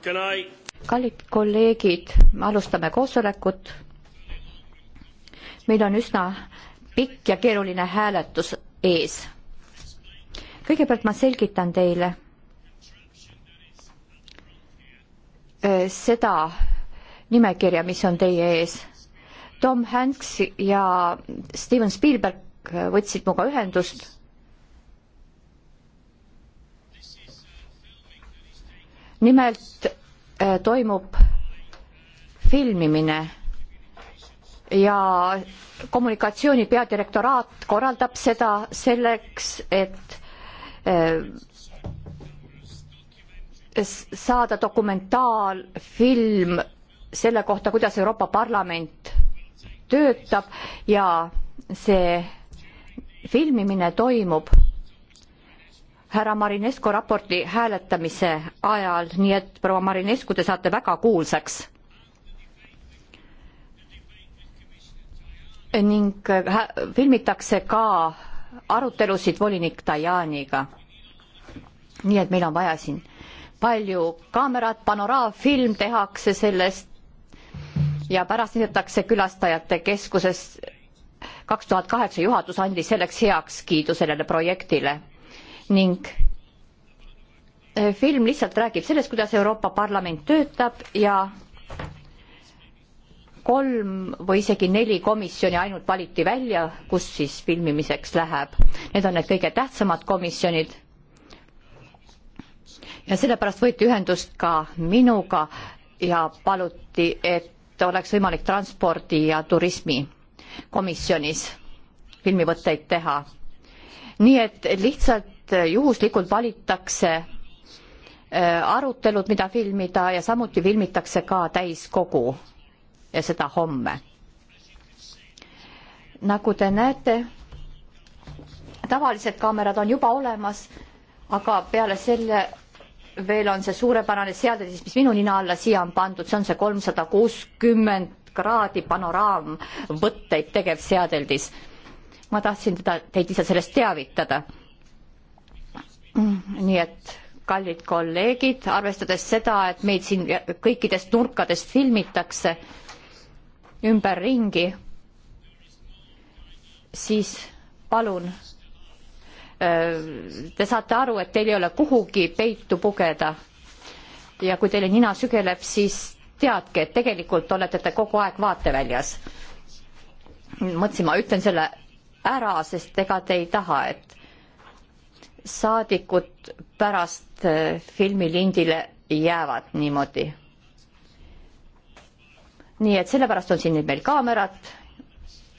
kallid kolleegid, alustame koosolekut. meil on üsna pikk ja keeruline hääletus ees. kõigepealt ma selgitan teile äh, seda nimekirja, mis on teie ees. Tom Hanks ja Steven Spielberg võtsid minuga ühendust nimelt äh, toimub filmimine ja kommunikatsiooni peadirektoraat korraldab seda selleks, et äh, saada dokumentaalfilm selle kohta, kuidas Euroopa Parlament töötab ja see filmimine toimub härra Marinesko raporti hääletamise ajal, nii et proua Marinesku, te saate väga kuulsaks. ning filmitakse ka arutelusid volinik Tajaniga. nii et meil on vaja siin palju kaamerat, panoraamfilm tehakse sellest ja pärast näidatakse külastajate keskuses kaks tuhat kaheksa juhatus andis selleks heakskiidu sellele projektile ning äh, film lihtsalt räägib sellest, kuidas Euroopa Parlament töötab ja kolm või isegi neli komisjoni ainult valiti välja, kus siis filmimiseks läheb. Need on need kõige tähtsamad komisjonid. ja sellepärast võeti ühendust ka minuga ja paluti, et oleks võimalik transpordi ja turismikomisjonis filmivõtteid teha. nii et lihtsalt et juhuslikult valitakse äh, arutelud, mida filmida ja samuti filmitakse ka täiskogu ja seda homme. nagu te näete, tavalised kaamerad on juba olemas, aga peale selle veel on see suurepärane seade siis, mis minu nina alla siia on pandud, see on see kolmsada kuuskümmend kraadi panoraamvõtteid tegev seadeldis. ma tahtsin teda, teid lihtsalt sellest teavitada nii et kallid kolleegid, arvestades seda, et meid siin kõikidest nurkadest filmitakse ümberringi, siis palun, äh, te saate aru, et teil ei ole kuhugi peitu pugeda. ja kui teile nina sügeleb, siis teadke, et tegelikult olete te kogu aeg vaateväljas. mõtlesin, ma ütlen selle ära, sest ega te ei taha, et saadikud pärast äh, filmilindile jäävad niimoodi. nii et sellepärast on siin nüüd meil kaamerad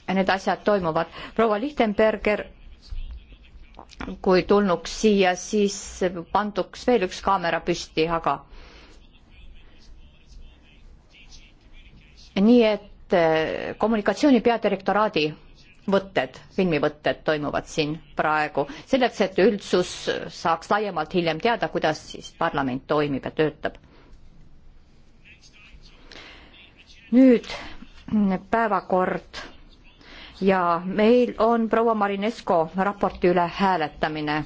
ja need asjad toimuvad. proua Lichtenberger, kui tulnuks siia, siis panduks veel üks kaamera püsti, aga nii et äh, kommunikatsiooni peadirektoraadi võtted, filmivõtted toimuvad siin praegu, selleks et üldsus saaks laiemalt hiljem teada, kuidas siis parlament toimib ja töötab. nüüd päevakord ja meil on proua Marinesko raporti üle hääletamine.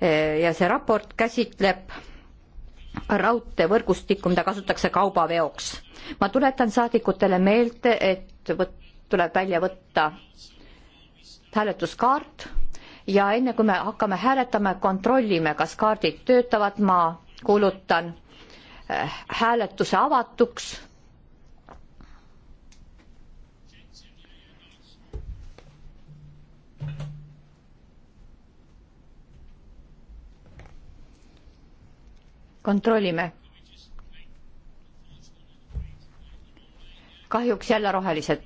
E, ja see raport käsitleb raudteevõrgustikku, mida kasutatakse kaubaveoks. ma tuletan saadikutele meelde, et võt-, tuleb välja võtta hääletuskaart ja enne kui me hakkame hääletama, kontrollime, kas kaardid töötavad, ma kuulutan äh, hääletuse avatuks. kontrollime. kahjuks jälle rohelised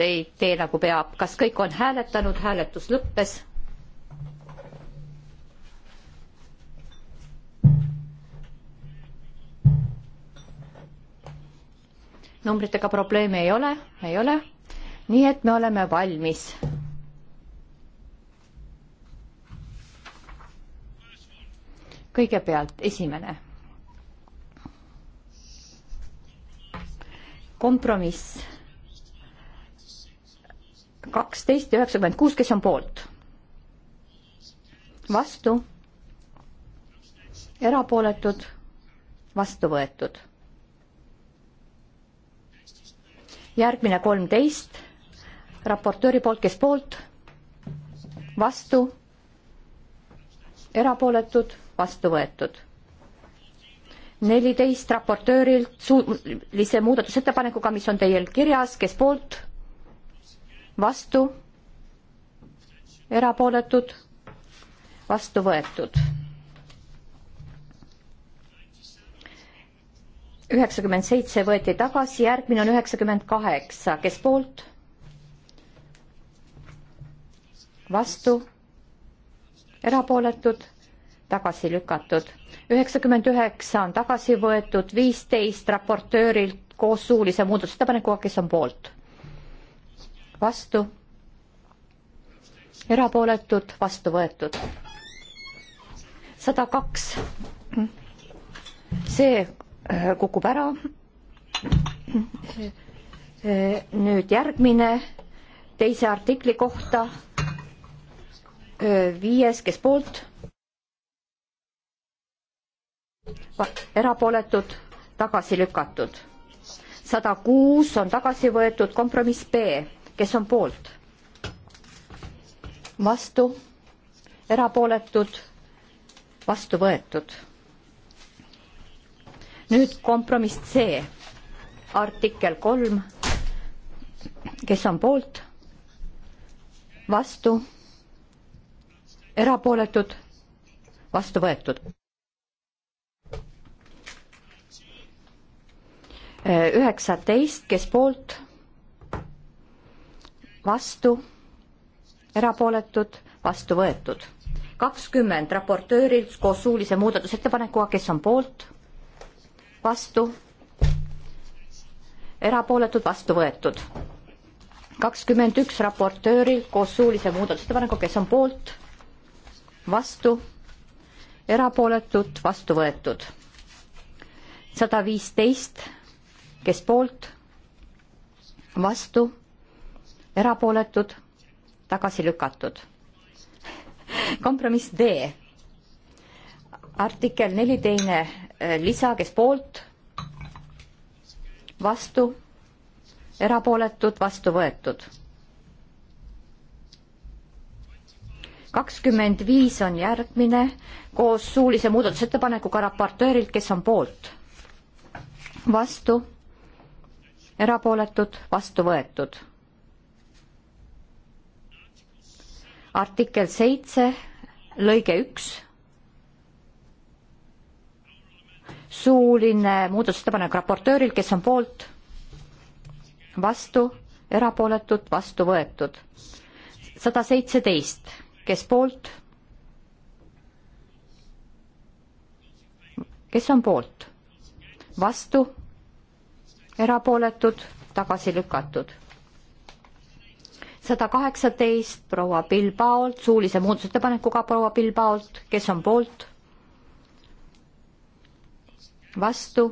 ei tee nagu peab. kas kõik on hääletanud, hääletus lõppes? numbritega probleeme ei ole, ei ole. nii et me oleme valmis. kõigepealt esimene. kompromiss kaksteist ja üheksakümmend kuus, kes on poolt? vastu? erapooletud? vastu võetud? järgmine kolmteist, raportööri poolt, kes poolt? vastu? erapooletud? vastu võetud neliteist raportöörilt suulise muudatusettepanekuga, mis on teil kirjas, kes poolt, vastu, erapooletud, vastu võetud. üheksakümmend seitse võeti tagasi, järgmine on üheksakümmend kaheksa, kes poolt? vastu, erapooletud, tagasi lükatud. üheksakümmend üheksa on tagasi võetud, viisteist raportöörilt koos suulise muudatusettepanekuga, kes on poolt vastu, erapooletud, vastu võetud. sada kaks. see äh, kukub ära. Äh, nüüd järgmine teise artikli kohta. Äh, viies, kes poolt? erapooletud, tagasi lükatud. sada kuus on tagasi võetud, kompromiss B kes on poolt? vastu, erapooletud, vastu võetud. nüüd kompromiss C, artikkel kolm, kes on poolt, vastu, erapooletud, vastu võetud. üheksateist, kes poolt vastu, erapooletud, vastu võetud. kakskümmend raportöörilt koos suulise muudatusettepanekuga, kes on poolt, vastu, erapooletud, vastu võetud. kakskümmend üks raportöörilt koos suulise muudatusettepanekuga, kes on poolt, vastu, erapooletud, vastu võetud. sada viisteist, kes poolt, vastu erapooletud, tagasi lükatud. kompromiss D. artikkel neli teine eh, lisa, kes poolt, vastu, erapooletud, vastu võetud. kakskümmend viis on järgmine koos suulise muudatusettepanekuga raportöörilt, kes on poolt, vastu, erapooletud, vastu võetud artikkel seitse, lõige üks. suuline muudatusettepanek raportööril, kes on poolt, vastu, erapooletud, vastu võetud. sada seitseteist, kes poolt? kes on poolt? vastu, erapooletud, tagasi lükatud sada kaheksateist proua Bilbaolt, suulise muudatusettepanekuga proua Bilbaolt, kes on poolt? vastu?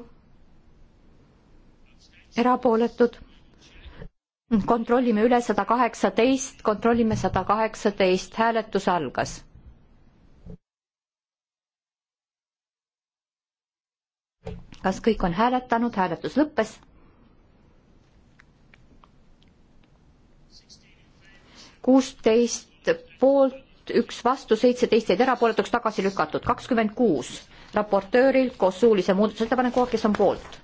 erapooletud? kontrollime üle sada kaheksateist, kontrollime sada kaheksateist, hääletus algas. kas kõik on hääletanud, hääletus lõppes kuusteist poolt, üks vastu, seitseteist jäid erapooletuks, tagasi lükatud, kakskümmend kuus raportööril koos suulise muudatusettepanekuga, kes on poolt?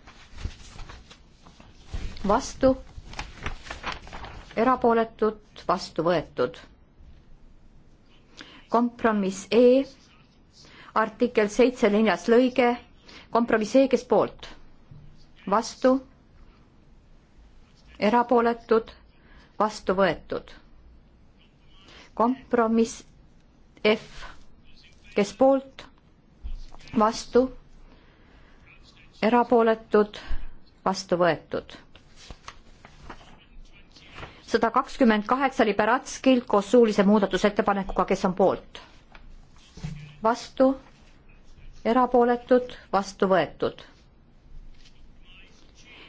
vastu, erapooletud, vastu võetud. kompromiss E, artikkel seitse neljas lõige, kompromiss E, kes poolt? vastu, erapooletud, vastu võetud kompromiss F, kes poolt, vastu, erapooletud, vastu võetud. sada kakskümmend kaheksa Liberatskilt koos suulise muudatusettepanekuga, kes on poolt, vastu, erapooletud, vastu võetud.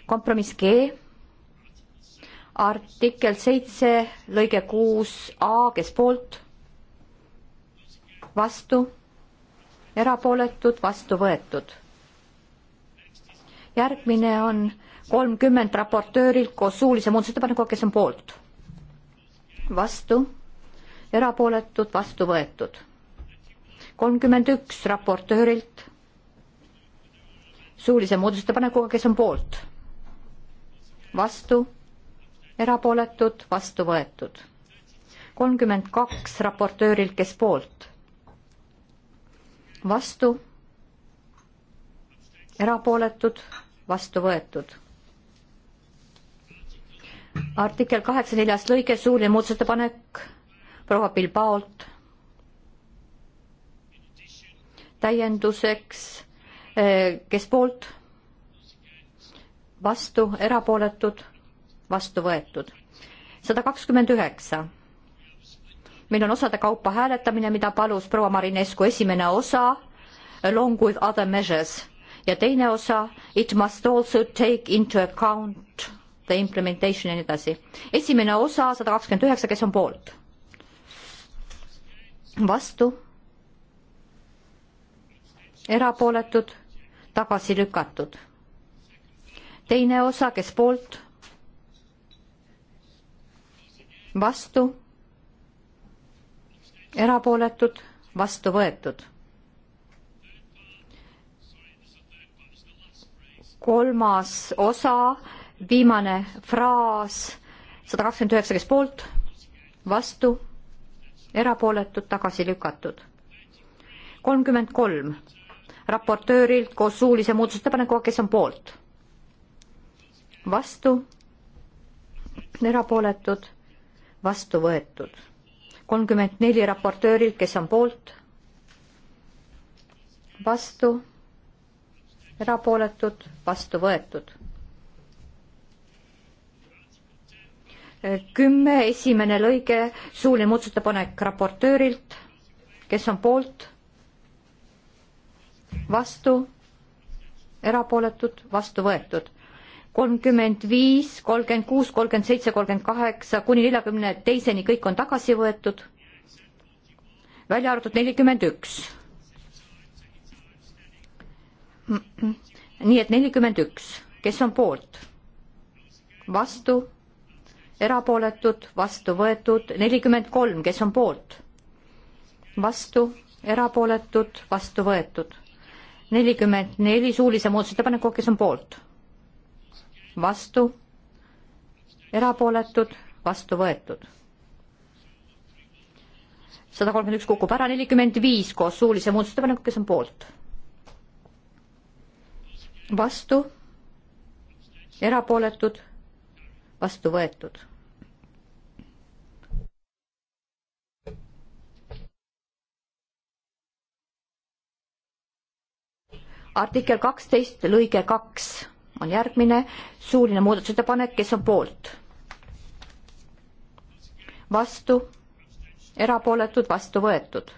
kompromiss G artikkel seitse, lõige kuus A, kes poolt, vastu, erapooletud, vastu võetud. järgmine on kolmkümmend raportöörilt koos suulise muudatusettepanekuga, kes on poolt, vastu, erapooletud, vastu võetud. kolmkümmend üks raportöörilt suulise muudatusettepanekuga, kes on poolt, vastu erapooletud, vastu võetud. kolmkümmend kaks raportöörilt, kes poolt, vastu, erapooletud, vastu võetud. artikkel kaheksa neljas lõige, suuline muudatusettepanek proua Bilbaolt. täienduseks, eh, kes poolt, vastu, erapooletud vastu võetud. sada kakskümmend üheksa. meil on osade kaupa hääletamine, mida palus proua Marinescu, esimene osa along with other measures ja teine osa it must also take into account the implementation ja nii edasi. esimene osa sada kakskümmend üheksa, kes on poolt? vastu? erapooletud? tagasi lükatud? teine osa, kes poolt? vastu, erapooletud, vastu võetud. kolmas osa, viimane fraas, sada kakskümmend üheksa, kes poolt, vastu, erapooletud, tagasi lükatud. kolmkümmend kolm, raportöörilt koos suulise muudatusettepanekuga, kes on poolt, vastu, erapooletud vastu võetud. kolmkümmend neli raportööril, kes on poolt, vastu, erapooletud, vastu võetud. kümme, esimene lõige, suuline muudatusettepanek raportöörilt, kes on poolt, vastu, erapooletud, vastu võetud kolmkümmend viis, kolmkümmend kuus, kolmkümmend seitse, kolmkümmend kaheksa kuni neljakümne teiseni kõik on tagasi võetud, välja arvatud nelikümmend üks. nii et nelikümmend üks, kes on poolt? vastu, erapooletud, vastu võetud, nelikümmend kolm, kes on poolt? vastu, erapooletud, vastu võetud. nelikümmend neli suulise muudatusettepaneku, kes on poolt? vastu, erapooletud, vastu võetud. sada kolmkümmend üks kukub ära, nelikümmend viis koos suulise muudatusettepanekuga, kes on poolt? vastu, erapooletud, vastu võetud artikkel kaksteist lõige kaks on järgmine suuline muudatusettepanek, kes on poolt? vastu, erapooletud, vastu võetud.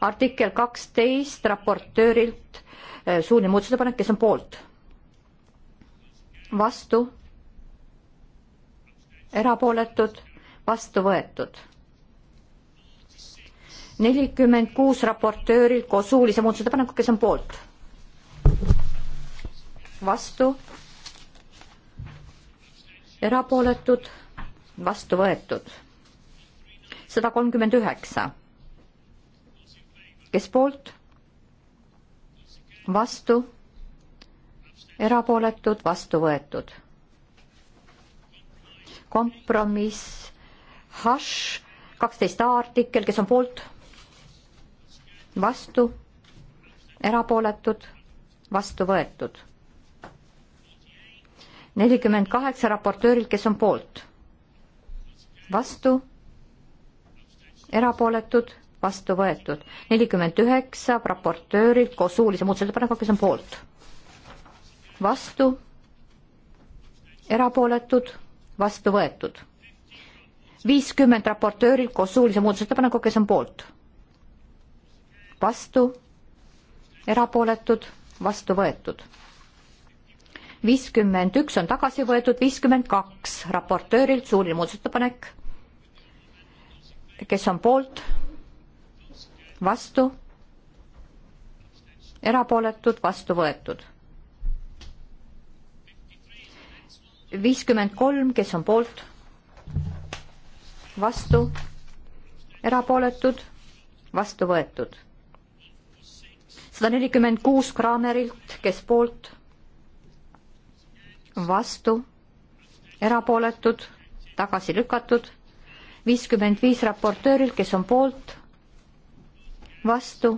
artikkel kaksteist raportöörilt eh, suuline muudatusettepanek, kes on poolt? vastu, erapooletud, vastu võetud nelikümmend kuus raportöörilt koos suulise muudatusettepanekuga, kes on poolt vastu, erapooletud, vastu võetud. sada kolmkümmend üheksa. kes poolt? vastu, erapooletud, vastu võetud. kompromiss, hašš, kaksteist A artikkel, kes on poolt? vastu, erapooletud, vastu võetud nelikümmend kaheksa raportöörilt, kes on poolt. vastu, erapooletud, vastu võetud. nelikümmend üheksa raportöörilt koos suulise muudatusettepanekuga, kes on poolt. vastu, erapooletud, vastu võetud. viiskümmend raportöörilt koos suulise muudatusettepanekuga, kes on poolt. vastu, erapooletud, vastu võetud viiskümmend üks on tagasi võetud, viiskümmend kaks raportöörilt suuline muudatusettepanek. kes on poolt? vastu? erapooletud, vastu võetud. viiskümmend kolm, kes on poolt? vastu? erapooletud, vastu võetud. sada nelikümmend kuus Kraamerilt, kes poolt? vastu, erapooletud, tagasi lükatud, viiskümmend viis raportööril, kes on poolt, vastu,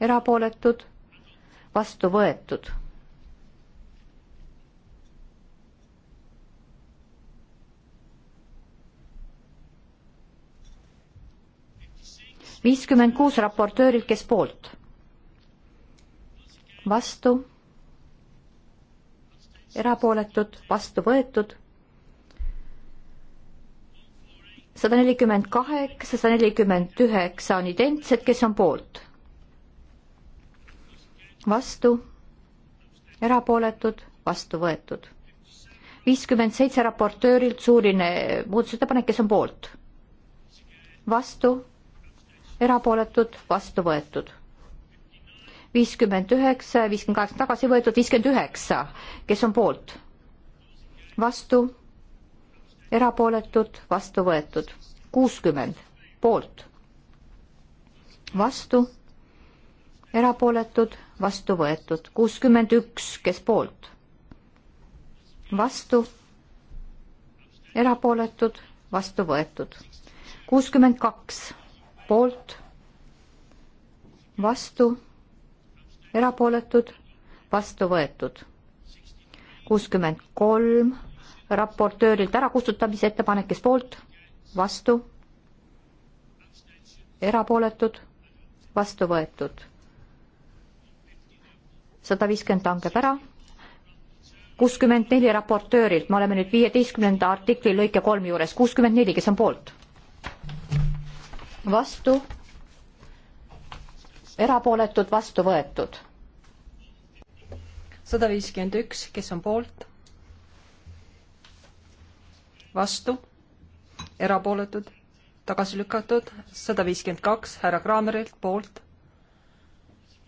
erapooletud, vastu võetud. viiskümmend kuus raportööril, kes poolt, vastu erapooletud, vastu võetud. sada nelikümmend kaheksa, sada nelikümmend üheksa on identsed, kes on poolt? vastu, erapooletud, vastu võetud. viiskümmend seitse raportöörilt suuline muudatusettepanek, kes on poolt? vastu, erapooletud, vastu võetud viiskümmend üheksa ja viiskümmend kaheksa tagasi võetud, viiskümmend üheksa, kes on poolt? vastu, erapooletud, vastu võetud, kuuskümmend poolt, vastu, erapooletud, vastu võetud, kuuskümmend üks, kes poolt, vastu, erapooletud, vastu võetud, kuuskümmend kaks poolt, vastu erapooletud, vastu võetud. kuuskümmend kolm raportöörilt ärakustutamise ettepanek, kes poolt, vastu, erapooletud, vastu võetud. sada viiskümmend langeb ära kuuskümmend neli raportöörilt, me oleme nüüd viieteistkümnenda artikli lõike kolm juures, kuuskümmend neli, kes on poolt? vastu, erapooletud, vastu võetud. sada viiskümmend üks, kes on poolt? vastu, erapooletud, tagasi lükatud, sada viiskümmend kaks härra Kraamerilt poolt,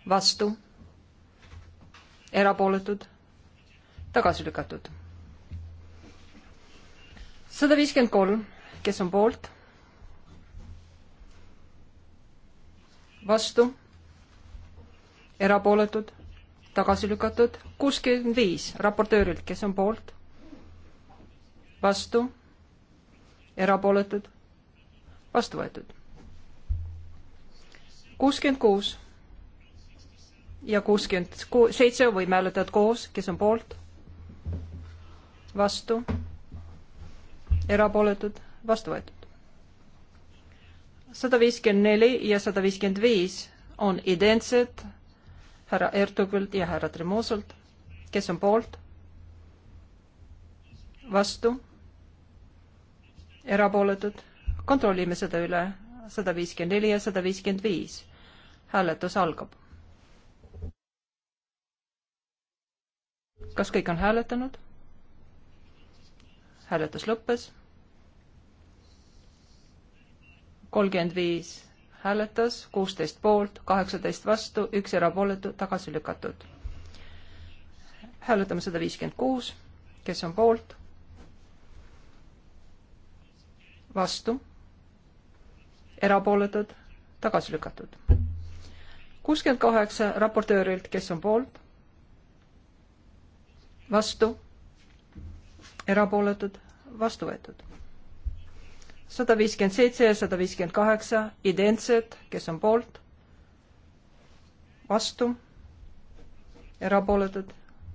vastu, erapooletud, tagasi lükatud. sada viiskümmend kolm, kes on poolt, vastu erapooletud, tagasi lükatud, kuuskümmend viis raportöörilt, kes on poolt, vastu, erapooletud, vastu võetud. kuuskümmend kuus ja kuuskümmend seitse võime hääletada koos, kes on poolt, vastu, erapooletud, vastu võetud. sada viiskümmend neli ja sada viiskümmend viis on identsed härra Ertugilt ja härra Tremosolt, kes on poolt, vastu, erapooletud, kontrollime seda üle, sada viiskümmend neli ja sada viiskümmend viis. hääletus algab. kas kõik on hääletanud? hääletus lõppes. kolmkümmend viis hääletas kuusteist poolt, kaheksateist vastu, üks erapooletu, tagasi lükatud. hääletame sada viiskümmend kuus, kes on poolt, vastu, erapooletud, tagasi lükatud. kuuskümmend kaheksa raportöörilt, kes on poolt, vastu, erapooletud, vastu võetud sada viiskümmend seitse ja sada viiskümmend kaheksa identsed, kes on poolt, vastu, erapooletud,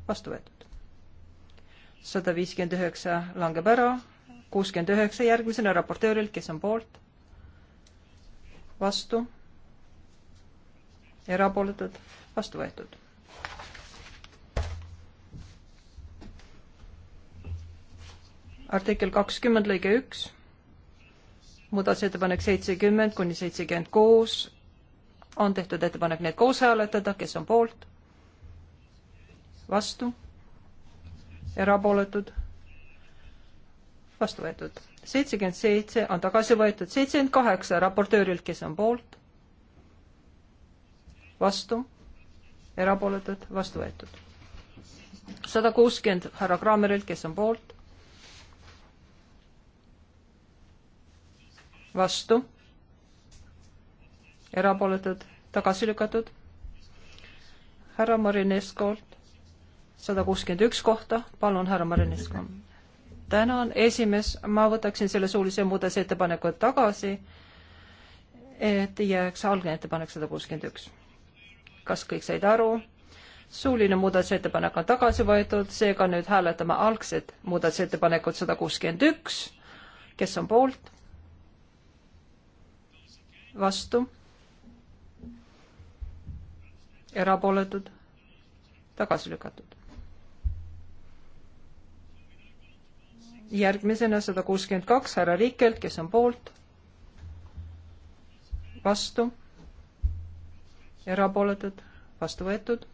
vastu võetud. sada viiskümmend üheksa langeb ära, kuuskümmend üheksa järgmisena raportöörilt, kes on poolt, vastu, erapooletud, vastu võetud artikkel kakskümmend lõige üks muudatusettepanek seitsekümmend kuni seitsekümmend kuus on tehtud ettepanek need koos hääletada, kes on poolt, vastu, erapooletud, vastu võetud. seitsekümmend seitse on tagasi võetud, seitsekümmend kaheksa raportöörilt, kes on poolt, vastu, erapooletud, vastu võetud. sada kuuskümmend härra Kraamerilt, kes on poolt, vastu, erapooletud, tagasi lükatud. härra Marineskolt sada kuuskümmend üks kohta, palun, härra Marinesko. tänan, esimees, ma võtaksin selle suulise muudatusettepaneku tagasi, et jääks algne ettepanek sada kuuskümmend üks. kas kõik said aru? suuline muudatusettepanek on tagasi võetud, seega nüüd hääletame algset muudatusettepanekut sada kuuskümmend üks, kes on poolt vastu, erapooletud, tagasi lükatud. järgmisena sada kuuskümmend kaks härra Riikelt, kes on poolt, vastu, erapooletud, vastu võetud.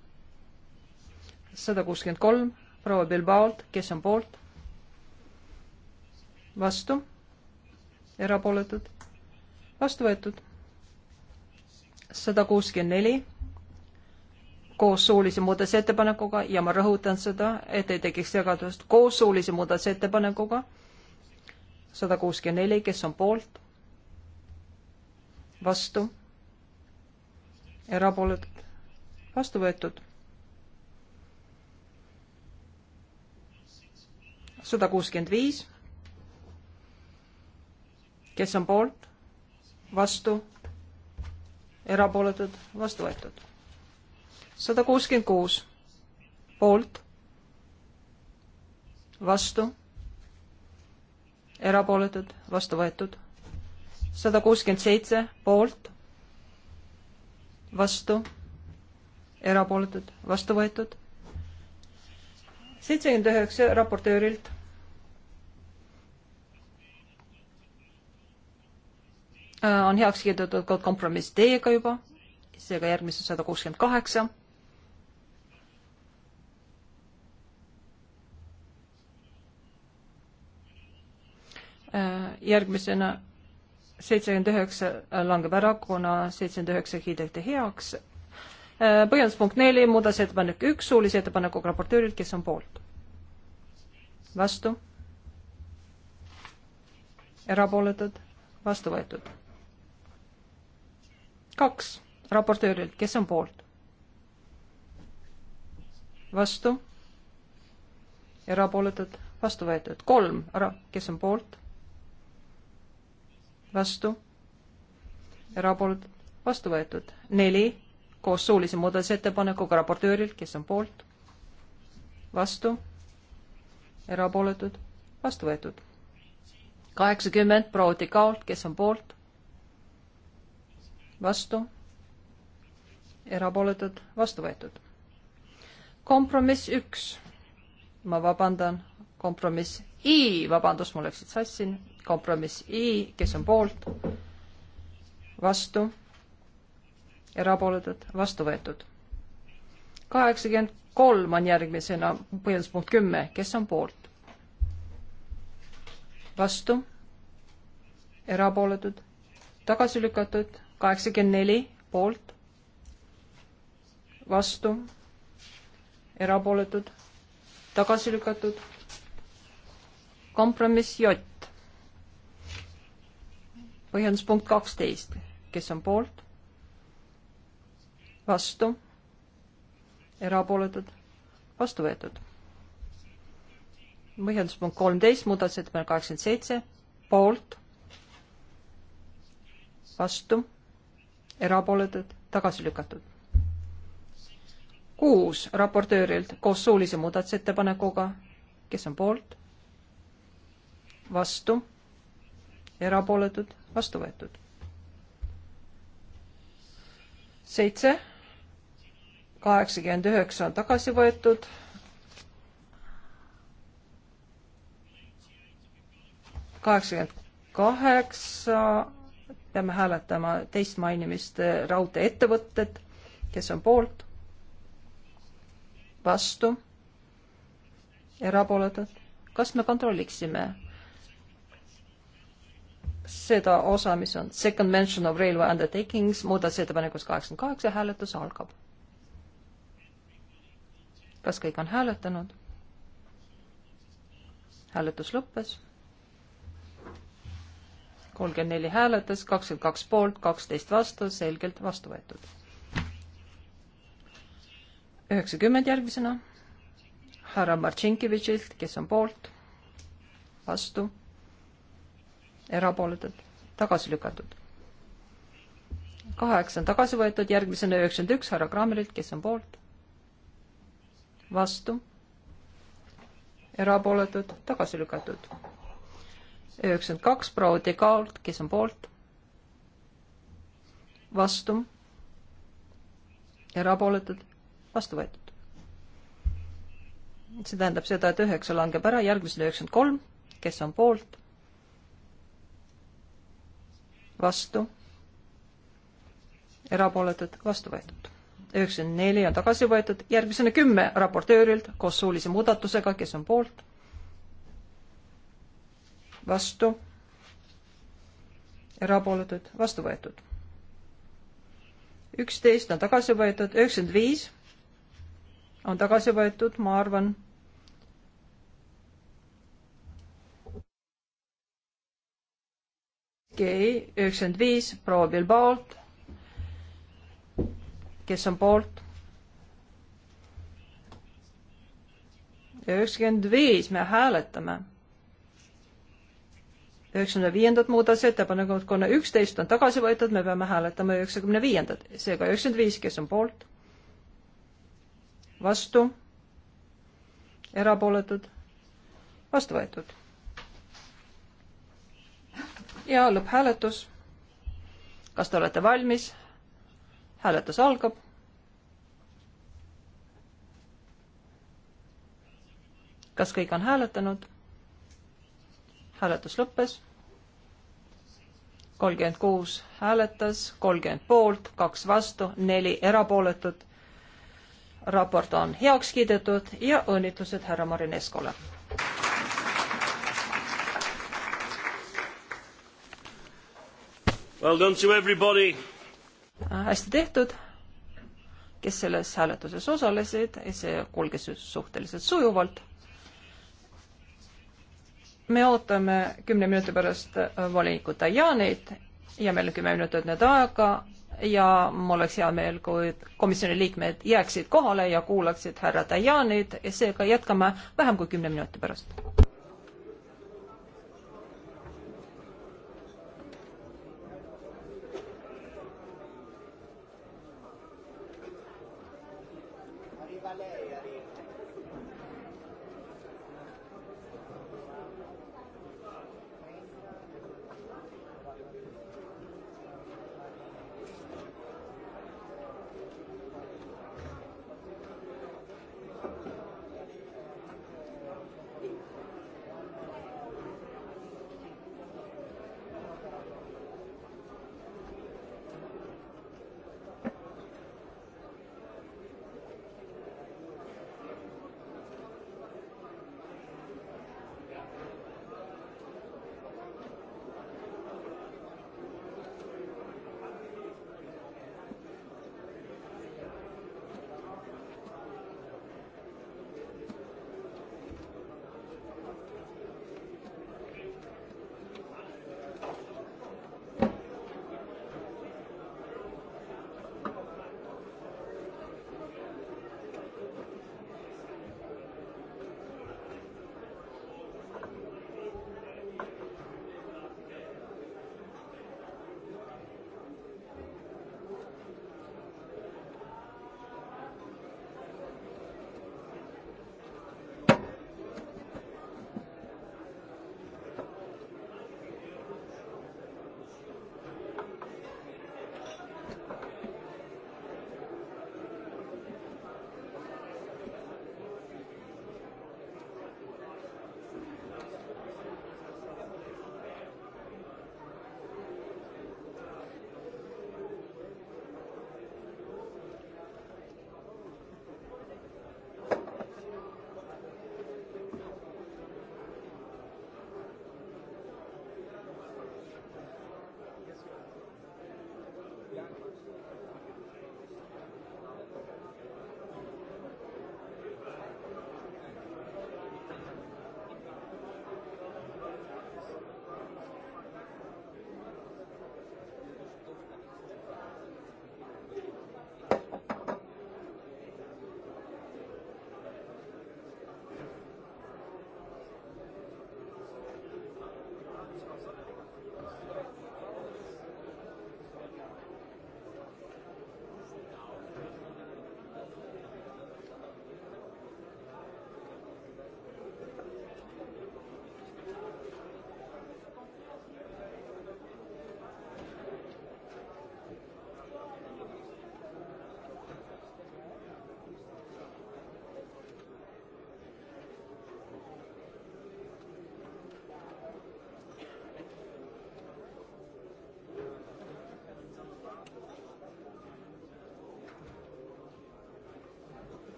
sada kuuskümmend kolm proua Bilbaolt, kes on poolt, vastu, erapooletud, vastu võetud sada kuuskümmend neli koos suulise muudatusettepanekuga ja ma rõhutan seda, et ei tekiks segadust, koos suulise muudatusettepanekuga sada kuuskümmend neli, kes on poolt, vastu, erapooletud, vastu võetud. sada kuuskümmend viis, kes on poolt, vastu erapooletud, vastu võetud. sada kuuskümmend kuus poolt, vastu, erapooletud, vastu võetud. sada kuuskümmend seitse poolt, vastu, erapooletud, vastu võetud. seitsekümmend üheksa raportöörilt Äh, on heaks kirjutatud ka kompromiss D-ga juba, seega järgmised sada kuuskümmend kaheksa. Äh, järgmisena seitsekümmend üheksa langeb ära, kuna seitsekümmend üheksa kiideti heaks. Äh, põhjenduspunkt neli, muudatusettepanek üks, suulise ettepanekuga raportöörilt, kes on poolt? vastu? erapooletud? vastu võetud kaks raportöörilt, kes on poolt? vastu? erapooletud, vastu võetud. kolm, kes on poolt? vastu? erapooletud, vastu võetud. neli, koos suulise muudatusettepanekuga raportöörilt, kes on poolt? vastu? erapooletud, vastu võetud. kaheksakümmend, proua Tikaalt, kes on poolt? vastu, erapooletud, vastu võetud. kompromiss üks, ma vabandan, kompromiss I, vabandust, mul läksid sassi, kompromiss I, kes on poolt, vastu, erapooletud, vastu võetud. kaheksakümmend kolm on järgmisena põhjenduspunkt kümme, kes on poolt, vastu, erapooletud, tagasi lükatud kaheksakümmend neli poolt, vastu, erapooletud, tagasi lükatud. kompromiss J. põhjenduspunkt kaksteist, kes on poolt, vastu, erapooletud, vastu võetud. põhjenduspunkt kolmteist, muudatusettepanek kaheksakümmend seitse, poolt vastu, erapooletud, tagasi lükatud. kuus raportöörilt koos suulise muudatusettepanekuga, kes on poolt, vastu, erapooletud, vastu võetud. seitse, kaheksakümmend üheksa on tagasi võetud kaheksakümmend kaheksa peame hääletama teist mainimist eh, raudteeettevõtted, kes on poolt, vastu, erapooletud. kas me kontrolliksime seda osa, mis on second mention of railway undertakings, muudatusettepanekus kaheksakümmend kaheksa, hääletus algab. kas kõik on hääletanud? hääletus lõppes kolmkümmend neli hääletas, kakskümmend kaks poolt, kaksteist vastu, selgelt vastu võetud. üheksakümmend järgmisena härra Martšinkivitšilt, kes on poolt, vastu, erapooletud, tagasi lükatud. kaheksa on tagasi võetud, järgmisena üheksakümmend üks härra Krammerilt, kes on poolt, vastu, erapooletud, tagasi lükatud üheksakümmend kaks proua Degault, kes on poolt, vastu, erapooletud, vastu võetud. see tähendab seda, et üheksa langeb ära, järgmisel üheksakümmend kolm, kes on poolt, vastu, erapooletud, vastu võetud. üheksakümmend neli on tagasi võetud, järgmisena kümme raportöörilt koos suulise muudatusega, kes on poolt vastu, erapooletud, vastu võetud. üksteist on tagasi võetud, üheksakümmend viis on tagasi võetud, ma arvan okei, üheksakümmend viis, proua Bilbaolt. kes on poolt? üheksakümmend viis, me hääletame üheksakümne viiendat muudatusettepanekut, kuna üksteist on tagasi võetud, me peame hääletama üheksakümne viiendat, seega üheksakümmend viis, kes on poolt, vastu, erapooletud, vastu võetud. ja lõpphääletus. kas te olete valmis? hääletus algab. kas kõik on hääletanud? hääletus lõppes. kolmkümmend kuus hääletas, kolmkümmend poolt, kaks vastu, neli erapooletut. raport on heaks kiidetud ja õnnitlused härra Marineskole. Well done to everybody. Ah, hästi tehtud, kes selles hääletuses osalesid, see kulges suhteliselt sujuvalt me ootame kümne minuti pärast äh, voliniku Dajanit ja meil on kümme minutit nüüd aega ja mul oleks hea meel, kui komisjoni liikmed jääksid kohale ja kuulaksid härra Dajanit ja seega jätkame vähem kui kümne minuti pärast. Arriva lei, arriva.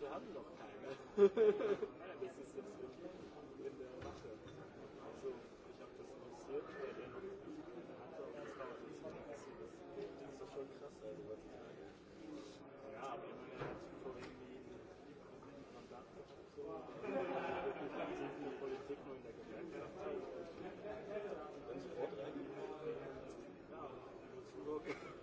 Wir haben noch keine.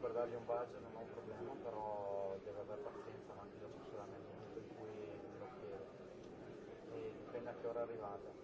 per dargli un budget non ho un problema, però deve avere pazienza, ma anche io c'è solamente il momento in cui lo chiedo. E dipende a che ora è arrivata.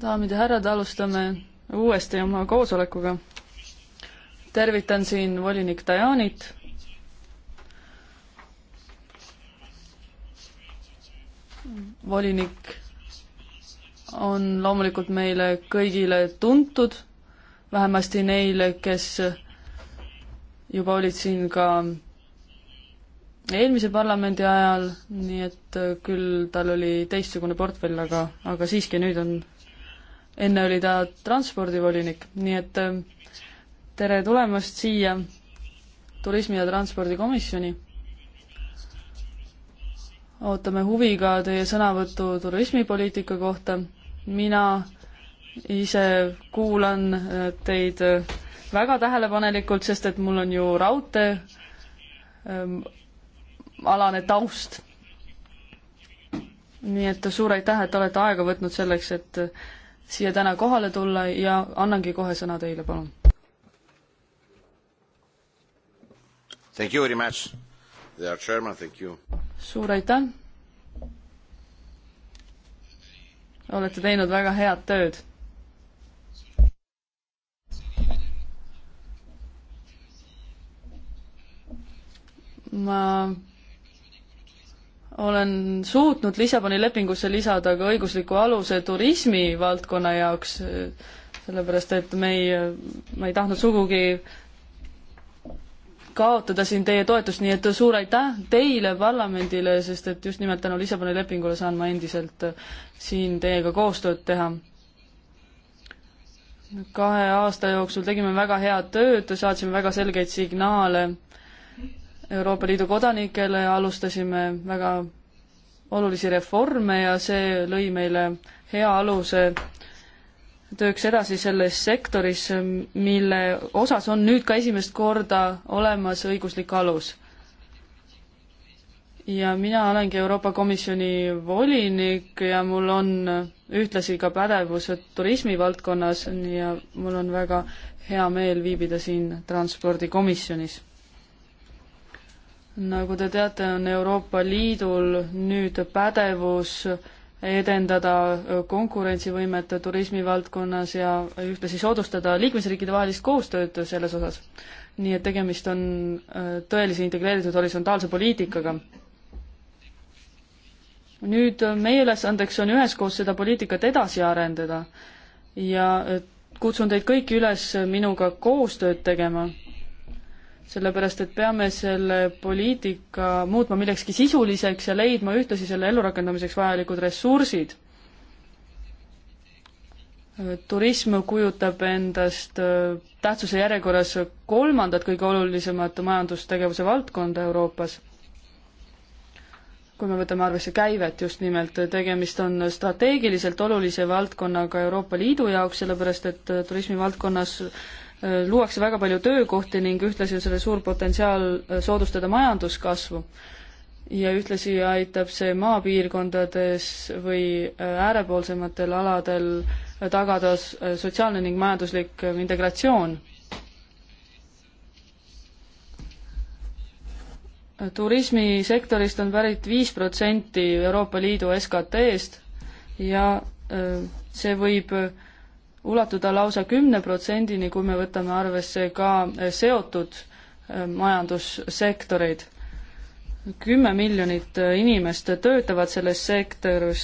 daamid ja härrad, alustame uuesti oma koosolekuga. tervitan siin volinik Dajanit. volinik on loomulikult meile kõigile tuntud, vähemasti neile, kes juba olid siin ka eelmise parlamendi ajal, nii et äh, küll tal oli teistsugune portfell, aga, aga siiski nüüd on, enne oli ta transpordivolinik, nii et äh, tere tulemast siia turismi- ja transpordikomisjoni. ootame huviga teie sõnavõttu turismipoliitika kohta, mina ise kuulan äh, teid väga tähelepanelikult, sest et mul on ju raudtee ähm, alane taust. nii et suur aitäh, et olete aega võtnud selleks, et siia täna kohale tulla ja annangi kohe sõna teile, palun. Thank you very much, dear chairman, thank you. suur aitäh. olete teinud väga head tööd ma olen suutnud Lissaboni lepingusse lisada ka õigusliku aluse turismi valdkonna jaoks, sellepärast et me ei, ma ei tahtnud sugugi kaotada siin teie toetust, nii et suur aitäh teile, parlamendile, sest et just nimelt tänu Lissaboni lepingule saan ma endiselt siin teiega koostööd teha. kahe aasta jooksul tegime väga head tööd, saatsime väga selgeid signaale Euroopa Liidu kodanikele, alustasime väga olulisi reforme ja see lõi meile hea aluse tööks edasi selles sektoris, mille osas on nüüd ka esimest korda olemas õiguslik alus. ja mina olengi Euroopa Komisjoni volinik ja mul on ühtlasi ka pädevused turismivaldkonnas ja mul on väga hea meel viibida siin transpordikomisjonis nagu te teate, on Euroopa Liidul nüüd pädevus edendada konkurentsivõimet turismivaldkonnas ja ühtlasi soodustada liikmesriikide vahelist koostööd selles osas. nii et tegemist on äh, tõelise integreeritud horisontaalse poliitikaga. nüüd äh, meie ülesandeks on üheskoos seda poliitikat edasi arendada ja äh, kutsun teid kõiki üles minuga koostööd tegema sellepärast et peame selle poliitika muutma millekski sisuliseks ja leidma ühtlasi selle ellurakendamiseks vajalikud ressursid. turism kujutab endast äh, tähtsuse järjekorras kolmandat kõige olulisemat majandustegevuse valdkonda Euroopas. kui me võtame arvesse käivet just nimelt, äh, tegemist on strateegiliselt olulise valdkonnaga Euroopa Liidu jaoks, sellepärast et äh, turismi valdkonnas luuakse väga palju töökohti ning ühtlasi on sellel suur potentsiaal äh, soodustada majanduskasvu. ja ühtlasi aitab see maapiirkondades või äh, äärepoolsematel aladel äh, tagada sotsiaalne ning majanduslik integratsioon. turismisektorist on pärit viis protsenti Euroopa Liidu SKT-st ja see võib ulatuda lausa kümne protsendini, kui me võtame arvesse ka eh, seotud eh, majandussektoreid. kümme miljonit eh, inimest töötavad selles sektoris,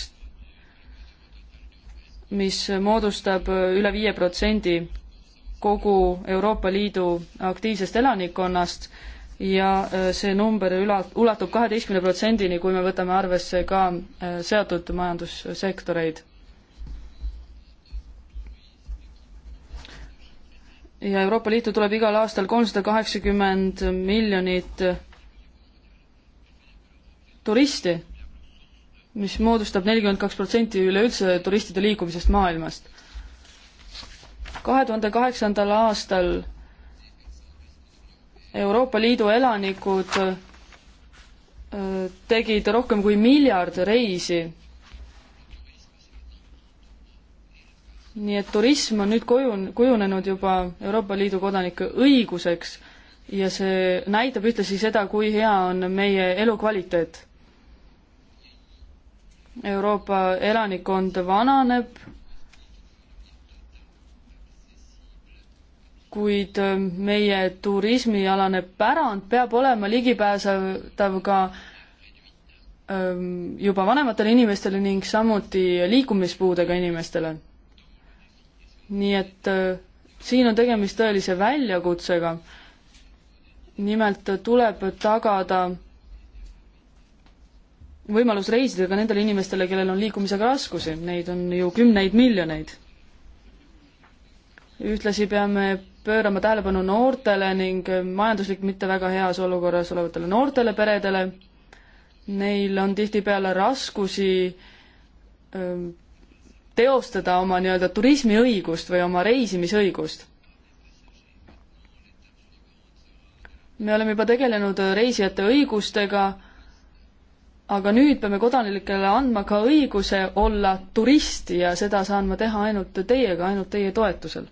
mis moodustab üle viie protsendi kogu Euroopa Liidu aktiivsest elanikkonnast ja see number üla-, ulatub kaheteistkümne protsendini, kui me võtame arvesse ka seotud majandussektoreid ja Euroopa Liitu tuleb igal aastal kolmsada kaheksakümmend miljonit äh, turisti, mis moodustab nelikümmend kaks protsenti üleüldse turistide liikumisest maailmast. kahe tuhande kaheksandal aastal Euroopa Liidu elanikud äh, tegid rohkem kui miljard reisi nii et turism on nüüd kujun-, kujunenud juba Euroopa Liidu kodanike õiguseks ja see näitab ühtlasi seda, kui hea on meie elukvaliteet. Euroopa elanikkond vananeb, kuid ähm, meie turismialane pärand peab olema ligipääsetav ka ähm, juba vanematele inimestele ning samuti liikumispuudega inimestele nii et äh, siin on tegemist tõelise väljakutsega. nimelt äh, tuleb tagada võimalus reisida ka nendele inimestele, kellel on liikumisega raskusi, neid on ju kümneid miljoneid. ühtlasi peame pöörama tähelepanu noortele ning äh, majanduslik mitte väga heas olukorras olevatele noortele peredele. Neil on tihtipeale raskusi öö, teostada oma nii-öelda turismiõigust või oma reisimisõigust. me oleme juba tegelenud reisijate õigustega, aga nüüd peame kodanikele andma ka õiguse olla turisti ja seda saan ma teha ainult teiega, ainult teie toetusel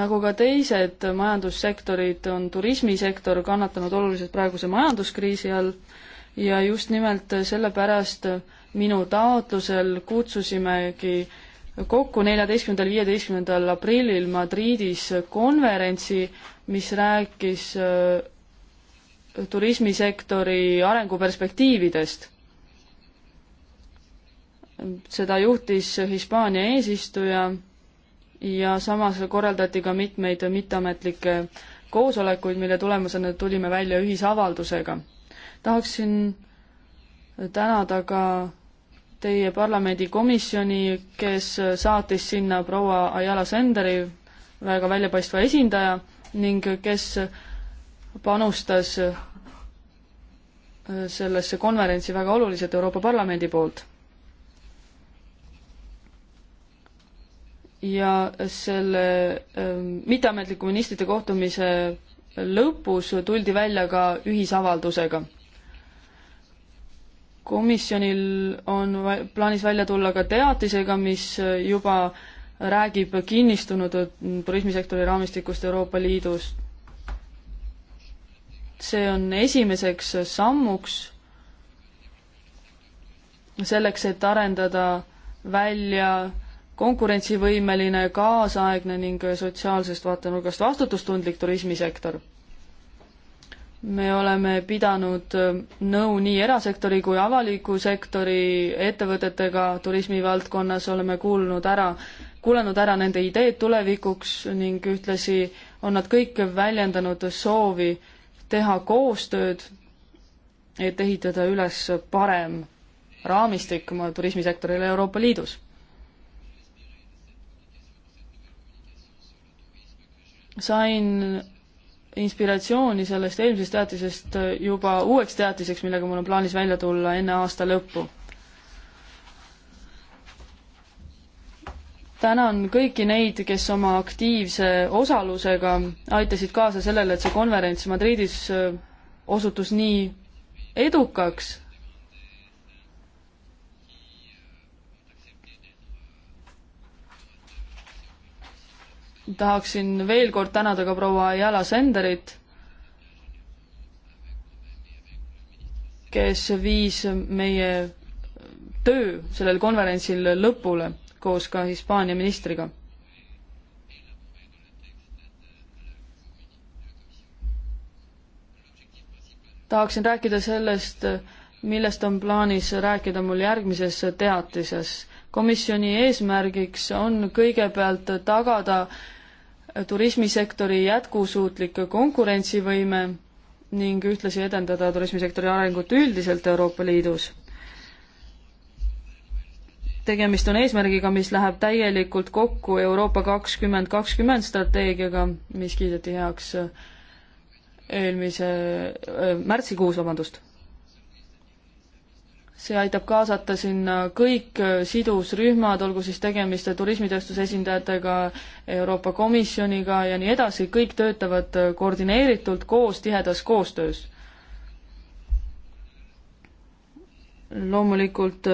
nagu ka teised majandussektorid, on turismisektor kannatanud oluliselt praeguse majanduskriisi all ja just nimelt sellepärast minu taotlusel kutsusimegi kokku neljateistkümnendal, viieteistkümnendal aprillil Madridis konverentsi, mis rääkis äh, turismisektori arenguperspektiividest. seda juhtis Hispaania eesistuja ja samas korraldati ka mitmeid mitteametlikke koosolekuid, mille tulemusena tulime välja ühisavaldusega. tahaksin tänada ka teie parlamendikomisjoni, kes saatis sinna proua Ayala Senderi, väga väljapaistva esindaja, ning kes panustas äh, sellesse konverentsi väga oluliselt Euroopa Parlamendi poolt. ja selle ähm, mitteametliku ministrite kohtumise lõpus tuldi välja ka ühisavaldusega komisjonil on plaanis välja tulla ka teatisega, mis juba räägib kinnistunud turismisektori raamistikust Euroopa Liidus. see on esimeseks sammuks selleks, et arendada välja konkurentsivõimeline, kaasaegne ning sotsiaalsest vaatenurgast vastutustundlik turismisektor me oleme pidanud äh, nõu nii erasektori kui avaliku sektori ettevõtetega turismivaldkonnas, oleme kuulnud ära, kuulanud ära nende ideed tulevikuks ning ühtlasi on nad kõik väljendanud soovi teha koostööd, et ehitada üles parem raamistik oma turismisektorile Euroopa Liidus. sain inspiratsiooni sellest eelmisest teatisest juba uueks teatiseks, millega mul on plaanis välja tulla enne aasta lõppu. tänan kõiki neid, kes oma aktiivse osalusega aitasid kaasa sellele, et see konverents Madridis osutus nii edukaks tahaksin veel kord tänada ka proua Jala Senderit, kes viis meie töö sellel konverentsil lõpule koos ka Hispaania ministriga. tahaksin rääkida sellest, millest on plaanis rääkida mul järgmises teatises. komisjoni eesmärgiks on kõigepealt tagada turismisektori jätkusuutlik konkurentsivõime ning ühtlasi edendada turismisektori arengut üldiselt Euroopa Liidus. tegemist on eesmärgiga, mis läheb täielikult kokku Euroopa kakskümmend kakskümmend strateegiaga, mis kiideti heaks eelmise äh,, märtsikuus, vabandust see aitab kaasata sinna kõik sidusrühmad, olgu siis tegemist turismitööstuse esindajatega, Euroopa Komisjoniga ja nii edasi, kõik töötavad koordineeritult koos, tihedas koostöös. loomulikult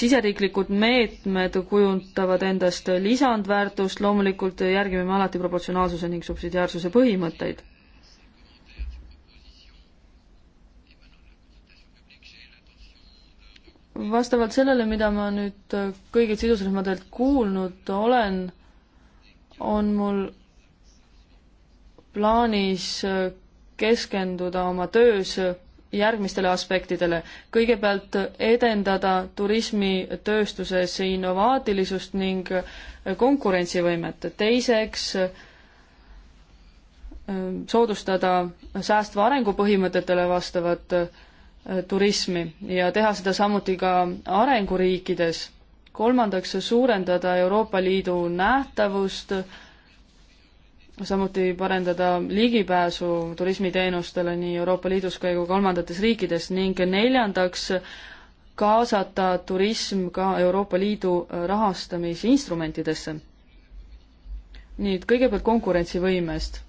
siseriiklikud meetmed kujundavad endast lisandväärtust, loomulikult järgime me alati proportsionaalsuse ning subsidiaarsuse põhimõtteid vastavalt sellele, mida ma nüüd kõigilt sidusrühmadelt kuulnud olen, on mul plaanis keskenduda oma töös järgmistele aspektidele. kõigepealt edendada turismitööstuses innovaatilisust ning konkurentsivõimet, teiseks soodustada säästva arengu põhimõtetele vastavat Äh, turismi ja teha seda samuti ka arenguriikides. kolmandaks, suurendada Euroopa Liidu nähtavust, samuti parendada ligipääsu turismiteenustele nii Euroopa Liidus kui ka kolmandates riikides ning neljandaks, kaasata turism ka Euroopa Liidu rahastamisinstrumentidesse. nii, et kõigepealt konkurentsivõimest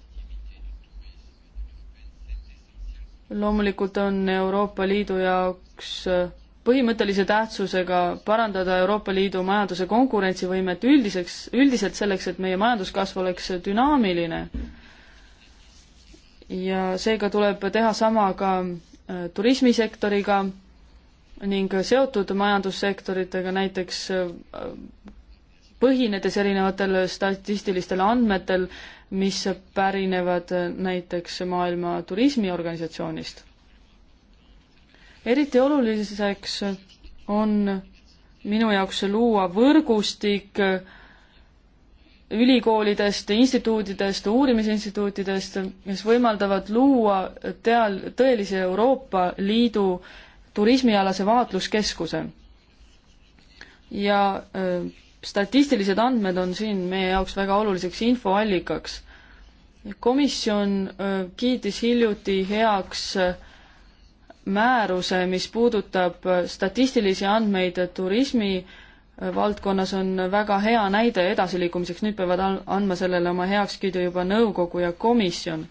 loomulikult on Euroopa Liidu jaoks äh, põhimõttelise tähtsusega parandada Euroopa Liidu majanduse konkurentsivõimet üldiseks, üldiselt selleks, et meie majanduskasv oleks dünaamiline. ja seega tuleb teha sama ka äh, turismisektoriga ning seotud majandussektoritega, näiteks äh, põhinedes erinevatel statistilistel andmetel, mis pärinevad näiteks Maailma Turismiorganisatsioonist. eriti oluliseks on minu jaoks luua võrgustik ülikoolidest, instituudidest, uurimisinstituutidest, mis võimaldavad luua teal-, tõelise Euroopa Liidu turismialase vaatluskeskuse. ja öö, äh, statistilised andmed on siin meie jaoks väga oluliseks infoallikaks. komisjon kiitis hiljuti heaks määruse, mis puudutab statistilisi andmeid turismi valdkonnas, on väga hea näide edasiliikumiseks, nüüd peavad andma sellele oma heakskiidu juba nõukogu ja komisjon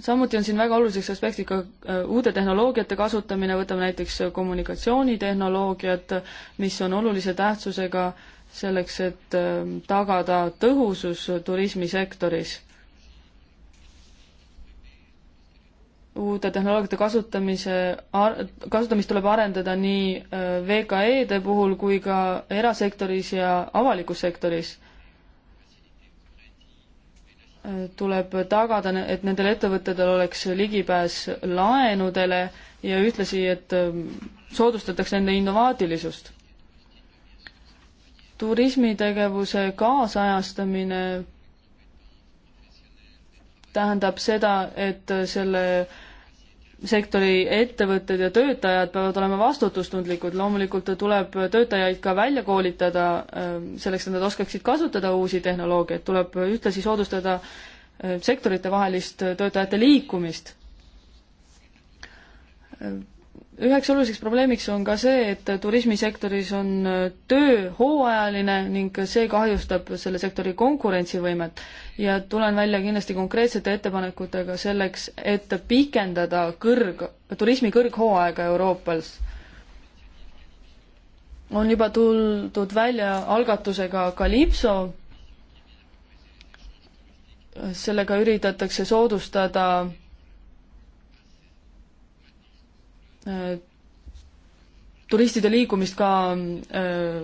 samuti on siin väga oluliseks aspektiks ka äh, uude tehnoloogiate kasutamine, võtame näiteks äh, kommunikatsioonitehnoloogiad, mis on olulise tähtsusega selleks, et ähm, tagada tõhusus turismisektoris. uute tehnoloogiate kasutamise, kasutamist tuleb arendada nii äh, VKE-de puhul kui ka erasektoris ja avalikus sektoris tuleb tagada, et nendel ettevõtetel oleks ligipääs laenudele ja ühtlasi, et ähm, soodustatakse nende innovaatilisust. turismitegevuse kaasajastamine tähendab seda, et selle sektori ettevõtted ja töötajad peavad olema vastutustundlikud, loomulikult tuleb töötajaid ka välja koolitada ähm, selleks, et nad oskaksid kasutada uusi tehnoloogiaid, tuleb ühtlasi soodustada ähm, sektoritevahelist töötajate liikumist. Ähm, üheks oluliseks probleemiks on ka see, et turismisektoris on äh, töö hooajaline ning see kahjustab selle sektori konkurentsivõimet ja tulen välja kindlasti konkreetsete ettepanekutega selleks, et pikendada kõrg, turismi kõrghooaega Euroopas. on juba tuldud välja algatusega Kalipso, sellega üritatakse soodustada Äh, turistide liikumist ka äh,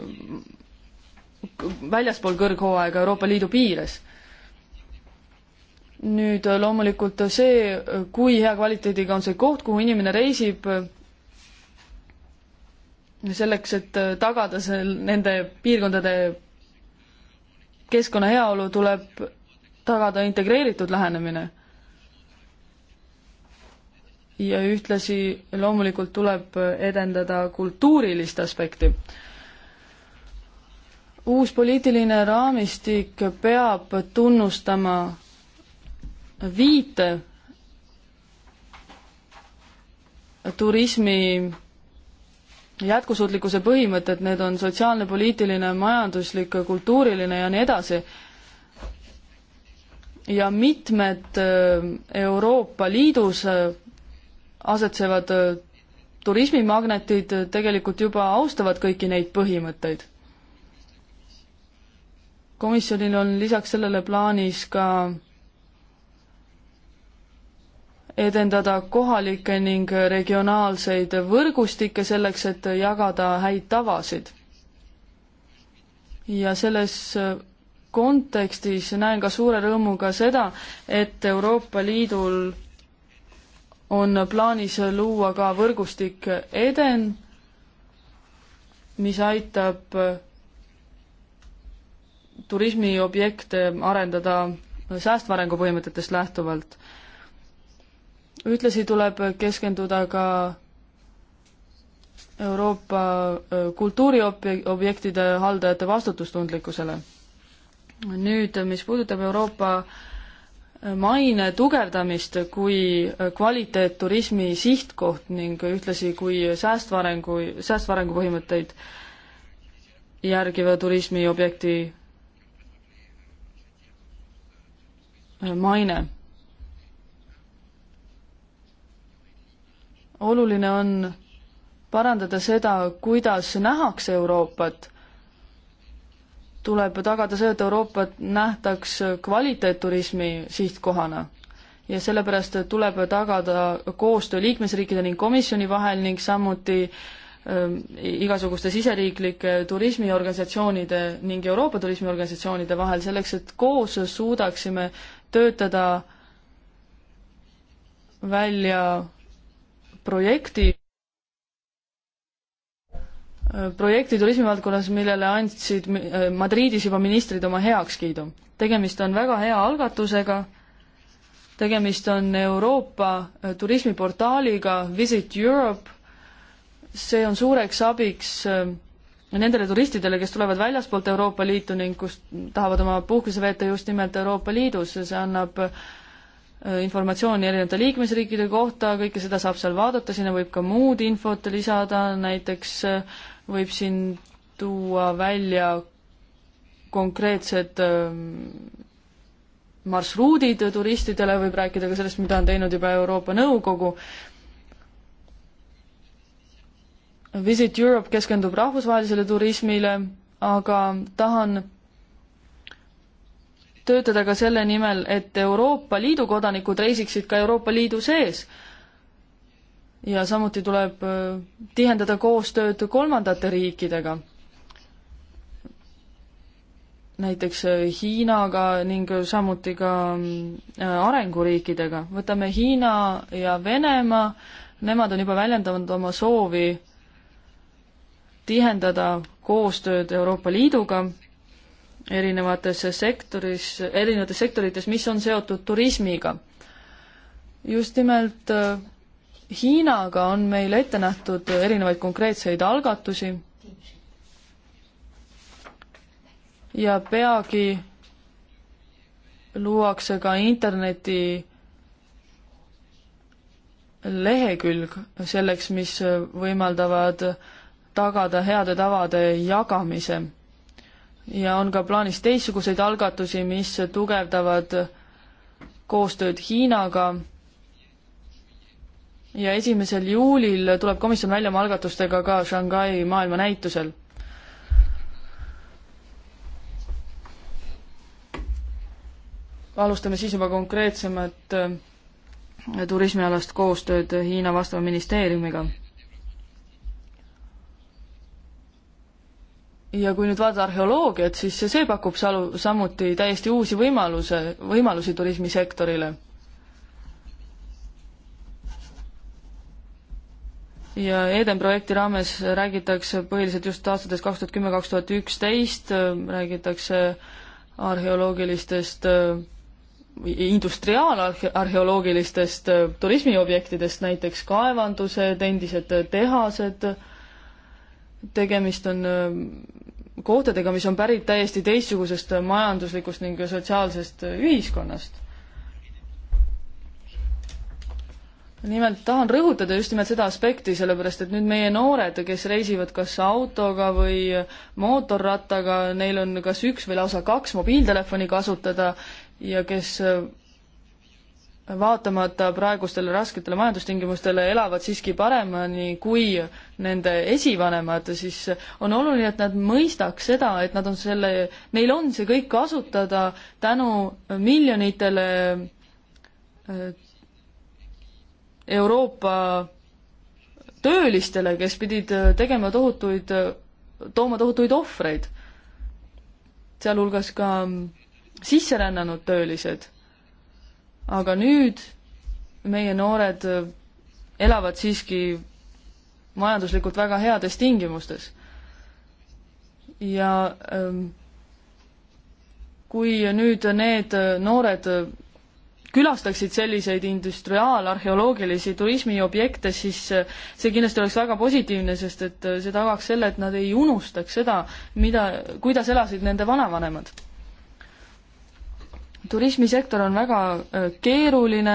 väljaspool kõrghooaega Euroopa Liidu piires. nüüd äh, loomulikult see, kui hea kvaliteediga on see koht, kuhu inimene reisib, selleks, et tagada see nende piirkondade keskkonna heaolu, tuleb tagada integreeritud lähenemine ja ühtlasi loomulikult tuleb edendada kultuurilist aspekti. uus poliitiline raamistik peab tunnustama viite turismi jätkusuutlikkuse põhimõtted, need on sotsiaalne, poliitiline, majanduslik, kultuuriline ja nii edasi. ja mitmed Euroopa Liidus asetsevad äh, turismimagnetid äh, tegelikult juba austavad kõiki neid põhimõtteid. komisjonil on lisaks sellele plaanis ka edendada kohalikke ning regionaalseid võrgustikke selleks, et jagada häid tavasid. ja selles kontekstis näen ka suure rõõmuga seda, et Euroopa Liidul on plaanis luua ka võrgustik Eden, mis aitab turismiobjekte arendada säästva arengu põhimõtetest lähtuvalt. ühtlasi tuleb keskenduda ka Euroopa äh, kultuuriobjektide haldajate vastutustundlikkusele. nüüd, mis puudutab Euroopa maine tugevdamist kui kvaliteetturismi sihtkoht ning ühtlasi kui säästva arengu, säästva arengu põhimõtteid järgiva turismiobjekti maine. oluline on parandada seda, kuidas nähakse Euroopat tuleb tagada see, et Euroopat nähtaks kvaliteetturismi sihtkohana ja sellepärast tuleb tagada koostöö liikmesriikide ning komisjoni vahel ning samuti ähm, igasuguste siseriiklike turismiorganisatsioonide ning Euroopa turismiorganisatsioonide vahel, selleks et koos suudaksime töötada välja projekti, projekti turismivaldkonnas, millele andsid äh, Madridis juba ministrid oma heakskiidu. tegemist on väga hea algatusega, tegemist on Euroopa äh, turismiportaaliga Visit Europe, see on suureks abiks äh, nendele turistidele, kes tulevad väljaspoolt Euroopa Liitu ning kus tahavad oma puhkuse veeta just nimelt Euroopa Liidus ja see annab informatsiooni erinevate liikmesriikide kohta, kõike seda saab seal vaadata, sinna võib ka muud infot lisada, näiteks äh, võib siin tuua välja konkreetsed ähm, marsruudid turistidele, võib rääkida ka sellest, mida on teinud juba Euroopa Nõukogu. Visit Europe keskendub rahvusvahelisele turismile, aga tahan töötada ka selle nimel, et Euroopa Liidu kodanikud reisiksid ka Euroopa Liidu sees ja samuti tuleb äh, tihendada koostööd kolmandate riikidega, näiteks äh, Hiinaga ning samuti ka äh, arenguriikidega. võtame Hiina ja Venemaa, nemad on juba väljendanud oma soovi tihendada koostööd Euroopa Liiduga erinevates sektoris, erinevates sektorites, mis on seotud turismiga. just nimelt Hiinaga on meil ette nähtud erinevaid konkreetseid algatusi ja peagi luuakse ka interneti lehekülg selleks, mis võimaldavad tagada heade tavade jagamise. ja on ka plaanis teistsuguseid algatusi, mis tugevdavad koostööd Hiinaga ja esimesel juulil tuleb komisjon välja oma algatustega ka Shanghai maailmanäitusel. alustame siis juba konkreetsemat äh, turismialast koostööd Hiina vastava ministeeriumiga. ja kui nüüd vaadata arheoloogiat, siis see pakub salu, samuti täiesti uusi võimaluse, võimalusi turismisektorile ja Eden projekti raames räägitakse põhiliselt just aastatest kaks tuhat kümme, kaks tuhat üksteist, räägitakse arheoloogilistest industriaalarheoloogilistest turismiobjektidest, näiteks kaevandused, endised tehased, tegemist on kohtadega, mis on pärit täiesti teistsugusest majanduslikust ning sotsiaalsest ühiskonnast. nimelt tahan rõhutada just nimelt seda aspekti, sellepärast et nüüd meie noored, kes reisivad kas autoga või mootorrattaga, neil on kas üks või lausa kaks mobiiltelefoni kasutada ja kes äh, vaatamata praegustele rasketele majandustingimustele elavad siiski paremini kui nende esivanemad, siis on oluline, et nad mõistaks seda, et nad on selle, neil on see kõik kasutada tänu miljonitele äh, Euroopa töölistele, kes pidid äh, tegema tohutuid, äh, tooma tohutuid ohvreid, sealhulgas ka mm, sisserännanud töölised. aga nüüd meie noored äh, elavad siiski majanduslikult väga heades tingimustes. ja ähm, kui nüüd need noored külastaksid selliseid industriaalarheoloogilisi turismiobjekte, siis äh, see kindlasti oleks väga positiivne, sest et äh, see tagaks selle, et nad ei unustaks seda, mida, kuidas elasid nende vanavanemad. turismisektor on väga äh, keeruline,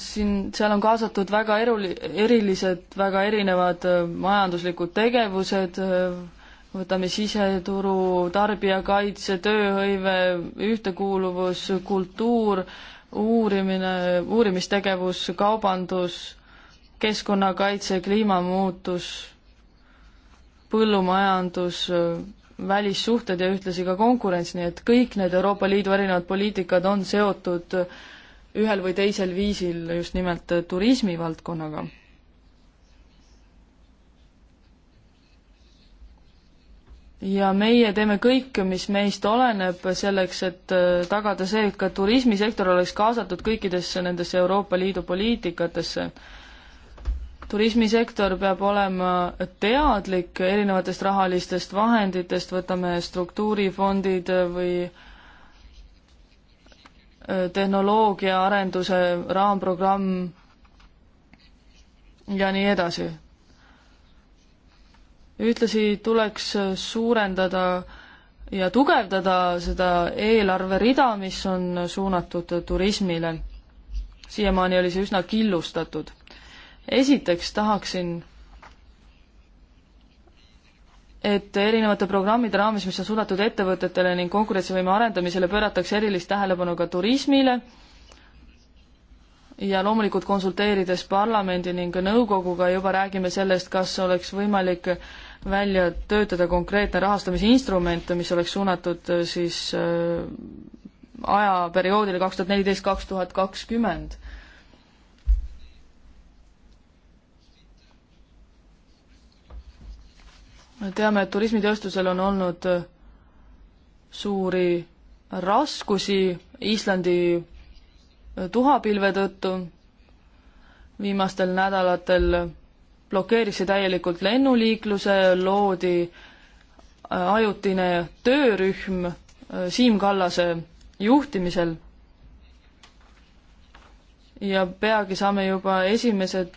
siin, seal on kaasatud väga eruli-, erilised, väga erinevad majanduslikud tegevused, võtame siseturu, tarbijakaitse, tööhõive, ühtekuuluvus, kultuur, uurimine, uurimistegevus, kaubandus, keskkonnakaitse, kliimamuutus, põllumajandus, välissuhted ja ühtlasi ka konkurents, nii et kõik need Euroopa Liidu erinevad poliitikad on seotud ühel või teisel viisil just nimelt turismivaldkonnaga. ja meie teeme kõike, mis meist oleneb, selleks et äh, tagada see, et ka turismisektor oleks kaasatud kõikidesse nendesse Euroopa Liidu poliitikatesse. turismisektor peab olema teadlik erinevatest rahalistest vahenditest, võtame struktuurifondid äh, või äh, tehnoloogia arenduse raamprogramm ja nii edasi ühtlasi tuleks suurendada ja tugevdada seda eelarverida, mis on suunatud turismile. siiamaani oli see üsna killustatud. esiteks tahaksin et erinevate programmide raames, mis on suunatud ettevõtetele ning konkurentsivõime arendamisele, pööratakse erilist tähelepanu ka turismile ja loomulikult konsulteerides parlamendi ning nõukoguga juba räägime sellest, kas oleks võimalik välja töötada konkreetne rahastamisinstrument, mis oleks suunatud äh, siis äh, ajaperioodile kaks tuhat neliteist, kaks tuhat kakskümmend me teame, et turismitööstusel on olnud äh, suuri raskusi Islandi tuhapilve tõttu. viimastel nädalatel blokeeris see täielikult lennuliikluse, loodi äh, ajutine töörühm äh, Siim Kallase juhtimisel. ja peagi saame juba esimesed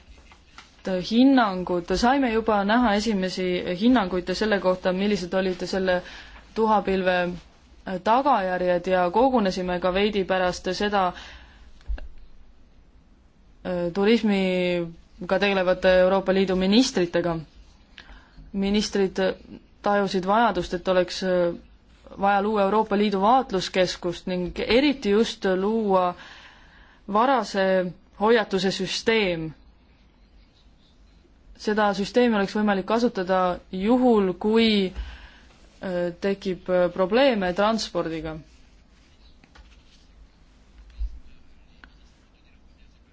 äh, hinnangud, saime juba näha esimesi hinnanguid selle kohta, millised olid selle tuhapilve tagajärjed ja kogunesime ka veidi pärast seda turismi ka tegelevate Euroopa Liidu ministritega. ministrid tajusid vajadust, et oleks äh, vaja luua Euroopa Liidu vaatluskeskust ning eriti just luua varase hoiatuse süsteem. seda süsteemi oleks võimalik kasutada juhul, kui äh, tekib äh, probleeme transpordiga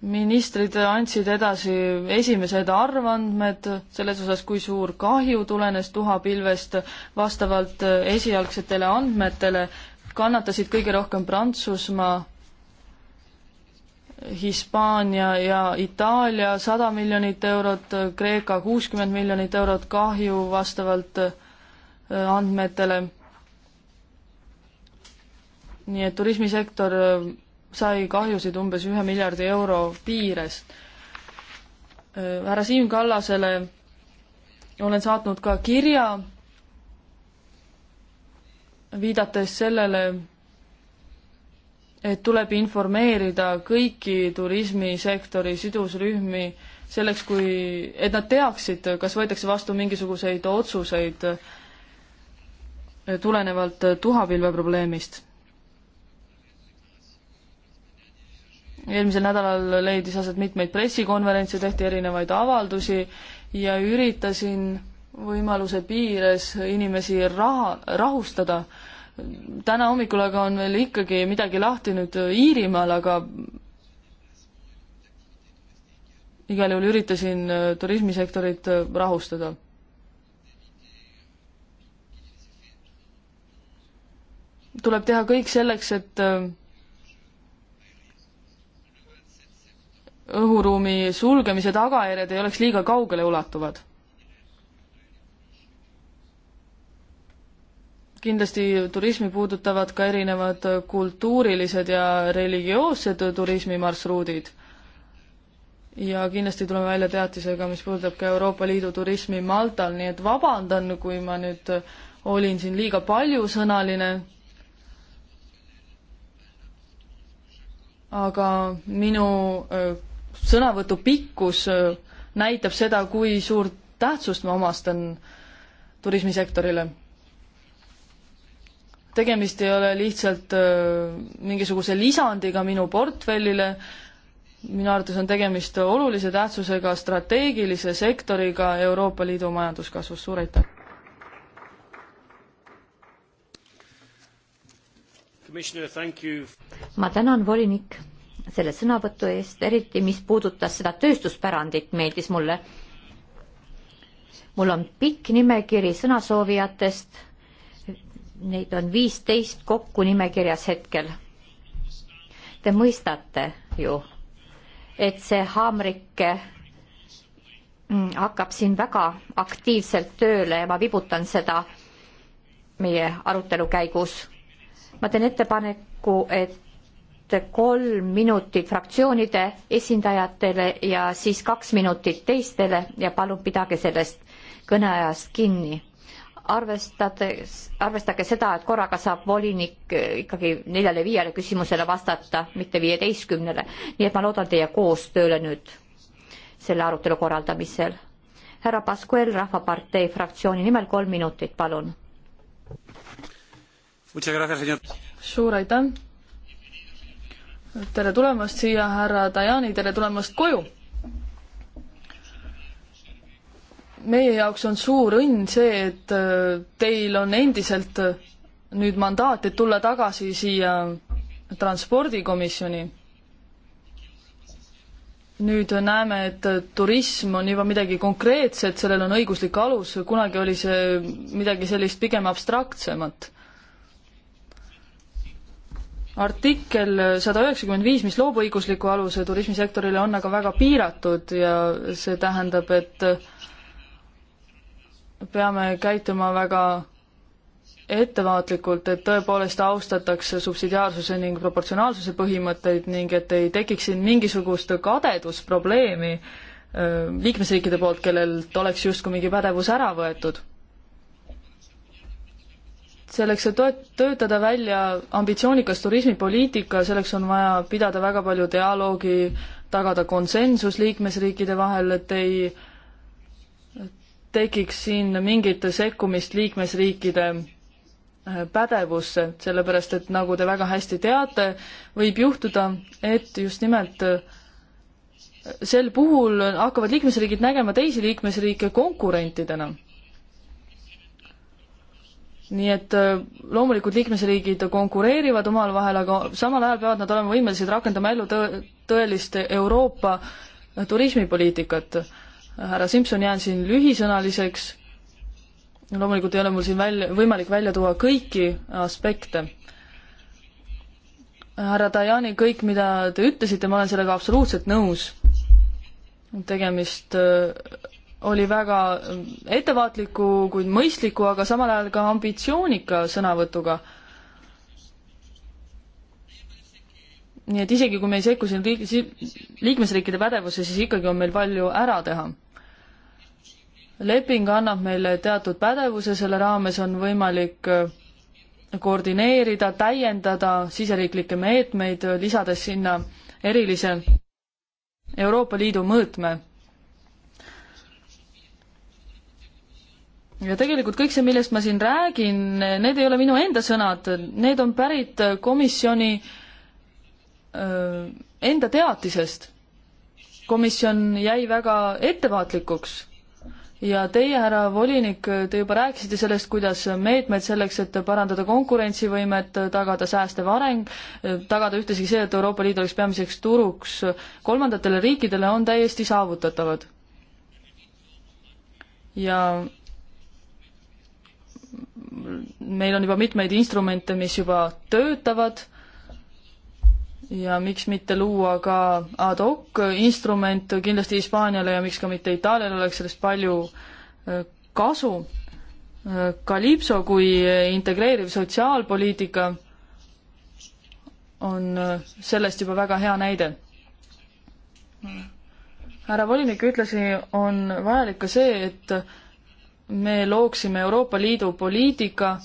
ministrid andsid edasi esimesed arvandmed selles osas, kui suur kahju tulenes tuhapilvest, vastavalt esialgsetele andmetele kannatasid kõige rohkem Prantsusmaa, Hispaania ja Itaalia sada miljonit eurot, Kreeka kuuskümmend miljonit eurot kahju vastavalt äh, andmetele. nii et turismisektor äh, sai kahjusid umbes ühe miljardi euro piires. Äh, härra Siim Kallasele olen saatnud ka kirja, viidates sellele, et tuleb informeerida kõiki turismisektori sidusrühmi selleks, kui, et nad teaksid, kas võetakse vastu mingisuguseid otsuseid äh, tulenevalt äh, tuhapilve probleemist eelmisel nädalal leidis aset mitmeid pressikonverentse, tehti erinevaid avaldusi ja üritasin võimaluse piires inimesi raha, rahustada. täna hommikul aga on veel ikkagi midagi lahti nüüd Iirimaal, aga igal juhul üritasin äh, turismisektorit äh, rahustada tuleb teha kõik selleks, et äh, õhuruumi sulgemise tagajärjed ei oleks liiga kaugele ulatuvad. kindlasti turismi puudutavad ka erinevad kultuurilised ja religioossed turismimarsruudid ja kindlasti tuleme välja teatisega, mis puudutab ka Euroopa Liidu turismi Maltal, nii et vabandan, kui ma nüüd olin siin liiga paljusõnaline. aga minu sõnavõtu pikkus äh, näitab seda, kui suurt tähtsust ma omastan turismisektorile. tegemist ei ole lihtsalt äh, mingisuguse lisandiga minu portfellile, minu arvates on tegemist olulise tähtsusega strateegilise sektoriga Euroopa Liidu majanduskasvus, suur aitäh! ma tänan, volinik! selle sõnavõtu eest, eriti mis puudutas seda tööstuspärandit, meeldis mulle. mul on pikk nimekiri sõnasoovijatest, neid on viisteist kokku nimekirjas hetkel. Te mõistate ju, et see haamrike mm, hakkab siin väga aktiivselt tööle ja ma vibutan seda meie arutelu käigus. ma teen ettepaneku, et et kolm minutit fraktsioonide esindajatele ja siis kaks minutit teistele ja palun pidage sellest kõneajast kinni. arvestades, arvestage seda, et korraga saab volinik ikkagi neljale-viiele küsimusele vastata, mitte viieteistkümnele. nii et ma loodan teie koostööle nüüd selle arutelu korraldamisel. härra Pascuel Rahvapartei fraktsiooni nimel kolm minutit, palun. suur aitäh tere tulemast siia, härra Dajani, tere tulemast koju! meie jaoks on suur õnn see, et äh, teil on endiselt äh, nüüd mandaat, et tulla tagasi siia transpordikomisjoni. nüüd näeme, et äh, turism on juba midagi konkreetset, sellel on õiguslik alus, kunagi oli see midagi sellist pigem abstraktsemat artikkel sada üheksakümmend viis, mis loob õigusliku aluse turismisektorile, on aga väga piiratud ja see tähendab, et peame käituma väga ettevaatlikult, et tõepoolest austatakse subsidiaarsuse ning proportsionaalsuse põhimõtteid ning et ei tekiks siin mingisugust kadedusprobleemi äh, liikmesriikide poolt, kellelt oleks justkui mingi pädevus ära võetud selleks, et toet-, töötada välja ambitsioonikas turismipoliitika, selleks on vaja pidada väga palju dialoogi, tagada konsensus liikmesriikide vahel, et ei tekiks siin mingit sekkumist liikmesriikide äh, pädevusse, sellepärast et nagu te väga hästi teate, võib juhtuda, et just nimelt äh, sel puhul hakkavad liikmesriigid nägema teisi liikmesriike konkurentidena nii et äh, loomulikult liikmesriigid konkureerivad omavahel, aga samal ajal peavad nad olema võimelised rakendama ellu tõ-, tõelist Euroopa äh, turismipoliitikat. härra Simson, jään siin lühisõnaliseks, loomulikult ei ole mul siin välja, võimalik välja tuua kõiki aspekte. härra Tajani, kõik, mida te ütlesite, ma olen sellega absoluutselt nõus. tegemist äh, oli väga ähm, ettevaatliku, kuid mõistliku, aga samal ajal ka ambitsioonika sõnavõtuga. nii et isegi, kui me ei sekku siin riik, liikmesriikide pädevusse, siis ikkagi on meil palju ära teha. leping annab meile teatud pädevuse, selle raames on võimalik äh, koordineerida, täiendada siseriiklikke meetmeid, äh, lisades sinna erilise Euroopa Liidu mõõtme ja tegelikult kõik see, millest ma siin räägin, need ei ole minu enda sõnad, need on pärit komisjoni öö, enda teatisest. komisjon jäi väga ettevaatlikuks ja teie, härra volinik, te juba rääkisite sellest, kuidas meetmed selleks, et parandada konkurentsivõimet, tagada säästev areng, tagada ühtlasi see, et Euroopa Liit oleks peamiseks turuks kolmandatele riikidele, on täiesti saavutatavad. ja meil on juba mitmeid instrumente, mis juba töötavad ja miks mitte luua ka ad hoc instrument kindlasti Hispaaniale ja miks ka mitte Itaaliale oleks sellest palju äh, kasu. Kalipso äh, kui integreeriv sotsiaalpoliitika on äh, sellest juba väga hea näide härra volinik ütles, on vajalik ka see, et me looksime Euroopa Liidu poliitika,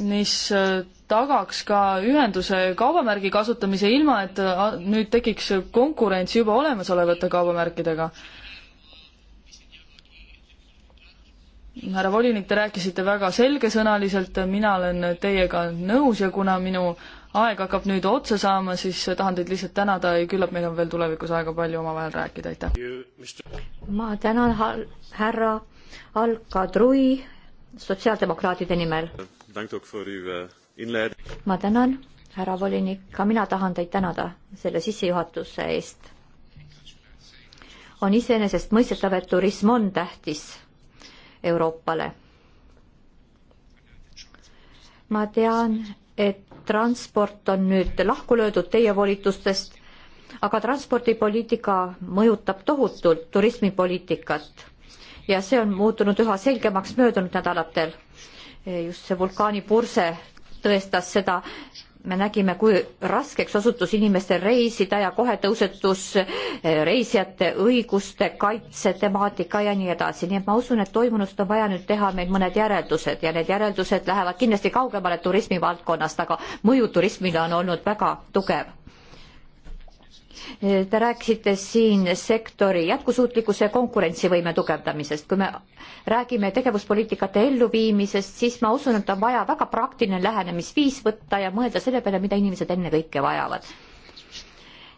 mis äh, tagaks ka ühenduse kaubamärgi kasutamise, ilma et äh, nüüd tekiks konkurents juba olemasolevate kaubamärkidega. härra volinik, te rääkisite väga selgesõnaliselt, mina olen teiega nõus ja kuna minu aeg hakkab nüüd otsa saama, siis tahan teid lihtsalt tänada ja küllap meil on veel tulevikus aega palju omavahel rääkida, aitäh! ma tänan härra Al-Kadri sotsiaaldemokraatide nimel. ma tänan, härra volinik, ka mina tahan teid tänada selle sissejuhatuse eest. on iseenesestmõistetav, et turism on tähtis Euroopale. ma tean, et transport on nüüd lahku löödud teie volitustest, aga transpordipoliitika mõjutab tohutult turismipoliitikat ja see on muutunud üha selgemaks möödunud nädalatel. just see vulkaanipurse tõestas seda, me nägime, kui raskeks osutus inimestel reisida ja kohe tõusetus eh, reisijate õiguste kaitse temaatika ja nii edasi, nii et ma usun, et toimunust on vaja nüüd teha meil mõned järeldused ja need järeldused lähevad kindlasti kaugemale turismi valdkonnast, aga mõju turismile on olnud väga tugev. Te rääkisite siin sektori jätkusuutlikkuse ja konkurentsivõime tugevdamisest. kui me räägime tegevuspoliitikate elluviimisest, siis ma usun, et on vaja väga praktiline lähenemisviis võtta ja mõelda selle peale, mida inimesed ennekõike vajavad.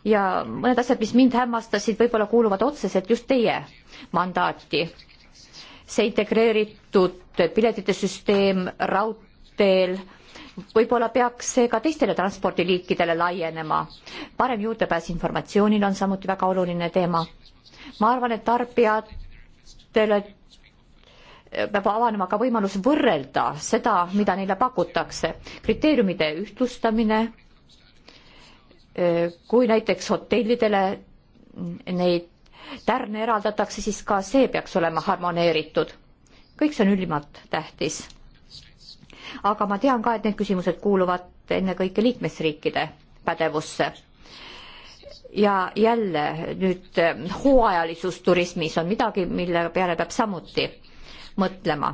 ja mõned asjad, mis mind hämmastasid, võib-olla kuuluvad otseselt just teie mandaati. see integreeritud piletite süsteem raudteel võib-olla peaks see ka teistele transpordiliikidele laienema. parem juurdepääs informatsioonile on samuti väga oluline teema. ma arvan, et tarbijatele peab avanema ka võimalus võrrelda seda, mida neile pakutakse. kriteeriumide ühtlustamine, kui näiteks hotellidele neid tärne eraldatakse, siis ka see peaks olema harmoneeritud. kõik see on ülimalt tähtis aga ma tean ka, et need küsimused kuuluvad ennekõike liikmesriikide pädevusse. ja jälle nüüd ähm, hooajalisus turismis on midagi, mille peale peab samuti mõtlema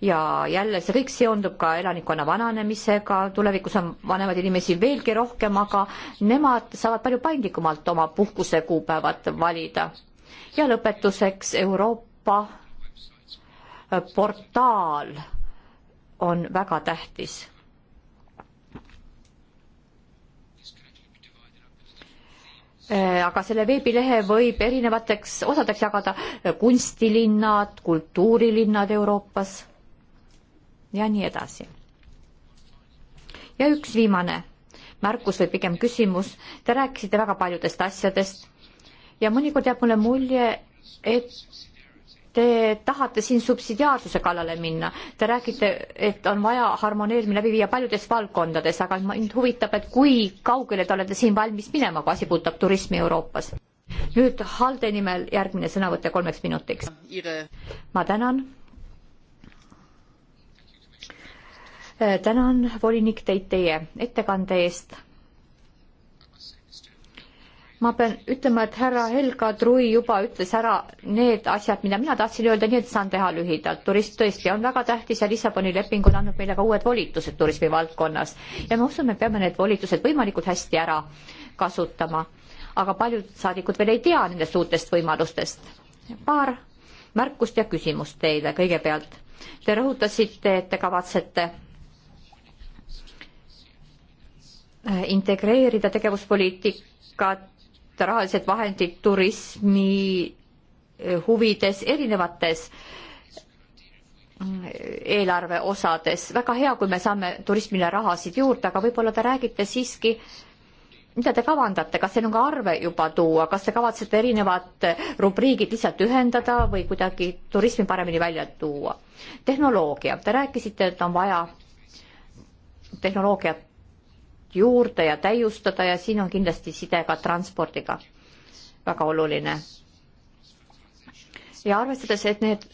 ja jälle see kõik seondub ka elanikkonna vananemisega, tulevikus on vanemaid inimesi veelgi rohkem, aga nemad saavad palju paindlikumalt oma puhkusekuupäevad valida. ja lõpetuseks Euroopa äh, portaal on väga tähtis. Äh, aga selle veebilehe võib erinevateks osadeks jagada äh, kunstilinnad, kultuurilinnad Euroopas ja nii edasi. ja üks viimane märkus või pigem küsimus. Te rääkisite väga paljudest asjadest ja mõnikord jääb mulle mulje, et Te tahate siin subsidiaarsuse kallale minna, te räägite, et on vaja harmoneerimine läbi viia paljudes valdkondades, aga mind huvitab, et kui kaugele te olete siin valmis minema, kui asi puudutab turismi Euroopas? nüüd Halde nimel järgmine sõnavõte kolmeks minutiks. ma tänan. tänan, volinik, teid teie ettekande eest ma pean ütlema, et härra Helga Trui juba ütles ära need asjad, mida mina tahtsin öelda, nii et saan teha lühidalt. turism tõesti on väga tähtis ja Lissaboni leping on andnud meile ka uued volitused turismi valdkonnas ja ma usun, me peame need volitused võimalikult hästi ära kasutama. aga paljud saadikud veel ei tea nendest uutest võimalustest. paar märkust ja küsimust teile kõigepealt. Te rõhutasite, et te kavatsete äh, integreerida tegevuspoliitikat rahalised vahendid turismi eh, huvides erinevates eh, eelarve osades. väga hea, kui me saame turismile rahasid juurde, aga võib-olla te räägite siiski, mida te kavandate, kas teil on ka arve juba tuua, kas te kavatsete erinevad eh, rubriigid lihtsalt ühendada või kuidagi turismi paremini välja tuua? tehnoloogia, te rääkisite, et on vaja tehnoloogiat juurde ja täiustada ja siin on kindlasti side ka transpordiga väga oluline. ja arvestades, et need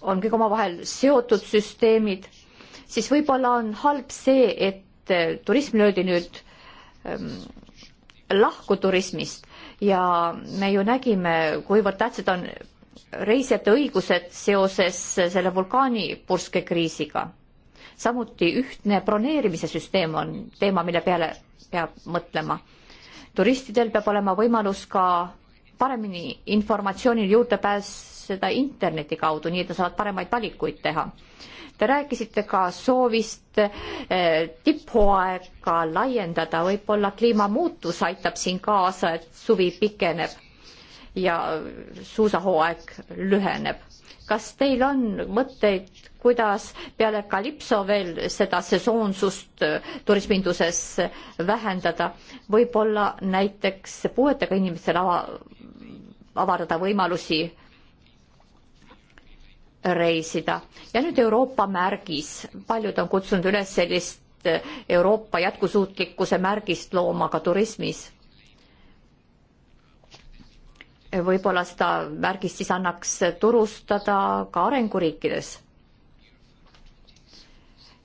on kõik omavahel seotud süsteemid, siis võib-olla on halb see, et eh, turism löödi nüüd ähm, lahku turismist ja me ju nägime, kuivõrd tähtsad on reisijate õigused seoses selle vulkaanipurskekriisiga samuti ühtne broneerimise süsteem on teema, mille peale peab mõtlema. turistidel peab olema võimalus ka paremini informatsioonile juurde pääseda interneti kaudu, nii et nad saavad paremaid valikuid teha. Te rääkisite ka soovist eh, tipphooaega laiendada, võib-olla kliimamuutus aitab siin kaasa, et suvi pikeneb ja suusahooaeg lüheneb kas teil on mõtteid, kuidas peale Kalipso veel seda sesoonsust äh, turisminduses vähendada, võib-olla näiteks puuetega inimestele ava, avardada võimalusi reisida. ja nüüd Euroopa märgis, paljud on kutsunud üles sellist äh, Euroopa jätkusuutlikkuse märgist looma ka turismis võib-olla seda märgist siis annaks turustada ka arenguriikides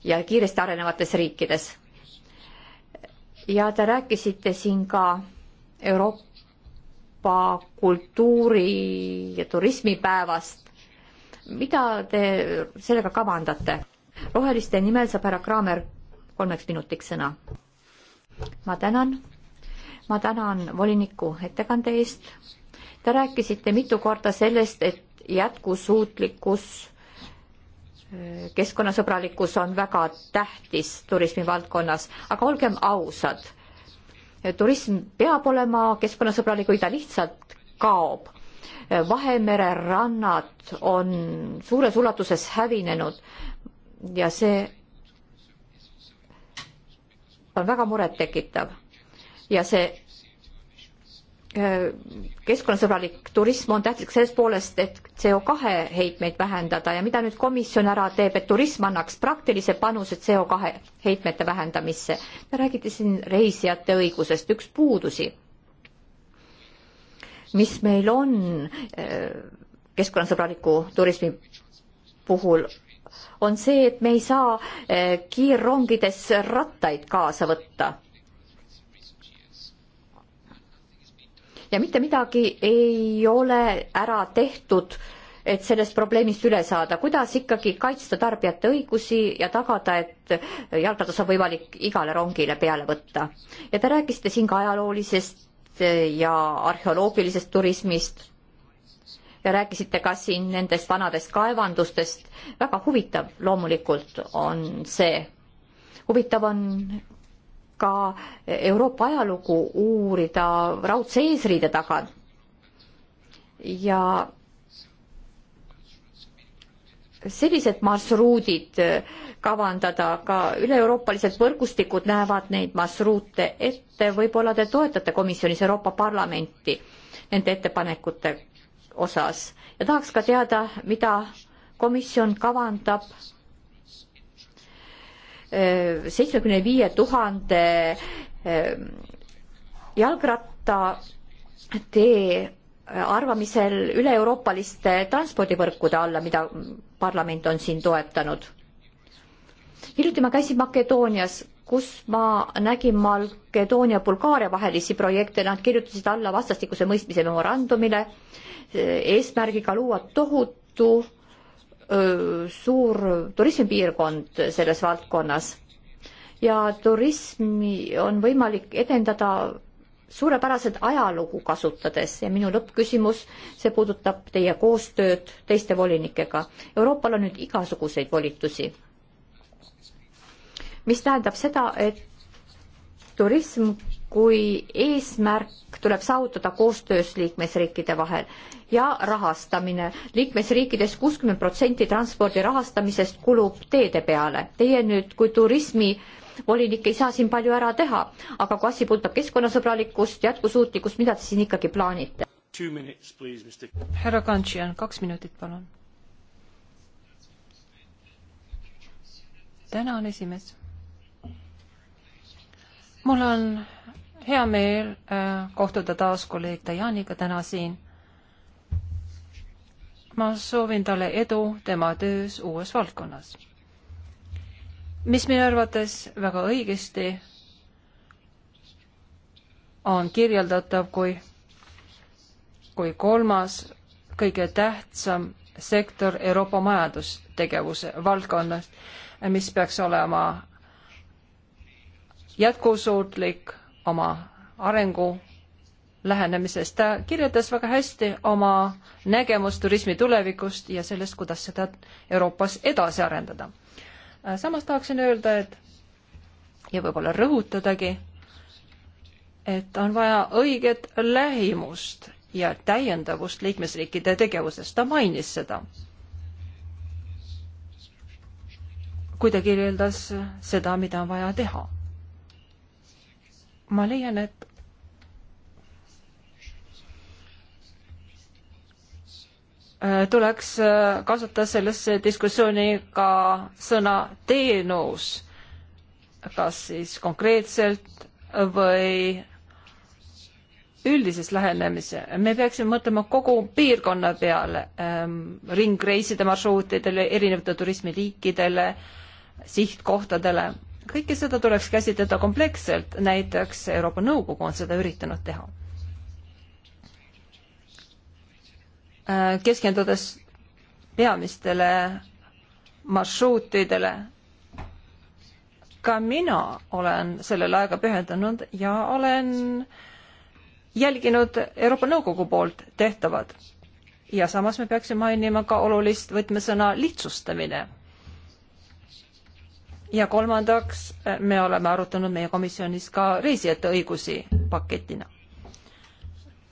ja kiiresti arenevates riikides. ja te rääkisite siin ka Euroopa kultuuri ja turismipäevast. mida te sellega kavandate? roheliste nimel saab härra Kraamer kolmeks minutiks sõna. ma tänan, ma tänan voliniku ettekande eest Te rääkisite mitu korda sellest, et jätkusuutlikkus, keskkonnasõbralikkus on väga tähtis turismivaldkonnas, aga olgem ausad, turism peab olema keskkonnasõbralik, kui ta lihtsalt kaob. Vahemere rannad on suures ulatuses hävinenud ja see on väga murettekitav. ja see keskkonnasõbralik turism on tähtlik sellest poolest, et CO2 heitmeid vähendada ja mida nüüd komisjon ära teeb, et turism annaks praktilise panuse CO2 heitmete vähendamisse. Te räägite siin reisijate õigusest, üks puudusi, mis meil on äh, keskkonnasõbraliku turismi puhul, on see, et me ei saa äh, kiirrongides rattaid kaasa võtta ja mitte midagi ei ole ära tehtud, et sellest probleemist üle saada. kuidas ikkagi kaitsta tarbijate õigusi ja tagada, et jalgratas on võimalik igale rongile peale võtta? ja te rääkisite siin ka ajaloolisest ja arheoloogilisest turismist ja rääkisite ka siin nendest vanadest kaevandustest. väga huvitav loomulikult on see. huvitav on ka Euroopa ajalugu uurida raudse eesriide taga. ja sellised marsruudid kavandada, ka üle-euroopalised võrgustikud näevad neid marsruute ette, võib-olla te toetate komisjonis Euroopa Parlamenti nende ettepanekute osas ja tahaks ka teada, mida komisjon kavandab seitsmekümne viie tuhande eh, jalgrattatee arvamisel üle-euroopaliste transpordivõrkude alla, mida parlament on siin toetanud. hiljuti ma käisin Makedoonias, kus ma nägin Makedoonia, Bulgaaria vahelisi projekte, nad kirjutasid alla vastastikuse mõistmise memorandumile eh, eesmärgiga luua tohutu suur turismipiirkond selles valdkonnas ja turismi on võimalik edendada suurepäraselt ajalugu kasutades ja minu lõppküsimus, see puudutab teie koostööd teiste volinikega. Euroopal on nüüd igasuguseid volitusi, mis tähendab seda, et turism kui eesmärk tuleb saavutada koostöös liikmesriikide vahel ja rahastamine liikmesriikides. liikmesriikides kuuskümmend protsenti transpordi rahastamisest kulub teede peale. Teie nüüd kui turismi volinik ei saa siin palju ära teha, aga kui asi puudutab keskkonnasõbralikkust, jätkusuutlikkust, mida te siin ikkagi plaanite? härra Kantšian, kaks minutit, palun. tänan, esimees mul on hea meel äh, kohtuda taas kolleeg Dajaniga täna siin. ma soovin talle edu tema töös uues valdkonnas, mis minu arvates väga õigesti on kirjeldatav kui, kui kolmas kõige tähtsam sektor Euroopa majandustegevuse valdkonnas, mis peaks olema jätkusuutlik oma arengu lähenemisest. ta kirjeldas väga hästi oma nägemust turismi tulevikust ja sellest, kuidas seda Euroopas edasi arendada. samas tahaksin öelda, et ja võib-olla rõhutadagi, et on vaja õiget lähimust ja täiendavust liikmesriikide tegevuses, ta mainis seda. kui ta kirjeldas seda, mida on vaja teha ma leian, et tuleks kasutada sellesse diskussiooni ka sõna teenus, kas siis konkreetselt või üldises lähenemise, me peaksime mõtlema kogu piirkonna peale ähm,, ringreiside marsruutidele, erinevate turismiliikidele, sihtkohtadele kõike seda tuleks käsitleda kompleksselt, näiteks Euroopa Nõukogu on seda üritanud teha. Äh, keskendudes peamistele marsruutidele. ka mina olen sellele aega pühendanud ja olen jälginud Euroopa Nõukogu poolt tehtavat. ja samas me peaksime mainima ka olulist võtmesõna lihtsustamine ja kolmandaks, eh, me oleme arutanud meie komisjonis ka reisijate õigusi paketina.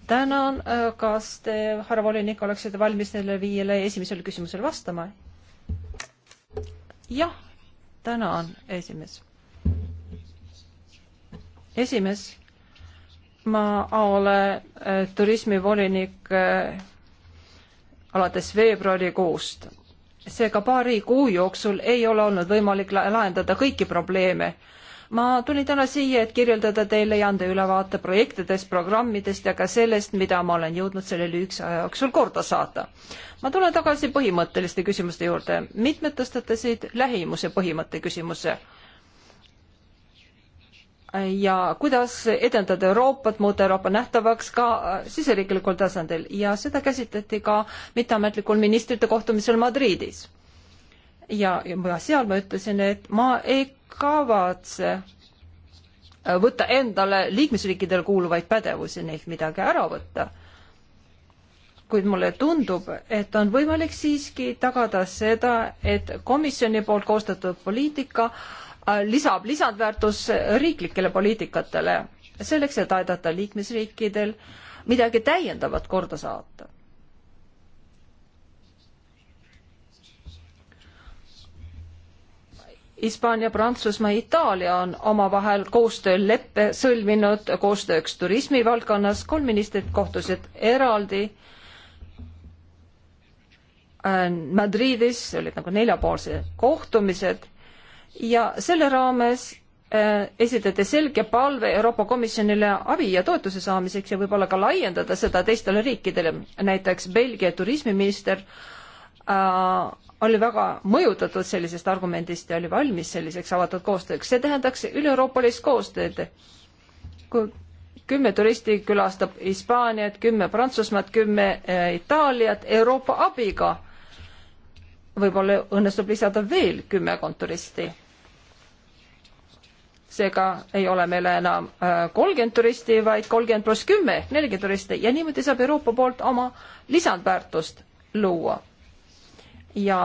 tänan, eh, kas te, härra volinik, oleksite valmis neile viiele esimesele küsimusele vastama? jah, tänan, esimees. esimees, ma olen eh, turismivolinik alates veebruarikuust seega paari kuu jooksul ei ole olnud võimalik lahendada kõiki probleeme. ma tulin täna siia, et kirjeldada teile ja anda ülevaate projektidest, programmidest ja ka sellest, mida ma olen jõudnud selle lühikese aja jooksul korda saata. ma tulen tagasi põhimõtteliste küsimuste juurde. mitmed tõstatasid lähimuse põhimõtte küsimuse ja kuidas edendada Euroopat, muuta Euroopa nähtavaks ka äh, siseriiklikul tasandil ja seda käsitleti ka mitteametlikul ministrite kohtumisel Madridis. ja, ja seal ma ütlesin, et ma ei kavatse äh, võtta endale liikmesriikidele kuuluvaid pädevusi, neilt midagi ära võtta. kuid mulle tundub, et on võimalik siiski tagada seda, et komisjoni poolt koostatud poliitika äh, Äh, lisab lisandväärtus riiklikele poliitikatele, selleks et aidata liikmesriikidel midagi täiendavat korda saata. Hispaania, Prantsusmaa, Itaalia on omavahel koostööleppe sõlminud koostööks turismivaldkonnas, kolm ministrit kohtusid eraldi äh, Madridis, olid nagu neljapoolsed kohtumised ja selle raames äh, esitate selge palve Euroopa Komisjonile abi ja toetuse saamiseks ja võib-olla ka laiendada seda teistele riikidele. näiteks Belgia turismiminister äh, oli väga mõjutatud sellisest argumendist ja oli valmis selliseks avatud koostööks. see tähendaks üle-euroopalist koostööd. kui kümme turisti külastab Hispaaniat, kümme Prantsusmaad, kümme äh, Itaaliat Euroopa abiga, võib-olla õnnestub lisada veel kümmekond turisti seega ei ole meil enam äh, kolmkümmend turisti, vaid kolmkümmend pluss kümme ehk nelikümmend turisti ja niimoodi saab Euroopa poolt oma lisandväärtust luua. ja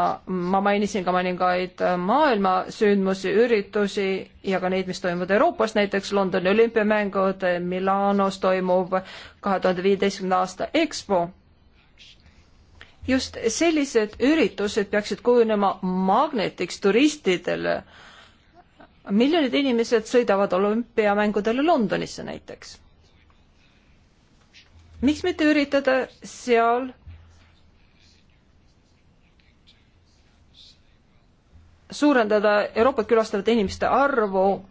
ma mainisin ka mõningaid äh, maailmasündmusi, üritusi ja ka neid, mis toimuvad Euroopas, näiteks Londoni olümpiamängud, Milanos toimuv kahe tuhande viieteistkümnenda aasta EXPO just sellised üritused peaksid kujunema magnetiks turistidele äh, miljonid inimesed sõidavad olümpiamängudele Londonisse näiteks. miks mitte üritada seal suurendada Euroopat külastavate inimeste arvu,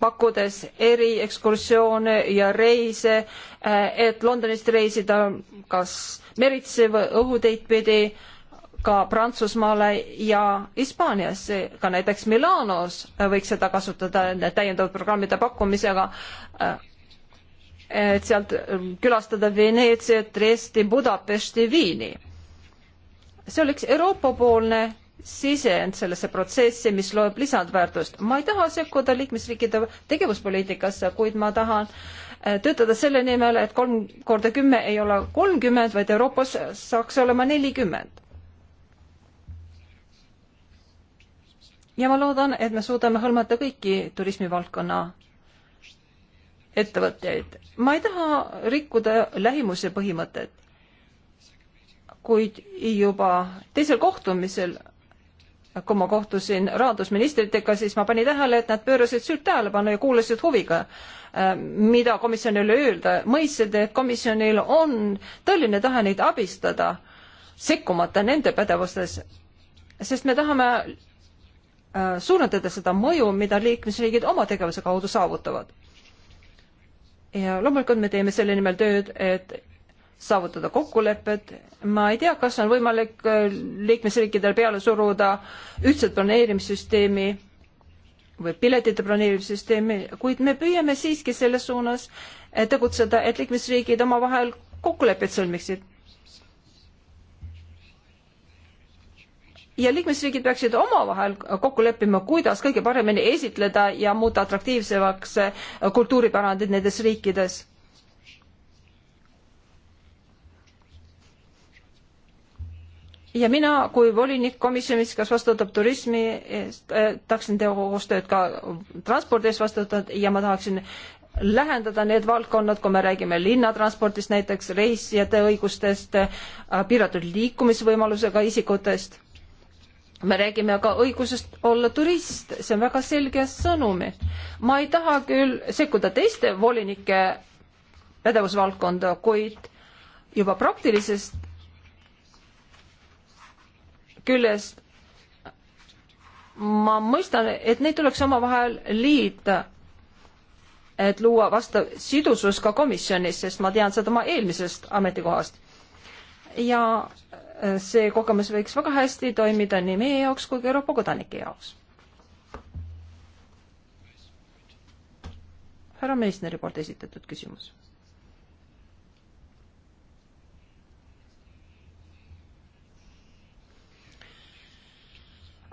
pakkudes eriekskursioone ja reise, äh, et Londonist reisida kas meritsi või õhuteid pidi äh, ka Prantsusmaale ja Hispaaniasse, ka näiteks Milanos võiks seda kasutada täiendavate programmide pakkumisega, et sealt külastada Veneetsiat, Dresdi, Budapesti, Viini. see oleks Euroopa-poolne sisend sellesse protsessi, mis loeb lisandväärtust. ma ei taha sekkuda liikmesriikide tegevuspoliitikasse, kuid ma tahan äh, töötada selle nimel, et kolm korda kümme ei ole kolmkümmend, vaid Euroopas saaks olema nelikümmend ja ma loodan, et me suudame hõlmata kõiki turismivaldkonna ettevõtteid. ma ei taha rikkuda lähimuse põhimõtet, kuid juba teisel kohtumisel, kui ma kohtusin rahandusministritega, siis ma panin tähele, et nad pöörasid süüd tähelepanu ja kuulasid huviga, äh, mida komisjonile öelda, mõistsid, et komisjonil on tõeline tahe neid abistada, sekkumata nende pädevustes, sest me tahame Äh, suurendada seda mõju, mida liikmesriigid oma tegevuse kaudu saavutavad. ja loomulikult me teeme selle nimel tööd, et saavutada kokkulepped. ma ei tea, kas on võimalik äh, liikmesriikidel peale suruda ühtset planeerimissüsteemi või piletite planeerimissüsteemi, kuid me püüame siiski selles suunas äh, tegutseda, et liikmesriigid omavahel kokkulepped sõlmiksid ja liikmesriigid peaksid omavahel kokku leppima, kuidas kõige paremini esitleda ja muuta atraktiivsemaks äh, kultuuripärandit nendes riikides. ja mina kui volinik komisjonis, kes vastutab turismi eest eh,, äh, tahaksin teha koostööd ka transpordi eest vastutada ja ma tahaksin lähendada need valdkonnad, kui me räägime linnatranspordist näiteks, reisijate õigustest, äh, piiratud liikumisvõimalusega isikutest me räägime ka õigusest olla turist, see on väga selge sõnum. ma ei taha küll sekkuda teiste volinike pädevusvaldkonda, kuid juba praktilisest küljest ma mõistan, et neid tuleks omavahel liita, et luua vastav sidusus ka komisjonis, sest ma tean seda oma eelmisest ametikohast. ja see kogemus võiks väga hästi toimida nii meie jaoks kui ka Euroopa kodanike jaoks. härra Meissneri poolt esitatud küsimus.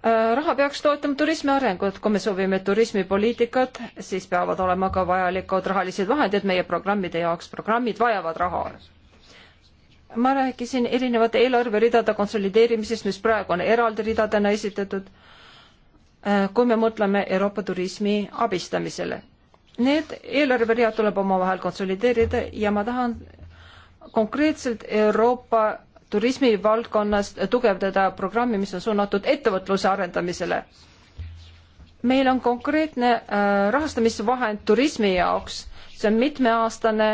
Äh, raha peaks toetama turismi arengut, kui me soovime turismipoliitikat, siis peavad olema ka vajalikud rahalised vahendid meie programmide jaoks, programmid vajavad raha ma rääkisin erinevate eelarveridade konsolideerimisest, mis praegu on eraldi ridadena esitatud, äh, kui me mõtleme Euroopa turismi abistamisele. Need eelarveread tuleb omavahel konsolideerida ja ma tahan konkreetselt Euroopa turismivaldkonnas tugevdada programmi, mis on suunatud ettevõtluse arendamisele. meil on konkreetne äh, rahastamisvahend turismi jaoks, see on mitmeaastane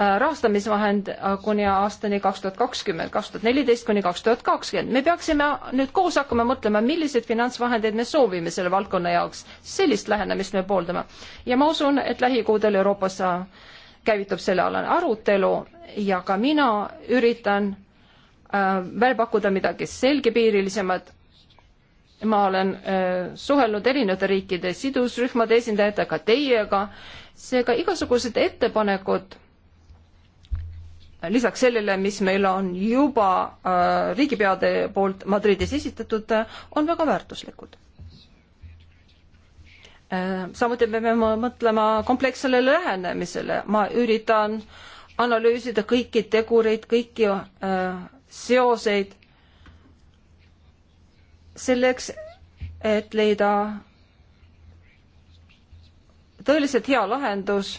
Äh, rahastamisvahend äh, kuni aastani kaks tuhat kakskümmend, kaks tuhat neliteist kuni kaks tuhat kakskümmend. me peaksime nüüd koos hakkama mõtlema, milliseid finantsvahendeid me soovime selle valdkonna jaoks. sellist lähenemist me pooldame. ja ma usun, et lähikuudel Euroopas äh, käivitub sellealane arutelu ja ka mina üritan äh, välja pakkuda midagi selgepiirilisemat ma olen äh, suhelnud erinevate riikide sidusrühmade esindajatega, teiega, seega igasugused ettepanekud lisaks sellele, mis meil on juba äh, riigipeade poolt Madridis esitatud äh,, on väga väärtuslikud äh,. samuti me peame mõtlema komplekssele lähenemisele, ma üritan analüüsida kõiki tegureid, kõiki äh, seoseid selleks, et leida tõeliselt hea lahendus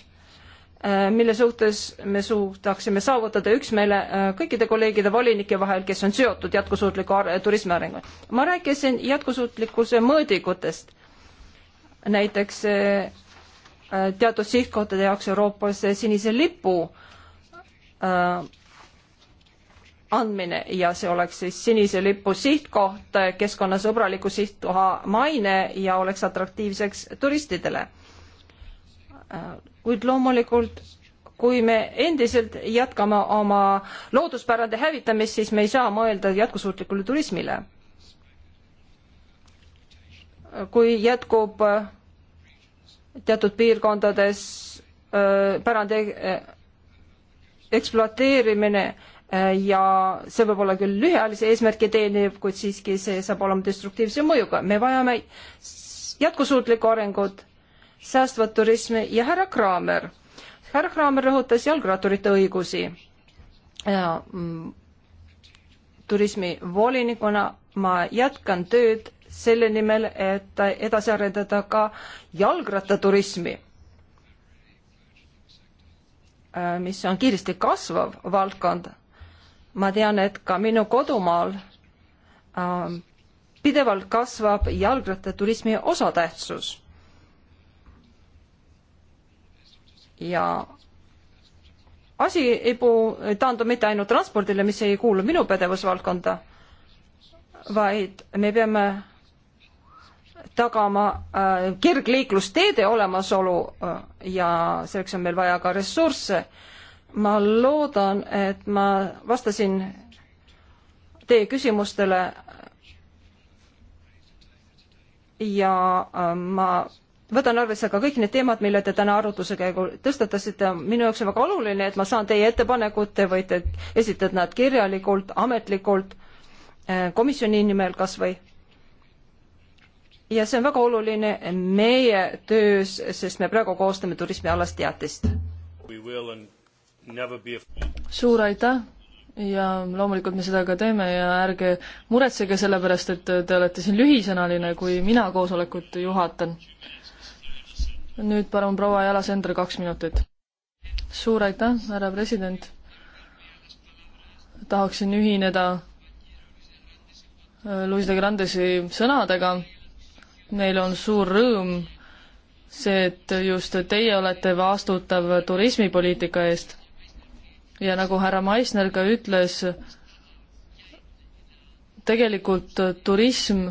Äh, mille suhtes me suudaksime saavutada üksmeele äh, kõikide kolleegide volinike vahel, kes on seotud jätkusuutliku turismi arenguga. ma rääkisin jätkusuutlikkuse mõõdikutest, näiteks äh, teatud sihtkohtade jaoks Euroopas sinise lipu andmine ja see oleks siis sinise lipu sihtkoht, keskkonnasõbraliku sihtkoha maine ja oleks atraktiivseks turistidele kuid loomulikult kui me endiselt jätkame oma looduspärade hävitamist, siis me ei saa mõelda jätkusuutlikule turismile. kui jätkub äh, teatud piirkondades äh, pärandi äh, ekspluateerimine ja see võib olla küll lühiajalise eesmärgi teeniv, kuid siiski see saab olema destruktiivse mõjuga. me vajame jätkusuutlikku arengut säästvat turismi ja härra Kramer. härra Kramer rõhutas jalgratturite õigusi. Mm, turismivolinikuna ma jätkan tööd selle nimel, et edasi arendada ka jalgrattaturismi, äh, mis on kiiresti kasvav valdkond. ma tean, et ka minu kodumaal äh, pidevalt kasvab jalgrattaturismi osatähtsus ja asi ei puu-, taandu mitte ainult transpordile, mis ei kuulu minu pädevusvaldkonda, vaid me peame tagama äh, kergliiklusteede olemasolu äh, ja selleks on meil vaja ka ressursse. ma loodan, et ma vastasin teie küsimustele ja äh, ma võtan arvesse ka kõik need teemad, mille te täna arutluse käigu tõstatasite. minu jaoks on väga oluline, et ma saan teie ettepanekud, te võite esitada nad kirjalikult, ametlikult, eh, komisjoni nimel kas või. ja see on väga oluline meie töös, sest me praegu koostame turismialast teatist. suur aitäh ja loomulikult me seda ka teeme ja ärge muretsege selle pärast, et te olete siin lühisõnaline, kui mina koosolekut juhatan nüüd palun proua Jala Sender kaks minutit. suur aitäh, härra president. tahaksin ühineda äh, Luis de Grandesi sõnadega. Neil on suur rõõm see, et just teie olete vastutav turismipoliitika eest. ja nagu härra Meissner ka ütles, tegelikult turism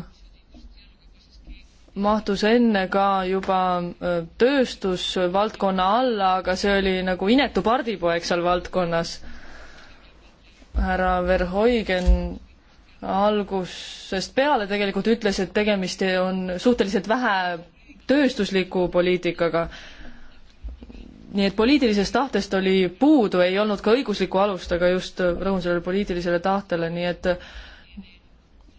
mahtus enne ka juba tööstusvaldkonna alla, aga see oli nagu inetu pardipoeg seal valdkonnas. härra Verhoigen algusest peale tegelikult ütles, et tegemist on suhteliselt vähe tööstusliku poliitikaga. nii et poliitilisest tahtest oli puudu, ei olnud ka õiguslikku alust, aga just rõhun sellele poliitilisele tahtele, nii et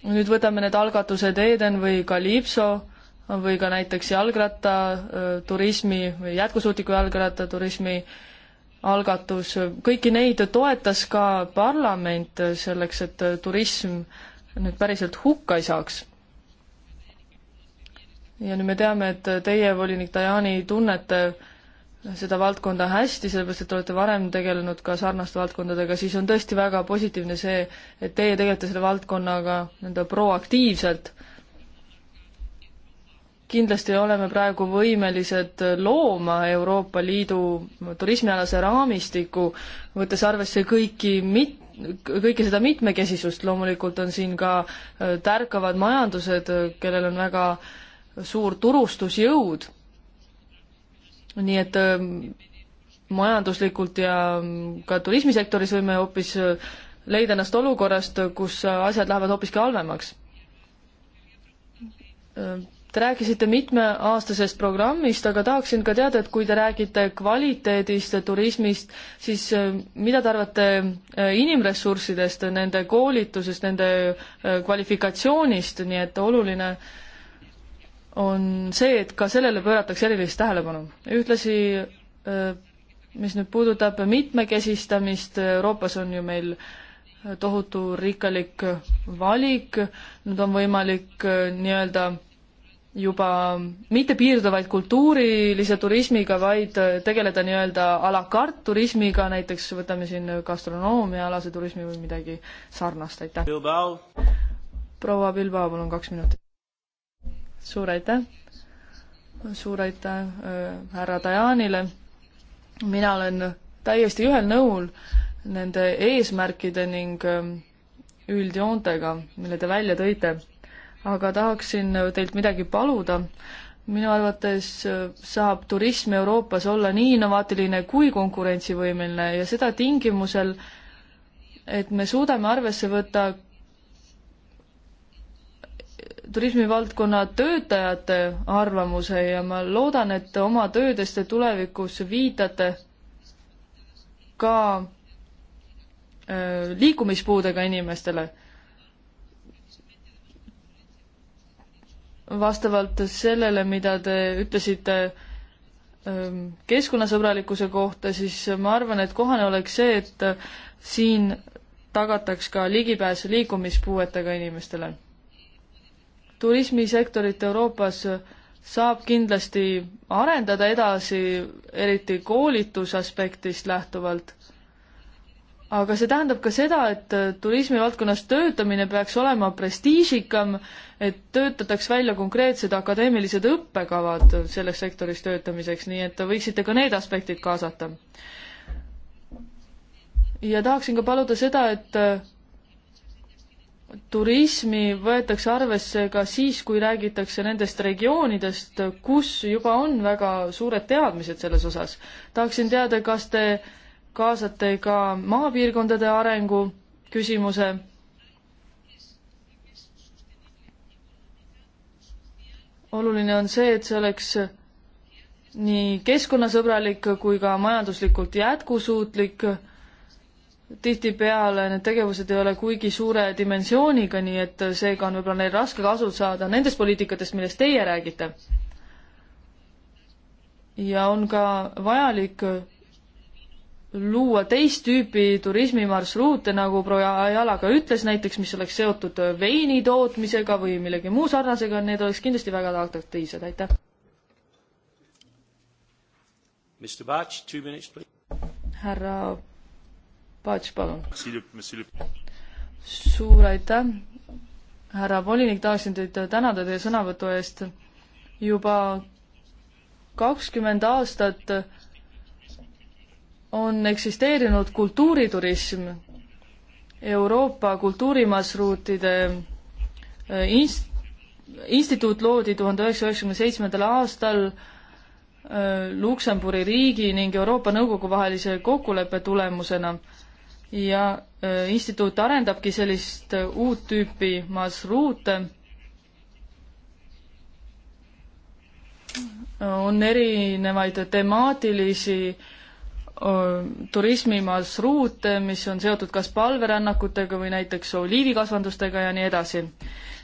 nüüd võtame need algatused Eden või Kalipso või ka näiteks jalgrattaturismi või jätkusuutliku jalgrattaturismi algatus, kõiki neid toetas ka parlament selleks, et turism nüüd päriselt hukka ei saaks. ja nüüd me teame, et teie, volinik Dajani, tunnete seda valdkonda hästi, sellepärast et te olete varem tegelenud ka sarnaste valdkondadega, siis on tõesti väga positiivne see, et teie tegelete selle valdkonnaga nii-öelda proaktiivselt kindlasti oleme praegu võimelised looma Euroopa Liidu turismialase raamistiku, võttes arvesse kõiki mit-, kõike seda mitmekesisust, loomulikult on siin ka äh, tärkavad majandused, kellel on väga suur turustusjõud. nii et ähm, majanduslikult ja ähm, ka turismisektoris võime hoopis äh, leida ennast olukorrast, kus äh, asjad lähevad hoopiski halvemaks Te rääkisite mitmeaastasest programmist, aga tahaksin ka teada, et kui te räägite kvaliteedist ja turismist, siis äh, mida te arvate äh, inimressurssidest, nende koolitusest, nende äh, kvalifikatsioonist, nii et oluline on see, et ka sellele pööratakse erilist tähelepanu. ühtlasi mis nüüd puudutab mitmekesistamist, Euroopas on ju meil tohutu rikkalik valik, nüüd on võimalik nii-öelda juba mitte piirduvaid kultuurilise turismiga, vaid tegeleda nii-öelda a la carte turismiga, näiteks võtame siin gastronoomiaalase turismi või midagi sarnast, aitäh. proua Bilbao, palun kaks minutit. suur aitäh. suur aitäh äh, härra Dajanile. mina olen täiesti ühel nõul nende eesmärkide ning ähm, üldjoontega, mille te välja tõite aga tahaksin teilt midagi paluda. minu arvates saab turism Euroopas olla nii innovaatiline kui konkurentsivõimeline ja seda tingimusel, et me suudame arvesse võtta turismivaldkonna töötajate arvamuse ja ma loodan, et oma töödes te tulevikus viitate ka äh, liikumispuudega inimestele vastavalt sellele, mida te ütlesite ähm, keskkonnasõbralikkuse kohta, siis ma arvan, et kohane oleks see, et siin tagataks ka ligipääs liikumispuuetega inimestele. turismisektorit Euroopas saab kindlasti arendada edasi, eriti koolitusaspektist lähtuvalt aga see tähendab ka seda, et äh, turismivaldkonnas töötamine peaks olema prestiižikam, et töötataks välja konkreetsed akadeemilised õppekavad selles sektoris töötamiseks, nii et võiksite ka need aspektid kaasata. ja tahaksin ka paluda seda, et äh, turismi võetakse arvesse ka siis, kui räägitakse nendest regioonidest, kus juba on väga suured teadmised selles osas. tahaksin teada, kas te kaasate ka maapiirkondade arengu küsimuse. oluline on see, et see oleks nii keskkonnasõbralik kui ka majanduslikult jätkusuutlik. tihtipeale need tegevused ei ole kuigi suure dimensiooniga, nii et seega on võib-olla neil raske kasu saada nendest poliitikatest, millest teie räägite. ja on ka vajalik luua teist tüüpi turismimarsruute, nagu proua Ajala ka ütles, näiteks mis oleks seotud veini tootmisega või millegi muu sarnasega, need oleks kindlasti väga atraktiivsed, aitäh. härra Paats, palun. suur aitäh, härra volinik, tahaksin teid tänada teie sõnavõtu eest. juba kakskümmend aastat on eksisteerinud kultuuriturism, Euroopa kultuurimasruutide eh, inst-, instituut loodi tuhande üheksasaja üheksakümne seitsmendal aastal eh, Luksemburi riigi ning Euroopa Nõukogu vahelise kokkuleppe tulemusena ja eh, instituut arendabki sellist uut tüüpi masruute. on erinevaid temaatilisi äh, turismimarsruute, mis on seotud kas palverännakutega või näiteks oliivikasvandustega ja nii edasi.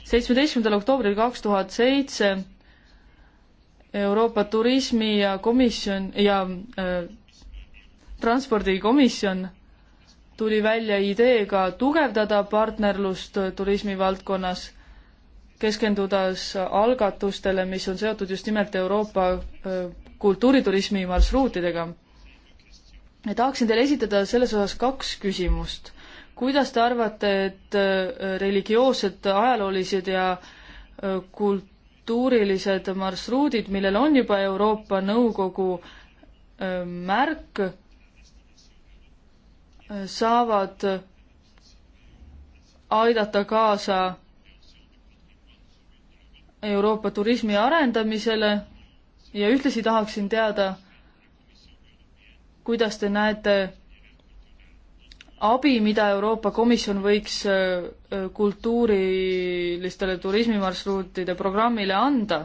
seitsmeteistkümnendal oktoobril kaks tuhat seitse Euroopa Turismi ja komisjon ja äh, transpordikomisjon tuli välja ideega tugevdada partnerlust turismivaldkonnas, keskendudes algatustele, mis on seotud just nimelt Euroopa äh, kultuuriturismi marsruutidega tahaksin teile esitada selles osas kaks küsimust. kuidas te arvate, et äh, religioossed, ajaloolised ja äh, kultuurilised marsruudid, millel on juba Euroopa Nõukogu äh, märk, saavad aidata kaasa Euroopa turismi arendamisele ja ühtlasi tahaksin teada, kuidas te näete abi, mida Euroopa Komisjon võiks äh, äh, kultuurilistele turismimarsruutide programmile anda?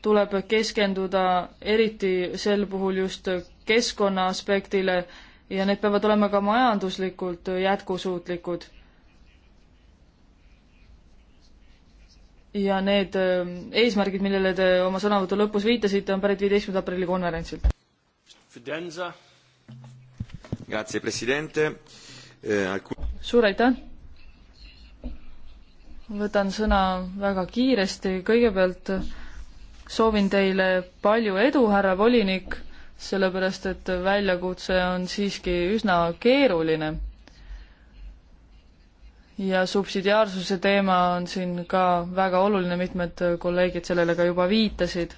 tuleb keskenduda eriti sel puhul just keskkonna aspektile ja need peavad olema ka majanduslikult jätkusuutlikud ja need äh, eesmärgid, millele te oma sõnavõtu lõpus viitasite, on pärit viieteistkümnenda aprilli konverentsilt. Fidenza. Grazie, president eh,. suur aitäh. võtan sõna väga kiiresti, kõigepealt soovin teile palju edu, härra volinik, sellepärast et väljakutse on siiski üsna keeruline. ja subsidiaarsuse teema on siin ka väga oluline, mitmed kolleegid sellele ka juba viitasid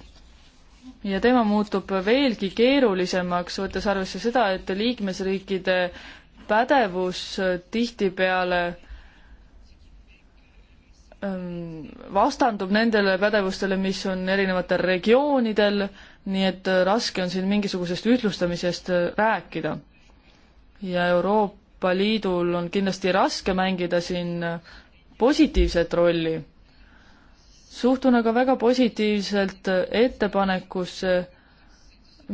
ja teema muutub veelgi keerulisemaks, võttes arvesse seda, et liikmesriikide pädevus tihtipeale ähm, vastandub nendele pädevustele, mis on erinevatel regioonidel, nii et raske on siin mingisugusest ühtlustamisest rääkida. ja Euroopa Liidul on kindlasti raske mängida siin positiivset rolli suhtun aga väga positiivselt ettepanekusse,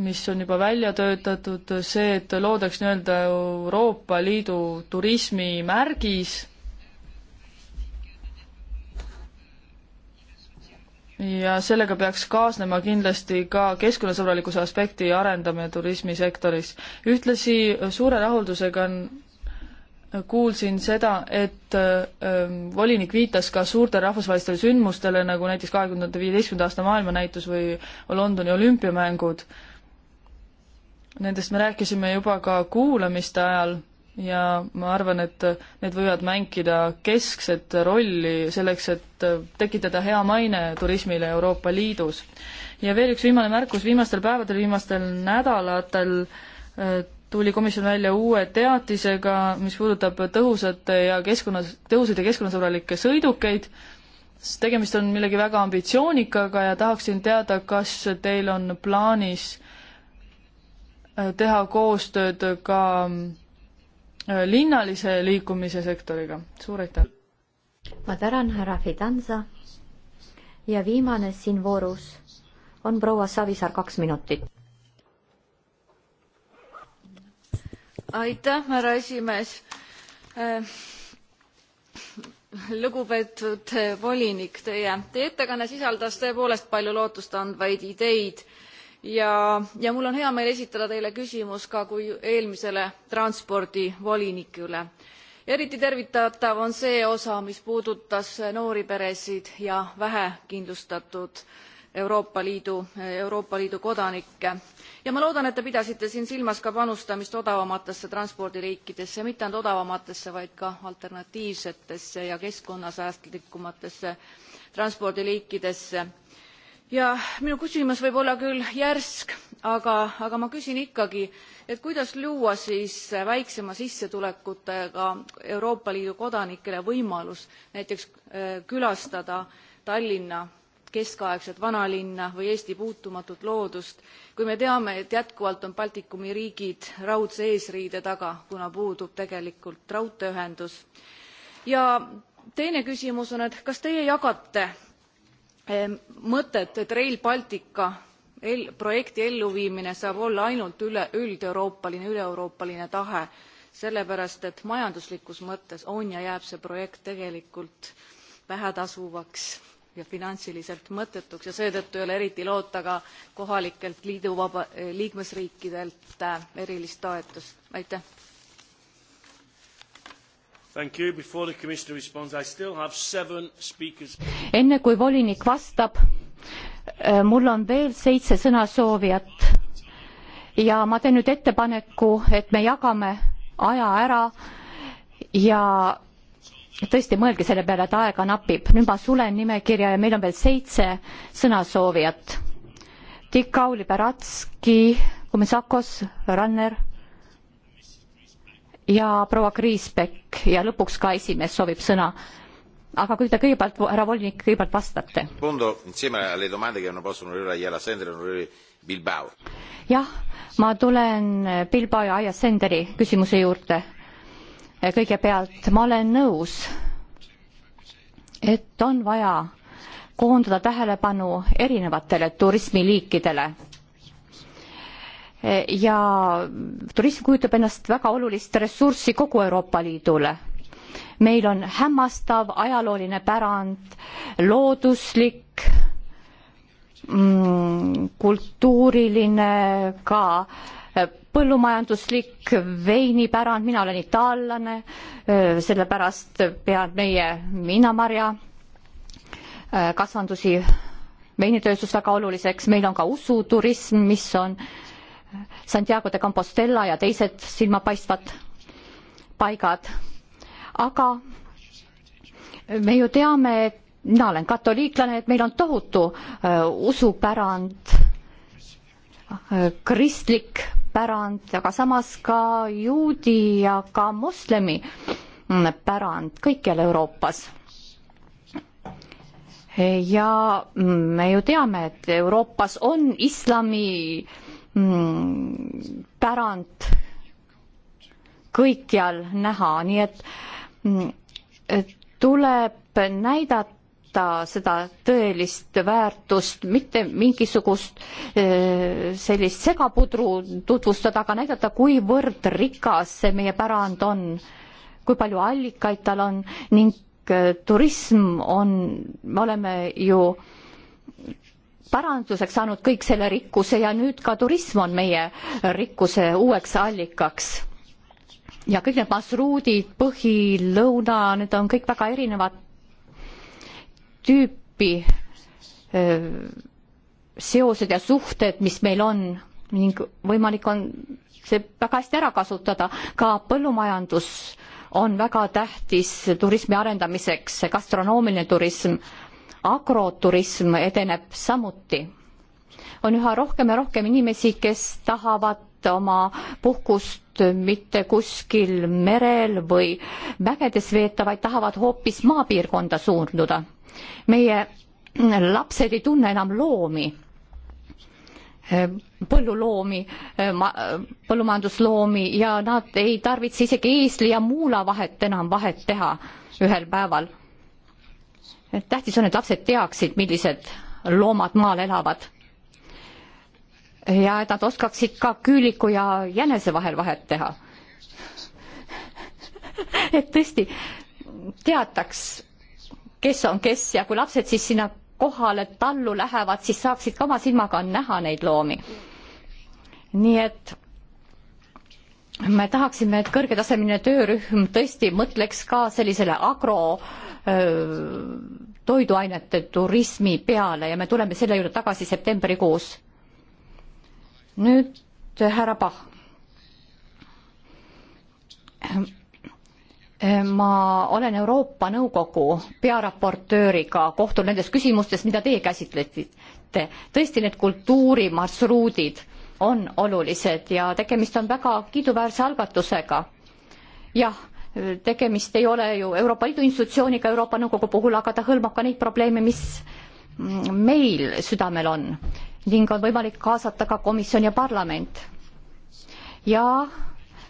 mis on juba välja töötatud, see, et loodaks nii-öelda Euroopa Liidu turismimärgis ja sellega peaks kaasnema kindlasti ka keskkonnasõbralikkuse aspekti arendamine turismisektoris. ühtlasi suure rahuldusega on kuulsin seda, et ähm, volinik viitas ka suurtele rahvusvahelistele sündmustele, nagu näiteks kahe tuhande viieteistkümnenda aasta maailmanäitus või Londoni olümpiamängud. Nendest me rääkisime juba ka kuulamiste ajal ja ma arvan, et need võivad mängida keskset rolli selleks, et tekitada hea maine turismile Euroopa Liidus. ja veel üks viimane märkus, viimastel päevadel, viimastel nädalatel äh, tuli komisjon välja uue teatisega, mis puudutab tõhusate ja keskkonna, tõhusaid ja keskkonnasõbralikke sõidukeid, sest tegemist on millegi väga ambitsioonikaga ja tahaksin teada, kas teil on plaanis äh, teha koostööd ka äh, linnalise liikumise sektoriga, suur aitäh! ma tänan, härra Fidanza ja viimane siin voorus on proua Savisaar, kaks minutit aitäh, härra esimees äh, lugupeetud volinik teie teie ettekanne sisaldas tõepoolest palju lootustandvaid ideid ja ja mul on hea meel esitada teile küsimus ka kui eelmisele transpordivolinikule eriti tervitatav on see osa mis puudutas noori peresid ja vähekindlustatud euroopa liidu euroopa liidu kodanikke ja ma loodan et te pidasite siin silmas ka panustamist odavamatesse transpordiriikidesse mitte ainult odavamatesse vaid ka alternatiivsetesse ja keskkonnasäästlikumatesse transpordiliikidesse. ja minu küsimus võib olla küll järsk aga aga ma küsin ikkagi et kuidas luua siis väiksema sissetulekutega euroopa liidu kodanikele võimalus näiteks äh, külastada tallinna keskaegset vanalinna või Eesti puutumatut loodust, kui me teame, et jätkuvalt on Baltikumi riigid raudse eesriide taga, kuna puudub tegelikult raudteeühendus. ja teine küsimus on, et kas teie jagate eh, mõtet, et Rail Baltica el, projekti elluviimine saab olla ainult üle, üldeuroopaline, üleeuroopaline tahe, sellepärast et majanduslikus mõttes on ja jääb see projekt tegelikult vähetasuvaks ja finantsiliselt mõttetuks ja seetõttu ei ole eriti loota ka kohalikelt liidu vaba, liikmesriikidelt äh, erilist toetust. aitäh! enne kui volinik vastab, äh, mul on veel seitse sõnasoovijat ja ma teen nüüd ettepaneku, et me jagame aja ära ja tõesti mõelge selle peale, et aega napib. nüüd ma sulen nimekirja ja meil on veel seitse sõnasoovijat. Tikau, Liberatski, Komisakos, Ranner ja proua Kriisbeck ja lõpuks ka esimees soovib sõna. aga kui te kõigepealt, härra volinik, kõigepealt vastate. jah, ma tulen Bilbao ja Aia Senderi küsimuse juurde kõigepealt ma olen nõus, et on vaja koondada tähelepanu erinevatele turismiliikidele. ja turism kujutab endast väga olulist ressurssi kogu Euroopa Liidule. meil on hämmastav ajalooline pärand, looduslik, mm, kultuuriline ka äh, põllumajanduslik veinipärand, mina olen itaallane, sellepärast pean meie viinamarja kasvandusi, veinitööstus väga oluliseks, meil on ka usuturism, mis on Santiago de Compostela ja teised silmapaistvad paigad. aga me ju teame, et mina olen katoliiklane, et meil on tohutu usupärand, kristlik pärand, aga samas ka juudi ja ka moslemi pärand kõikjal Euroopas. ja me ju teame, et Euroopas on islami mm, pärand kõikjal näha, nii et, mm, et tuleb näidata, kajasta seda tõelist väärtust, mitte mingisugust sellist segapudru tutvustada, aga näidata, kuivõrd rikas see meie pärand on, kui palju allikaid tal on ning turism on, me oleme ju päranduseks saanud kõik selle rikkuse ja nüüd ka turism on meie rikkuse uueks allikaks ja kõik need marsruudid, põhi, lõuna, need on kõik väga erinevad tüüpi seosed ja suhted, mis meil on ning võimalik on see väga hästi ära kasutada, ka põllumajandus on väga tähtis turismi arendamiseks, gastronoomiline turism, agroturism edeneb samuti. on üha rohkem ja rohkem inimesi, kes tahavad oma puhkust mitte kuskil merel või mägedes veeta, vaid tahavad hoopis maapiirkonda suunduda meie lapsed ei tunne enam loomi, põlluloomi, põllumajandusloomi ja nad ei tarvitse isegi eesli ja muula vahet enam vahet teha ühel päeval. tähtis on, et lapsed teaksid, millised loomad maal elavad. ja et nad oskaksid ka küüliku ja jänese vahel vahet teha. et tõesti teataks kes on kes ja kui lapsed siis sinna kohale tallu lähevad, siis saaksid ka oma silmaga näha neid loomi. nii et me tahaksime, et kõrgetasemeline töörühm tõesti mõtleks ka sellisele agro öö, toiduainete turismi peale ja me tuleme selle juurde tagasi septembrikuus. nüüd härra Pahh Äh, ma olen Euroopa Nõukogu pearaportööriga kohtunud nendes küsimustes, mida teie käsitlesite. tõesti, need kultuurimarsruudid on olulised ja tegemist on väga kiiduväärse algatusega. jah, tegemist ei ole ju Euroopa Liidu institutsiooniga Euroopa Nõukogu puhul, aga ta hõlmab ka neid probleeme, mis mm, meil südamel on ning on võimalik kaasata ka komisjon ja parlament. ja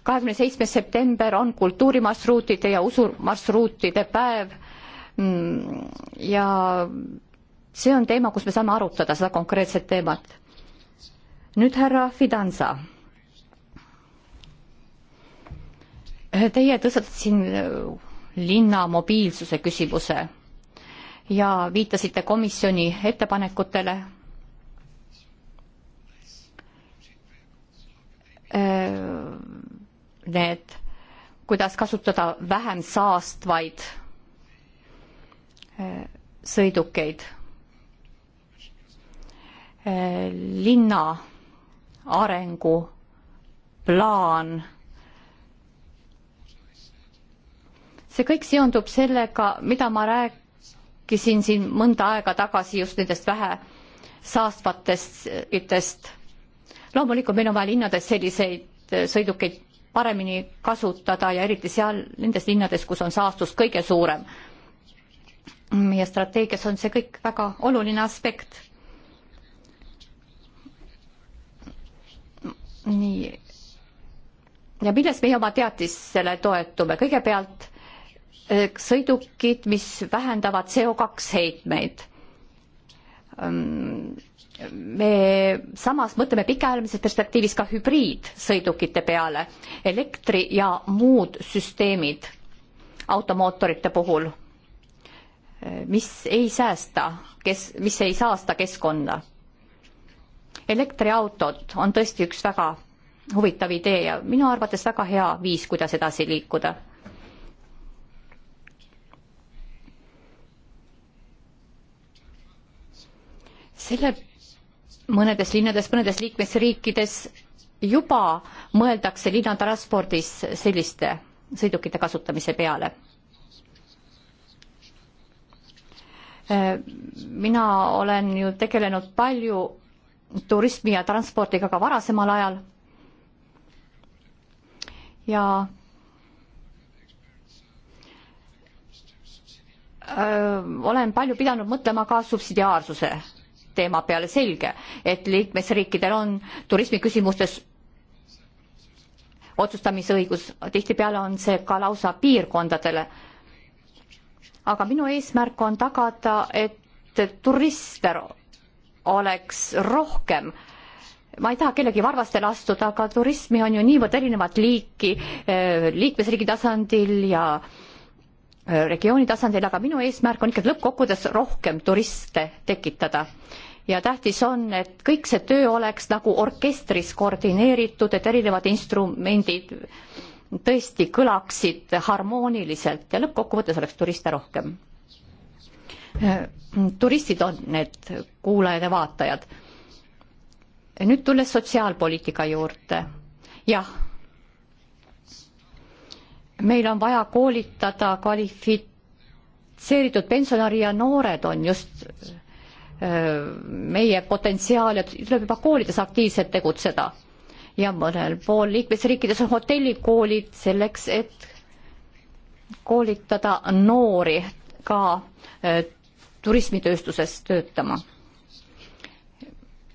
kahekümne seitsmes september on kultuurimarsruutide ja usumarsruutide päev mm, ja see on teema, kus me saame arutada seda konkreetset teemat. nüüd härra Fidanza. Teie tõstatasite siin äh, linna mobiilsuse küsimuse ja viitasite komisjoni ettepanekutele äh, need, kuidas kasutada vähem saastvaid äh, sõidukeid. Äh, linna arenguplaan. see kõik seondub sellega, mida ma rääkisin siin mõnda aega tagasi just nendest vähe saastvatest sõidukitest. loomulikult meil on vaja linnades selliseid äh, sõidukeid paremini kasutada ja eriti seal nendes linnades, kus on saastus kõige suurem. meie strateegias on see kõik väga oluline aspekt. nii. ja milles meie oma teatisele toetume, kõigepealt eh, sõidukid, mis vähendavad CO2 heitmeid ehm, me samas mõtleme pikaajalises perspektiivis ka hübriidsõidukite peale, elektri ja muud süsteemid automootorite puhul, mis ei säästa, kes, mis ei saasta keskkonda. elektriautod on tõesti üks väga huvitav idee ja minu arvates väga hea viis, kuidas edasi liikuda selle mõnedes linnades, mõnedes liikmesriikides juba mõeldakse linnatranspordis selliste sõidukite kasutamise peale. mina olen ju tegelenud palju turismi ja transpordiga ka varasemal ajal. ja öö, olen palju pidanud mõtlema ka subsidiaarsuse teema peale selge, et liikmesriikidel on turismiküsimustes otsustamisõigus, tihtipeale on see ka lausa piirkondadele. aga minu eesmärk on tagada, et turiste oleks rohkem ma ei taha kellegi varvastele astuda, aga turismi on ju niivõrd erinevat liiki eh, liikmesriigi tasandil ja eh, regiooni tasandil, aga minu eesmärk on ikkagi lõppkokkuvõttes rohkem turiste tekitada ja tähtis on, et kõik see töö oleks nagu orkestris koordineeritud, et erinevad instrumendid tõesti kõlaksid harmooniliselt ja lõppkokkuvõttes oleks turiste rohkem. Äh, turistid on need kuulajad ja vaatajad. nüüd tulles sotsiaalpoliitika juurde, jah, meil on vaja koolitada kvalifitseeritud pensionäri ja noored on just Äh, meie potentsiaal ja tuleb juba koolides aktiivselt tegutseda. ja mõnel pool liikmesriikides on hotellikoolid selleks, et koolitada noori ka äh, turismitööstuses töötama.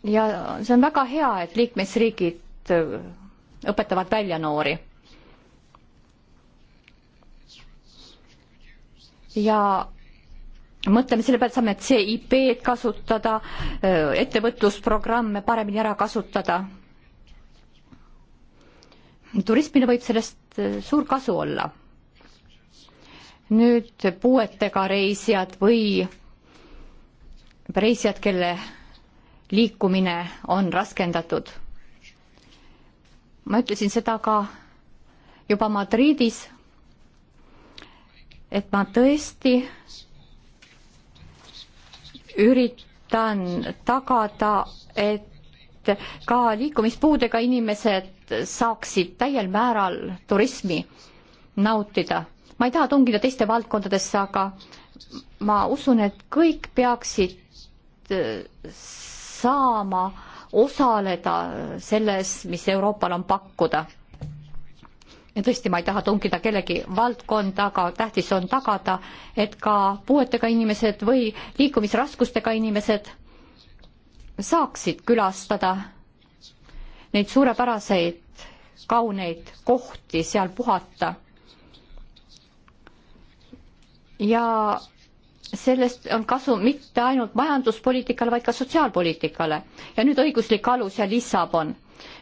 ja see on väga hea, et liikmesriigid äh, õpetavad välja noori. ja mõtleme selle peale, saame CIP-d kasutada, äh, ettevõtlusprogramme paremini ära kasutada. turismile võib sellest äh, suur kasu olla. nüüd puuetega reisijad või reisijad, kelle liikumine on raskendatud. ma ütlesin seda ka juba Madridis, et ma tõesti üritan tagada, et ka liikumispuudega inimesed saaksid täiel määral turismi nautida. ma ei taha tungida teiste valdkondadesse, aga ma usun, et kõik peaksid äh, saama osaleda selles, mis Euroopal on pakkuda ja tõesti, ma ei taha tungida kellegi valdkonda, aga tähtis on tagada, et ka puuetega inimesed või liikumisraskustega inimesed saaksid külastada neid suurepäraseid kauneid kohti seal puhata. ja sellest on kasu mitte ainult majanduspoliitikale, vaid ka sotsiaalpoliitikale. ja nüüd õiguslik alus ja Lissabon.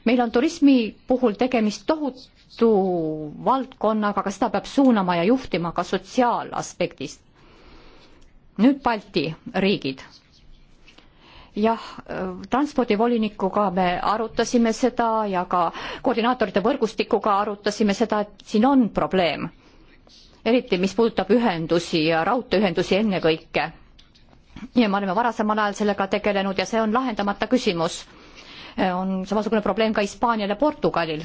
meil on turismi puhul tegemist tohutu liidu valdkonnaga, aga seda peab suunama ja juhtima ka sotsiaalaspektist. nüüd Balti riigid. jah, transpordivolinikuga me arutasime seda ja ka koordinaatorite võrgustikuga arutasime seda, et siin on probleem. eriti, mis puudutab ühendusi ja raudteeühendusi ennekõike. ja me oleme varasemal ajal sellega tegelenud ja see on lahendamata küsimus on samasugune probleem ka Hispaanial ja Portugalil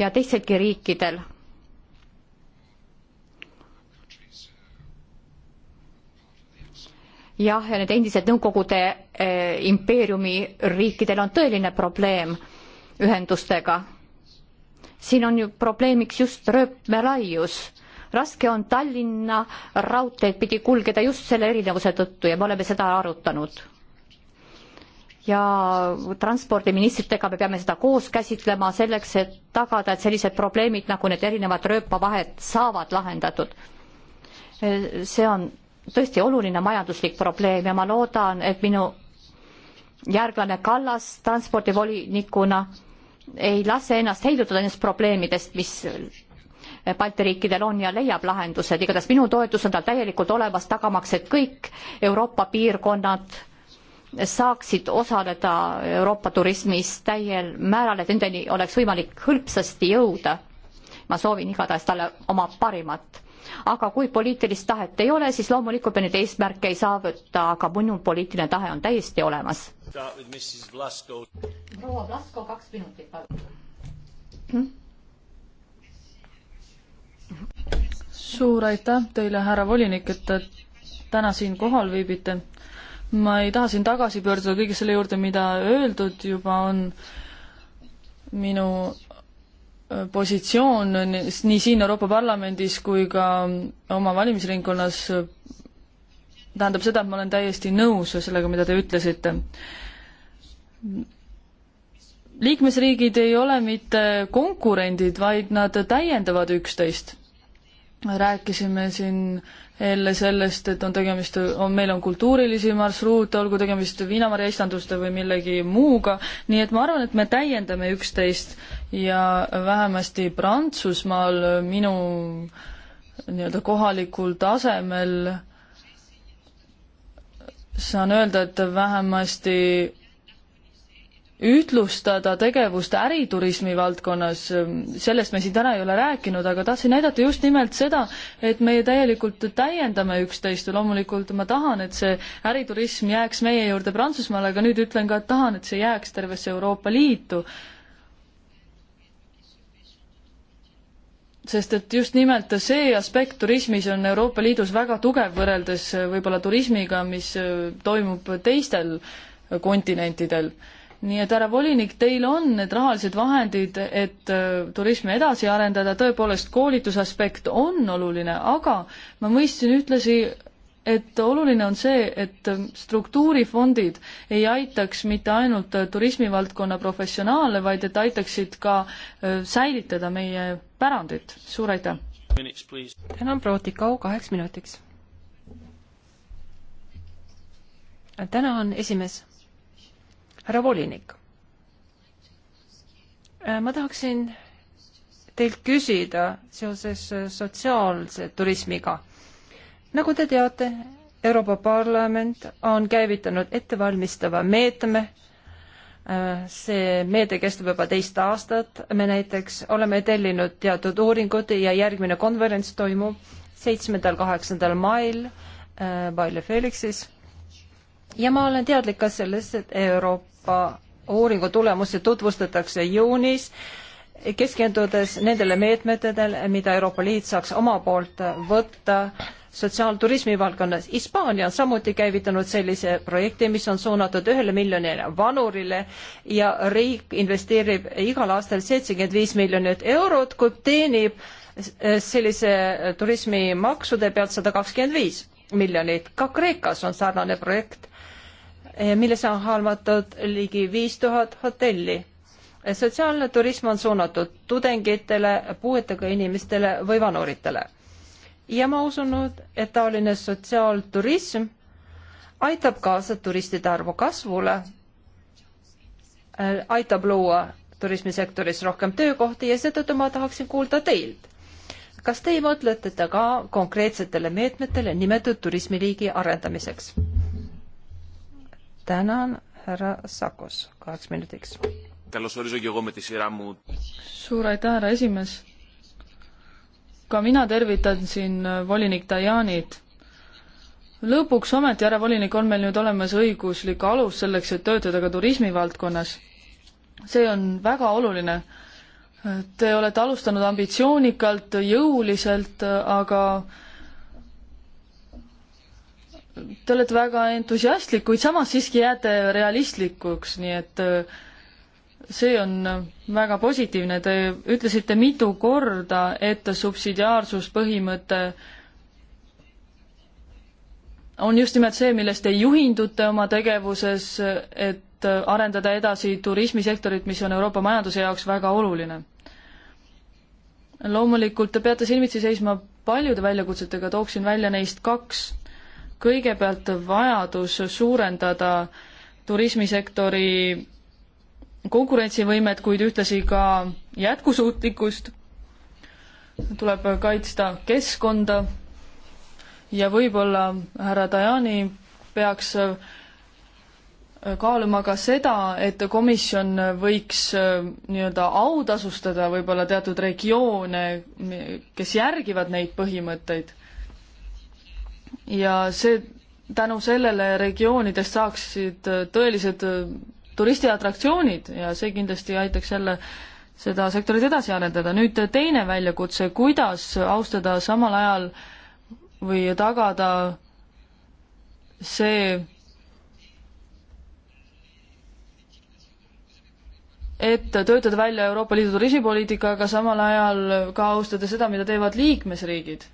ja teisedki riikidel. jah, ja need endised Nõukogude eh, impeeriumi riikidel on tõeline probleem ühendustega. siin on ju probleemiks just rööpmelaius raske on Tallinna raudteed pidi kulgeda just selle erinevuse tõttu ja me oleme seda arutanud ja transpordiministritega me peame seda koos käsitlema selleks, et tagada, et sellised probleemid nagu need erinevad rööpavahed saavad lahendatud. see on tõesti oluline majanduslik probleem ja ma loodan, et minu järglane Kallas transpordivolinikuna ei lase ennast heidutada nendest probleemidest, mis Balti riikidel on ja leiab lahendused, igatahes minu toetus on tal täielikult olemas, tagamaks, et kõik Euroopa piirkonnad saaksid osaleda Euroopa turismis täiel määral, et nendeni oleks võimalik hõlpsasti jõuda. ma soovin igatahes talle oma parimat. aga kui poliitilist tahet ei ole, siis loomulikult me neid eesmärke ei saavuta, aga minu poliitiline tahe on täiesti olemas. proua Vlasko, kaks minutit, palun. suur aitäh teile, härra volinik, et te täna siin kohal viibite ma ei taha siin tagasi pöörduda kõige selle juurde, mida öeldud juba on minu äh, positsioon nii siin Euroopa Parlamendis kui ka oma valimisringkonnas äh, tähendab seda, et ma olen täiesti nõus sellega, mida te ütlesite. liikmesriigid ei ole mitte konkurendid, vaid nad täiendavad üksteist rääkisime siin jälle sellest, et on tegemist, on, meil on kultuurilisi marsruute, olgu tegemist viinamarja istanduste või millegi muuga, nii et ma arvan, et me täiendame üksteist ja vähemasti Prantsusmaal minu nii-öelda kohalikul tasemel saan öelda, et vähemasti ühtlustada tegevust äriturismi valdkonnas, sellest me siin täna ei ole rääkinud, aga tahtsin näidata just nimelt seda, et me täielikult täiendame üksteist ja loomulikult ma tahan, et see äriturism jääks meie juurde Prantsusmaale, aga nüüd ütlen ka, et tahan, et see jääks tervesse Euroopa Liitu. sest et just nimelt see aspekt turismis on Euroopa Liidus väga tugev võrreldes võib-olla turismiga, mis toimub teistel kontinentidel nii et härra volinik, teil on need rahalised vahendid, et äh, turismi edasi arendada, tõepoolest koolitusaspekt on oluline, aga ma mõistsin ühtlasi et oluline on see, et äh, struktuurifondid ei aitaks mitte ainult äh, turismivaldkonna professionaale, vaid et aitaksid ka säilitada meie pärandit. suur aitäh! tänan, proua Tikau, kaheks minutiks. tänan, esimees härra volinik, äh, ma tahaksin teilt küsida seoses äh, sotsiaalse turismiga. nagu te teate, Euroopa Parlament on käivitanud ettevalmistava meetme. Äh, see meede kestab juba teist aastat, me näiteks oleme tellinud teatud uuringud ja järgmine konverents toimub seitsmendal, kaheksandal mail Valle Felixis ja ma olen teadlik ka sellest, et Euroopa uuringu tulemusi tutvustatakse juunis, keskendudes nendele meetmetele, mida Euroopa Liit saaks oma poolt võtta sotsiaalturismi valdkonnas. Hispaania on samuti käivitanud sellise projekti, mis on suunatud ühele miljonile vanurile ja riik investeerib igal aastal seitsekümmend viis miljonit eurot, kui teenib sellise turismimaksude pealt sada kakskümmend viis miljonit. ka Kreekas on sarnane projekt Eh, millesse on haalmatud ligi viis tuhat hotelli. Eh, sotsiaalne turism on suunatud tudengitele, puuetega inimestele või vanuritele. ja ma usun, et taoline sotsiaalturism aitab kaasa turistide arvu kasvule, eh, aitab luua turismisektoris rohkem töökohti ja seetõttu ma tahaksin kuulda teilt. kas teie mõtlete ka konkreetsetele meetmetele nimetatud turismiliigi arendamiseks? tänan, härra Sakos, kaheks minutiks. suur aitäh, härra esimees. ka mina tervitan siin äh, volinik Dajanit lõpuks ometi, härra volinik, on meil nüüd olemas õiguslik alus selleks, et töötada ka turismivaldkonnas. see on väga oluline. Te olete alustanud ambitsioonikalt, jõuliselt, äh, aga Te olete väga entusiastlik, kuid samas siiski jääte realistlikuks, nii et äh, see on äh, väga positiivne. Te ütlesite mitu korda, et subsidiaarsuspõhimõte on just nimelt see, millest te juhindute oma tegevuses, et äh, arendada edasi turismisektorit, mis on Euroopa majanduse jaoks väga oluline. loomulikult te peate silmitsi seisma paljude väljakutsetega, tooksin välja neist kaks kõigepealt vajadus suurendada turismisektori konkurentsivõimet, kuid ühtlasi ka jätkusuutlikkust, tuleb kaitsta keskkonda ja võib-olla härra Tajani peaks kaaluma ka seda, et komisjon võiks äh, nii-öelda autasustada võib-olla teatud regioone, kes järgivad neid põhimõtteid ja see, tänu sellele regioonidest saaksid tõelised turistiatraktsioonid ja see kindlasti aitaks jälle seda sektorit edasi arendada. nüüd teine väljakutse, kuidas austada samal ajal või tagada see, et töötada välja Euroopa Liidu turismipoliitika, aga samal ajal ka austada seda, mida teevad liikmesriigid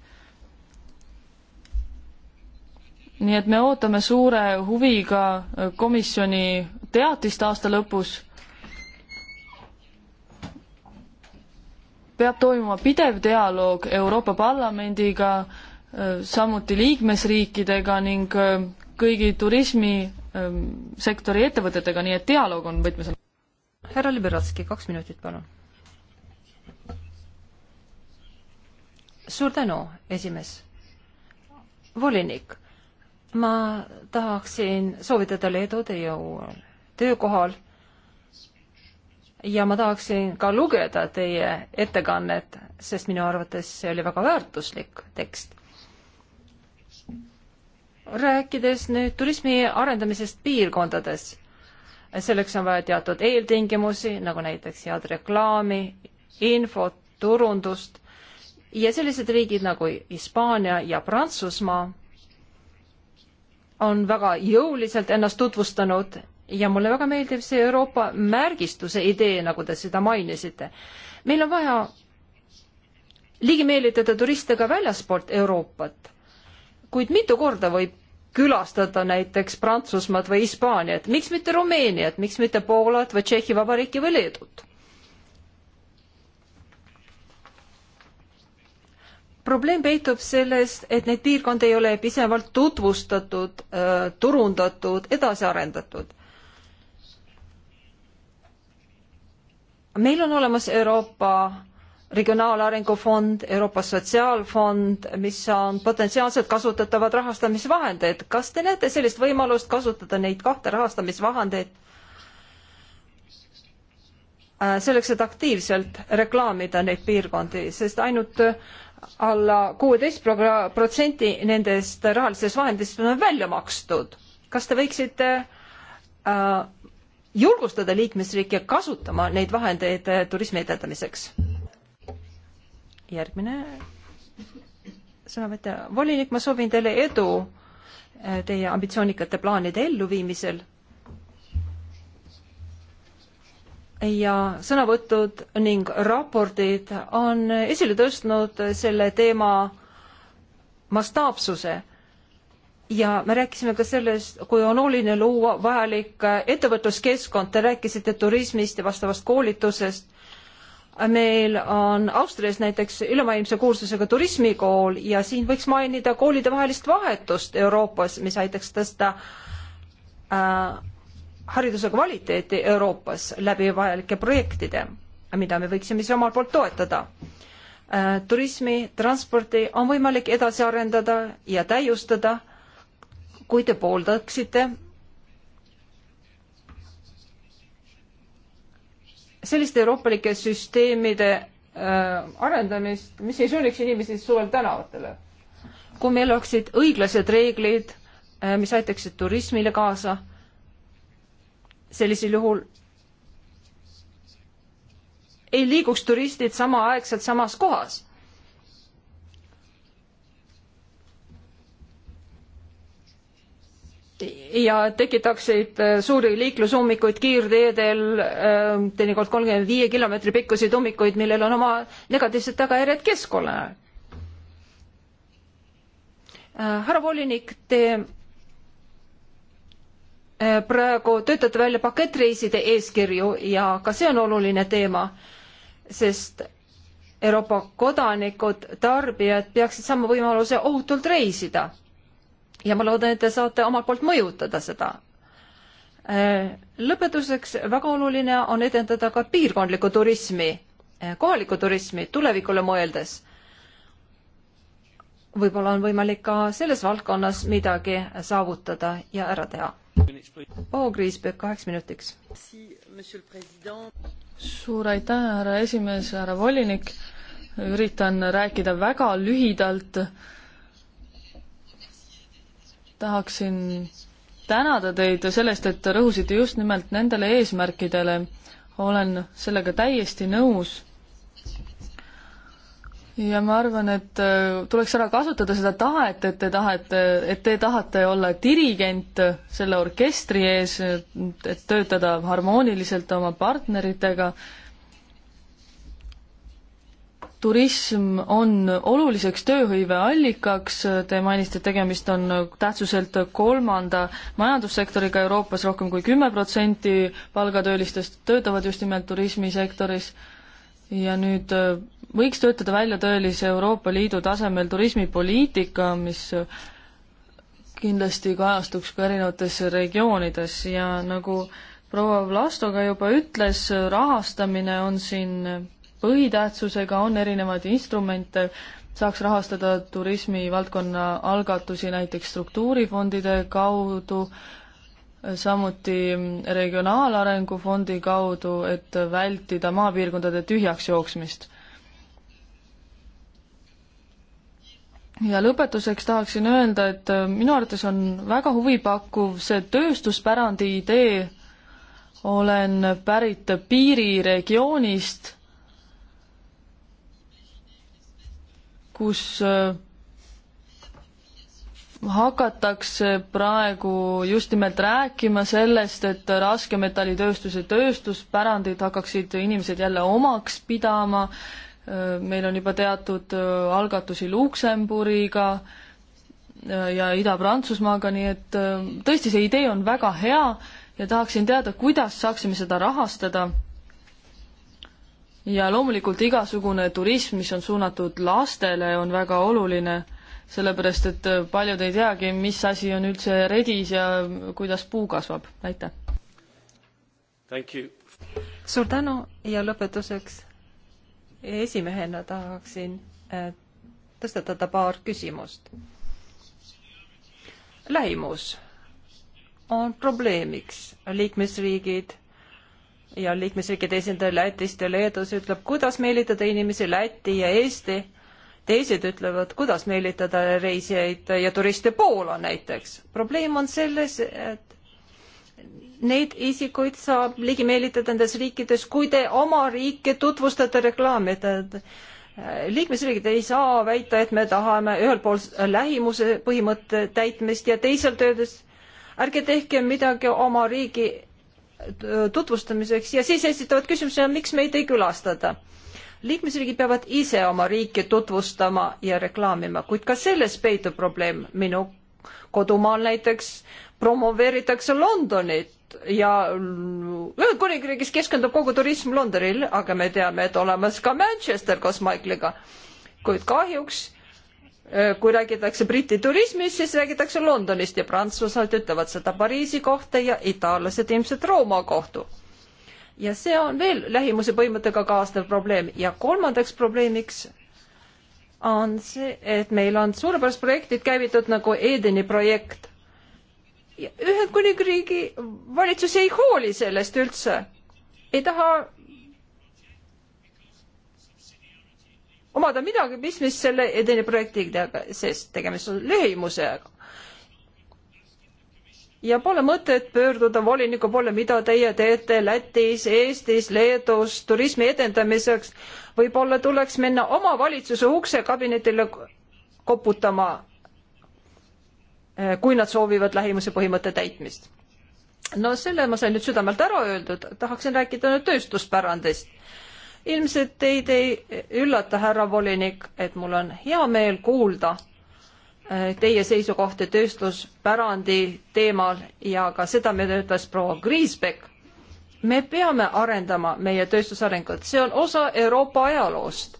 nii et me ootame suure huviga komisjoni teatist aasta lõpus. peab toimuma pidev dialoog Euroopa Parlamendiga, samuti liikmesriikidega ning kõigi turismisektori ähm, ettevõtetega, nii et dialoog on võtmesõna. härra Liberatski, kaks minutit, palun. suur tänu, esimees. volinik ma tahaksin soovitada teile edu teie uuel töökohal ja ma tahaksin ka lugeda teie ettekannet, sest minu arvates see oli väga väärtuslik tekst. rääkides nüüd turismi arendamisest piirkondades, selleks on vaja teatud eeltingimusi, nagu näiteks head reklaami, infot, turundust ja sellised riigid nagu Hispaania ja Prantsusmaa on väga jõuliselt ennast tutvustanud ja mulle väga meeldib see Euroopa märgistuse idee, nagu te seda mainisite. meil on vaja ligi meelitada turiste ka väljaspoolt Euroopat, kuid mitu korda võib külastada näiteks Prantsusmaad või Hispaaniat, miks mitte Rumeeniat, miks mitte Poolat või Tšehhi Vabariiki või Leedut? probleem peitub selles, et neid piirkondi ei ole piisavalt tutvustatud, äh, turundatud, edasi arendatud. meil on olemas Euroopa regionaalarengu fond, Euroopa Sotsiaalfond, mis on potentsiaalselt kasutatavad rahastamisvahendid. kas te näete sellist võimalust kasutada neid kahte rahastamisvahendeid äh, selleks, et aktiivselt reklaamida neid piirkondi, sest ainult alla kuueteist protsenti nendest rahalistest vahenditest on välja makstud. kas te võiksite äh, julgustada liikmesriike kasutama neid vahendeid äh, turismi edendamiseks? järgmine sõnavõtja. volinik, ma soovin teile edu äh, teie ambitsioonikate plaanide elluviimisel ja sõnavõtud ning raportid on esile tõstnud selle teema mastaapsuse ja me rääkisime ka sellest, kui on oluline luua vajalik ettevõtluskeskkond, te rääkisite turismist ja vastavast koolitusest. meil on Austrias näiteks ülemaailmse kursusega turismikool ja siin võiks mainida koolide vahelist vahetust Euroopas, mis aitaks tõsta äh, hariduse kvaliteeti Euroopas läbi vajalike projektide, mida me võiksime siis omalt poolt toetada. Äh, turismi, transporti on võimalik edasi arendada ja täiustada, kui te pooldaksite selliste euroopalike süsteemide äh, arendamist, mis ei sunniks inimesi suvel tänavatele. kui meil oleksid õiglased reeglid, äh, mis aitaksid turismile kaasa sellisel juhul ei liiguks turistid samaaegselt samas kohas. ja tekitaksid äh, suuri liiklusummikuid kiirteedel, äh, teinekord kolmkümmend viie kilomeetri pikkuseid ummikuid, millel on oma negatiivsed tagajärjed keskkonnale. Äh, härra volinik, te Eh, praegu töötate välja pakettreiside eeskirju ja ka see on oluline teema, sest Euroopa kodanikud, tarbijad peaksid saama võimaluse ohutult reisida. ja ma loodan, et te saate omalt poolt mõjutada seda. Eh, lõpetuseks väga oluline on edendada ka piirkondlikku turismi, eh, kohalikku turismi tulevikule mõeldes. võib-olla on võimalik ka selles valdkonnas midagi saavutada ja ära teha proua Kriisberg kaheks minutiks. suur aitäh, härra esimees, härra volinik. üritan rääkida väga lühidalt. tahaksin tänada teid sellest, et rõhusite just nimelt nendele eesmärkidele. olen sellega täiesti nõus ja ma arvan, et äh, tuleks ära kasutada seda tahet, et te tahate, et te tahate olla dirigent selle orkestri ees, et töötada harmooniliselt oma partneritega. turism on oluliseks tööhõiveallikaks, te mainisite, et tegemist on tähtsuselt kolmanda majandussektoriga Euroopas, rohkem kui kümme protsenti palgatöölistest töötavad just nimelt turismisektoris ja nüüd äh, võiks töötada välja tõelise Euroopa Liidu tasemel turismipoliitika, mis kindlasti kajastuks ka erinevates regioonides ja nagu proua Vlastoga juba ütles, rahastamine on siin põhitähtsusega, on erinevaid instrumente, saaks rahastada turismivaldkonna algatusi näiteks struktuurifondide kaudu, samuti Regionaalarengu Fondi kaudu, et vältida maapiirkondade tühjaks jooksmist. ja lõpetuseks tahaksin öelda, et äh, minu arvates on väga huvipakkuv see tööstuspärandi idee. olen pärit piiriregioonist, kus äh, hakatakse praegu just nimelt rääkima sellest, et raskemetallitööstuse tööstuspärandit hakkaksid inimesed jälle omaks pidama meil on juba teatud äh, algatusi Luksemburiga äh, ja Ida-Prantsusmaaga, nii et äh, tõesti, see idee on väga hea ja tahaksin teada, kuidas saaksime seda rahastada. ja loomulikult igasugune turism, mis on suunatud lastele, on väga oluline, sellepärast et paljud ei teagi, mis asi on üldse redis ja kuidas puu kasvab, aitäh! suur tänu ja lõpetuseks esimehena tahaksin äh, tõstatada paar küsimust. lähimus on probleemiks. liikmesriigid ja liikmesriikide esindaja Lätist ja Leedus ütleb, kuidas meelitada inimesi Lätti ja Eesti. teised ütlevad, kuidas meelitada reisijaid ja turiste Poola näiteks. probleem on selles, et neid isikuid saab ligi meelitada nendes riikides, kui te oma riike tutvustate reklaami, et liikmesriigid ei saa väita, et me tahame ühelt poolt lähimuse põhimõtte täitmist ja teiselt öeldes ärge tehke midagi oma riigi tutvustamiseks ja siis esitavad küsimuse, miks meid ei külastada. liikmesriigid peavad ise oma riiki tutvustama ja reklaamima, kuid ka selles peitub probleem minu kodumaal näiteks promoveeritakse Londonit ja Ühendkuningriigis keskendub kogu turism Londonil, aga me teame, et olemas ka Manchester koos Michaeliga. kuid kahjuks e, kui räägitakse Briti turismist, siis räägitakse Londonist ja prantsused ütlevad seda Pariisi kohta ja itaallased ilmselt Rooma kohtu. ja see on veel lähimuse põhimõttega kaasnev probleem ja kolmandaks probleemiks on see, et meil on suurepärased projektid käivitud nagu Edeni projekt. Ühendkuningriigi valitsus ei hooli sellest üldse, ei taha omada midagi pistmist selle Edeni projektiga, sest tegemist on lõimusega ja pole mõtet pöörduda voliniku poole, mida teie teete Lätis, Eestis, Leedus turismi edendamiseks. võib-olla tuleks minna omavalitsuse ukse kabinetile koputama, eh, kui nad soovivad lähimuse põhimõtte täitmist. no selle ma sain nüüd südamelt ära öeldud, tahaksin rääkida nüüd tööstuspärandist ilmselt teid ei üllata, härra volinik, et mul on hea meel kuulda, Äh, teie seisukohti tööstuspärandi teemal ja ka seda, mida ütles proua Kriisbeck. me peame arendama meie tööstusarengut, see on osa Euroopa ajaloost.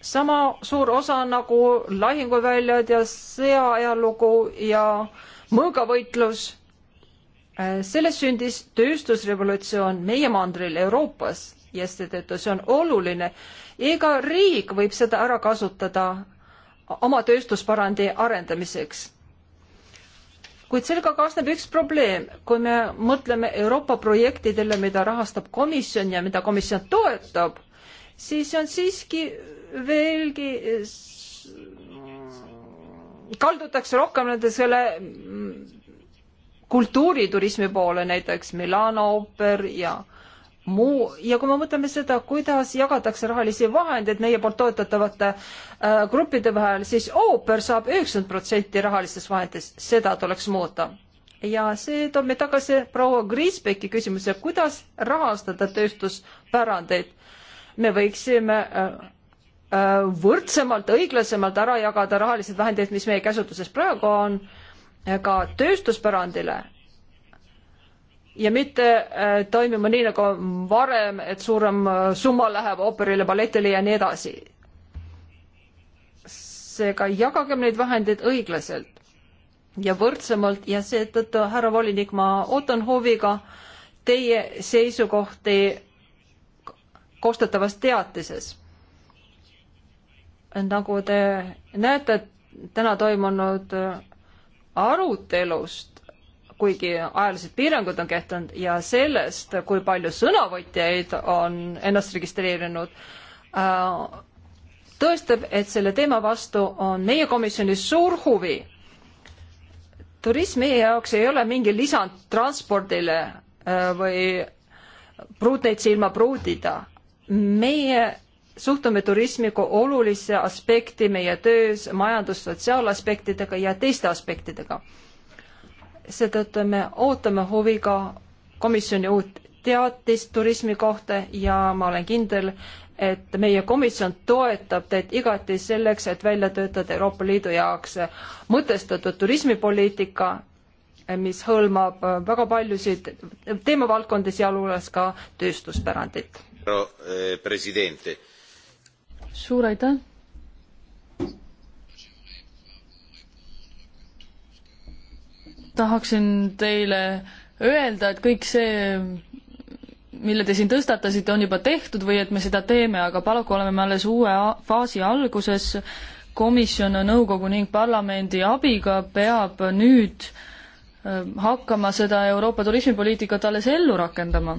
sama suur osa nagu lahinguväljad ja sõjaajalugu ja mõõgavõitlus. Äh, sellest sündis tööstusrevolutsioon meie mandril Euroopas ja seetõttu see on oluline. iga riik võib seda ära kasutada oma tööstuspärandi arendamiseks. kuid sellega kaasneb üks probleem, kui me mõtleme Euroopa projektidele, mida rahastab komisjon ja mida komisjon toetab, siis on siiski veelgi, kaldutakse rohkem nende selle mm, kultuuriturismi poole, näiteks Milano ooper ja muu ja kui me mõtleme seda, kuidas jagatakse rahalisi vahendeid meie poolt toetatavate äh, gruppide vahel, siis ooper saab üheksakümmend protsenti rahalistest vahenditest, seda tuleks muuta. ja see toob meid tagasi proua Kriisbeki küsimuse, kuidas rahastada tööstuspärandeid. me võiksime äh, äh, võrdsemalt, õiglasemalt ära jagada rahalised vahendid, mis meie käsutuses praegu on, äh, ka tööstuspärandile ja mitte äh, toimima nii nagu varem, et suurem äh, summa läheb ooperile, balletile ja nii edasi. seega jagagem neid vahendeid õiglaselt ja võrdsemalt ja seetõttu, härra volinik, ma ootan huviga teie seisukohti koostatavas teatises. nagu te näete täna toimunud arutelust, kuigi ajalised piirangud on kehtinud ja sellest, kui palju sõnavõtjaid on ennast registreerinud, äh, tõestab, et selle teema vastu on meie komisjonis suur huvi. turism meie jaoks ei ole mingi lisand transpordile äh, või pruutneid silma pruudida. meie suhtume turismi kui olulisse aspekti meie töös majandus-sotsiaalaspektidega ja teiste aspektidega seetõttu me ootame huviga komisjoni uut teatist turismi kohta ja ma olen kindel, et meie komisjon toetab teid igati selleks, et välja töötada Euroopa Liidu jaoks mõtestatud turismipoliitika, mis hõlmab väga paljusid teemavaldkondi, sealhulgas ka tööstuspärandit. Eh, suur aitäh! tahaksin teile öelda, et kõik see, mille te siin tõstatasite, on juba tehtud või et me seda teeme, aga paraku oleme me alles uue faasi alguses. komisjon, nõukogu ning parlamendi abiga peab nüüd äh, hakkama seda Euroopa turismipoliitikat alles ellu rakendama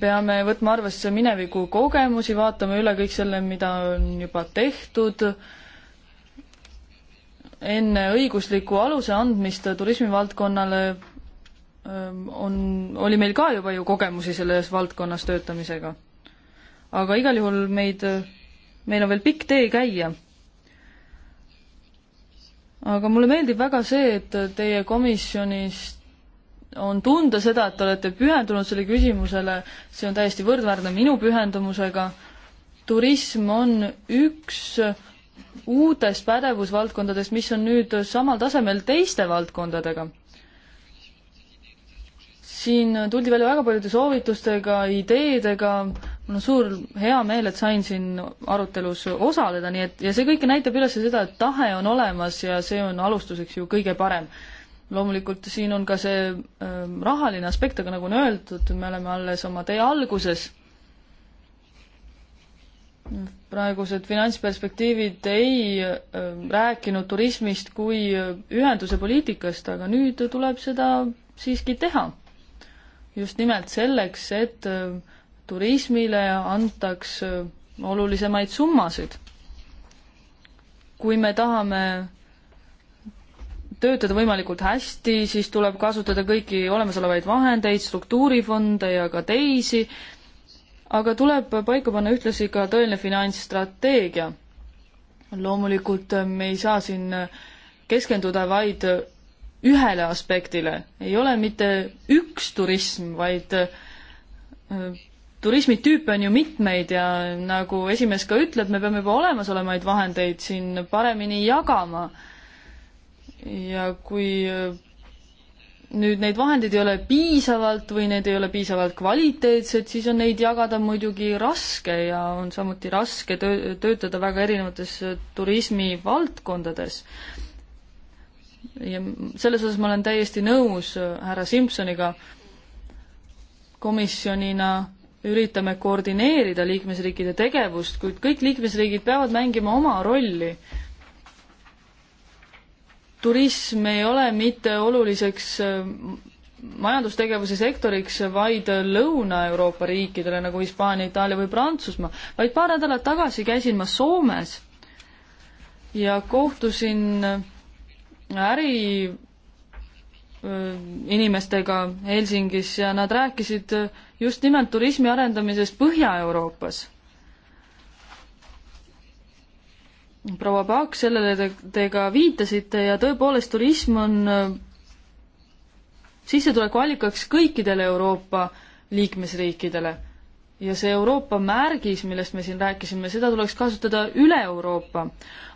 peame võtma arvesse mineviku kogemusi, vaatame üle kõik selle, mida on juba tehtud enne õigusliku aluse andmist turismivaldkonnale ähm, on, oli meil ka juba ju kogemusi selles valdkonnas töötamisega. aga igal juhul meid, meil on veel pikk tee käia. aga mulle meeldib väga see, et teie komisjonis on tunda seda, et te olete pühendunud sellele küsimusele, see on täiesti võrdväärne minu pühendumusega. turism on üks äh, uutest pädevusvaldkondadest, mis on nüüd samal tasemel teiste valdkondadega. siin tuldi välja väga paljude soovitustega, ideedega, mul on suur hea meel, et sain siin arutelus osaleda, nii et ja see kõik näitab üles seda, et tahe on olemas ja see on alustuseks ju kõige parem loomulikult siin on ka see äh, rahaline aspekt, aga nagu on öeldud, me oleme alles oma tee alguses praegused finantsperspektiivid ei ähm, rääkinud turismist kui ühenduse poliitikast, aga nüüd tuleb seda siiski teha. just nimelt selleks, et ähm, turismile antaks äh, olulisemaid summasid. kui me tahame töötada võimalikult hästi, siis tuleb kasutada kõiki olemasolevaid vahendeid, struktuurifonde ja ka teisi aga tuleb paika panna ühtlasi ka tõeline finantsstrateegia. loomulikult äh, me ei saa siin äh, keskenduda vaid äh, ühele aspektile, ei ole mitte üks turism, vaid turismitüüpe on ju mitmeid ja nagu esimees ka ütleb, me peame juba olemasolevaid vahendeid siin paremini jagama. ja kui nüüd neid vahendeid ei ole piisavalt või need ei ole piisavalt kvaliteetsed, siis on neid jagada muidugi raske ja on samuti raske töö, töötada väga erinevates turismivaldkondades. ja selles osas ma olen täiesti nõus äh, härra Simsoniga. komisjonina üritame koordineerida liikmesriikide tegevust, kuid kõik liikmesriigid peavad mängima oma rolli turism ei ole mitte oluliseks äh, majandustegevuse sektoriks vaid Lõuna-Euroopa riikidele nagu Hispaania, Itaalia või Prantsusmaa, vaid paar nädalat tagasi käisin ma Soomes ja kohtusin äh, äri äh, inimestega Helsingis ja nad rääkisid just nimelt turismi arendamisest Põhja-Euroopas proua Paak, sellele te, te ka viitasite ja tõepoolest, turism on äh, sissetulekuallikaks kõikidele Euroopa liikmesriikidele. ja see Euroopa märgis, millest me siin rääkisime, seda tuleks kasutada üle Euroopa.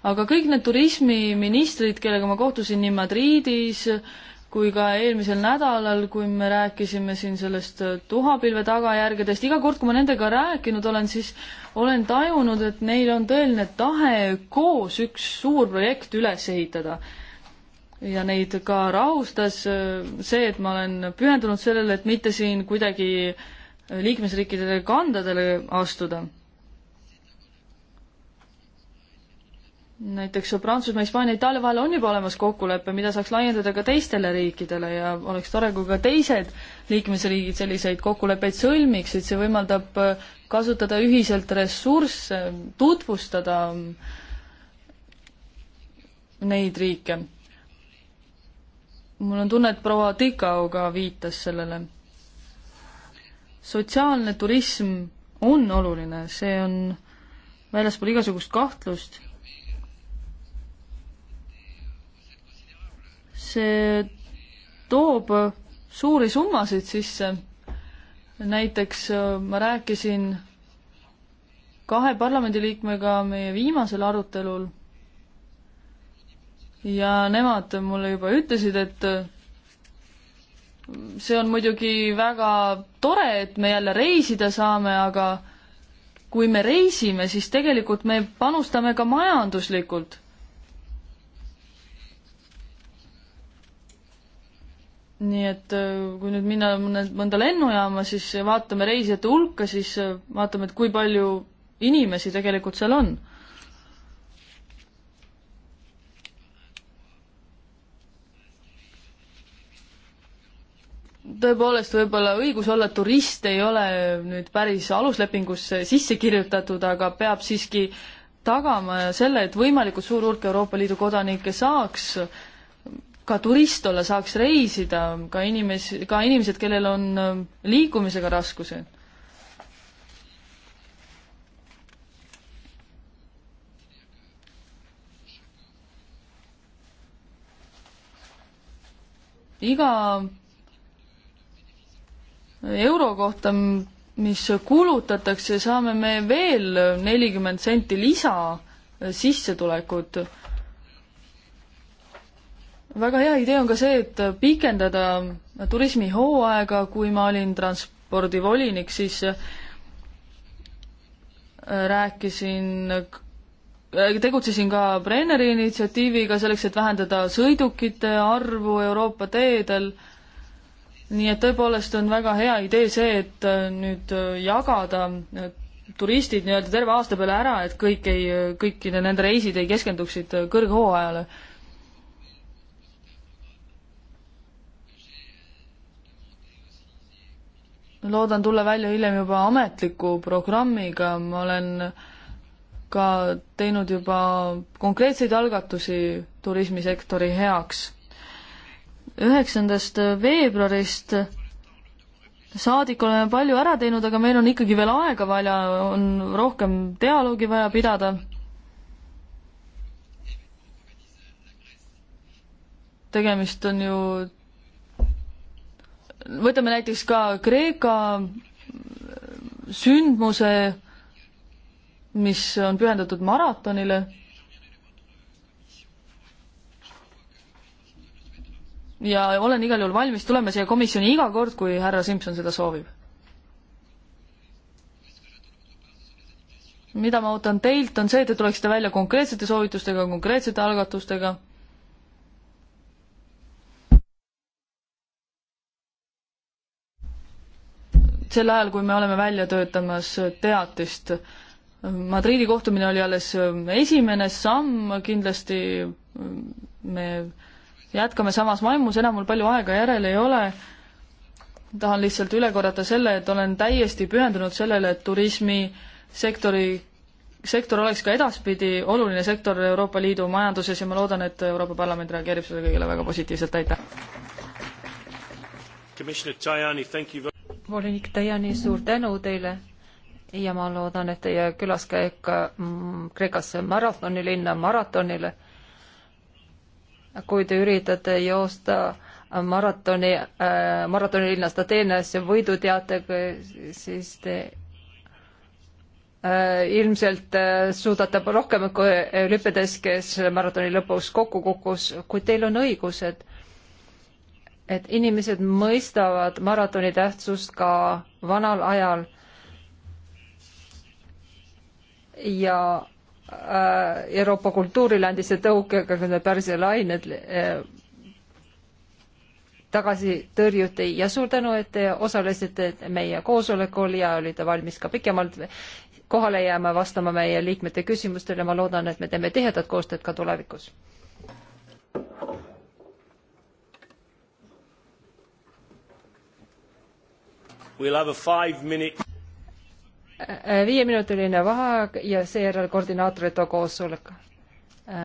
aga kõik need turismiministrid, kellega ma kohtusin nii Madridis, kui ka eelmisel nädalal, kui me rääkisime siin sellest äh, tuhapilve tagajärgedest, iga kord, kui ma nendega rääkinud olen, siis olen tajunud, et neil on tõeline tahe koos üks suur projekt üles ehitada. ja neid ka rahustas äh, see, et ma olen pühendunud sellele, et mitte siin kuidagi äh, liikmesriikidele kandadele astuda näiteks Prantsusmaa, Hispaania, Itaalia vahel on juba olemas kokkulepe, mida saaks laiendada ka teistele riikidele ja oleks tore, kui ka teised liikmesriigid selliseid kokkuleppeid sõlmiksid, see võimaldab äh, kasutada ühiselt ressursse, tutvustada mm, neid riike. mul on tunne, et proua Tikau ka viitas sellele. sotsiaalne turism on oluline, see on väljaspool igasugust kahtlust see toob suuri summasid sisse. näiteks äh, ma rääkisin kahe parlamendiliikmega meie viimasel arutelul ja nemad mulle juba ütlesid, et äh, see on muidugi väga tore, et me jälle reisida saame, aga kui me reisime, siis tegelikult me panustame ka majanduslikult nii et äh, kui nüüd minna mõne, mõnda lennujaama, siis vaatame reisijate hulka, siis äh, vaatame, et kui palju inimesi tegelikult seal on. tõepoolest, võib-olla õigus olla turist ei ole nüüd päris aluslepingusse sisse kirjutatud, aga peab siiski tagama selle, et võimalikult suur hulk Euroopa Liidu kodanikke saaks äh, ka turist olla, saaks reisida, ka inimesi, ka inimesed, kellel on ähm, liikumisega raskusi. iga euro kohta, mis kulutatakse, saame me veel nelikümmend senti lisa äh, sissetulekut väga hea idee on ka see, et pikendada turismihooaega, kui ma olin transpordivolinik, siis äh, rääkisin, äh, tegutsesin ka Brenneri initsiatiiviga selleks, et vähendada sõidukite arvu Euroopa teedel. nii et tõepoolest on väga hea idee see, et äh, nüüd jagada turistid nii-öelda terve aasta peale ära, et kõik ei, kõikide nende reisid ei keskenduksid kõrghooajale loodan tulla välja hiljem juba ametliku programmiga, ma olen ka teinud juba konkreetseid algatusi turismisektori heaks. üheksandast veebruarist saadik oleme palju ära teinud, aga meil on ikkagi veel aega vaja, on rohkem dialoogi vaja pidada. tegemist on ju võtame näiteks ka Kreeka sündmuse, mis on pühendatud maratonile. ja olen igal juhul valmis tulema siia komisjoni iga kord, kui härra Simson seda soovib. mida ma ootan teilt, on see, et te tuleksite välja konkreetsete soovitustega, konkreetsete algatustega sel ajal, kui me oleme välja töötamas teatist. Madriidi kohtumine oli alles ähm, esimene samm, kindlasti ähm, me jätkame samas vaimus, enam mul palju aega järel ei ole. tahan lihtsalt üle korrata selle, et olen täiesti pühendunud sellele, et turismisektori, sektor oleks ka edaspidi oluline sektor Euroopa Liidu majanduses ja ma loodan, et Euroopa Parlament reageerib sellele kõigele väga positiivselt, aitäh! volinik Tajani, suur tänu teile ja ma loodan, et teie külaskäik mm, Kreekasse maratonilinna maratonile, kui te üritate joosta maratoni äh,, maratonilinnas Ateenas võiduteatega, siis te äh, ilmselt äh, suudate rohkem kui Lüpedes, kes maratoni lõpus kokku kukkus, kuid teil on õigus, et et inimesed mõistavad maratoni tähtsust ka vanal ajal ja äh, Euroopa kultuurile andis see tõuke ka nende Pärsia lained äh, tagasi tõrjuti ja suur tänu, et te osalesite meie koosolekul ja olite valmis ka pikemalt kohale jääma ja vastama meie liikmete küsimustele. ma loodan, et me teeme tihedat koostööd ka tulevikus. We'll have a five minute viieminutiline vaheaeg ja seejärel koordinaatorite koosolek.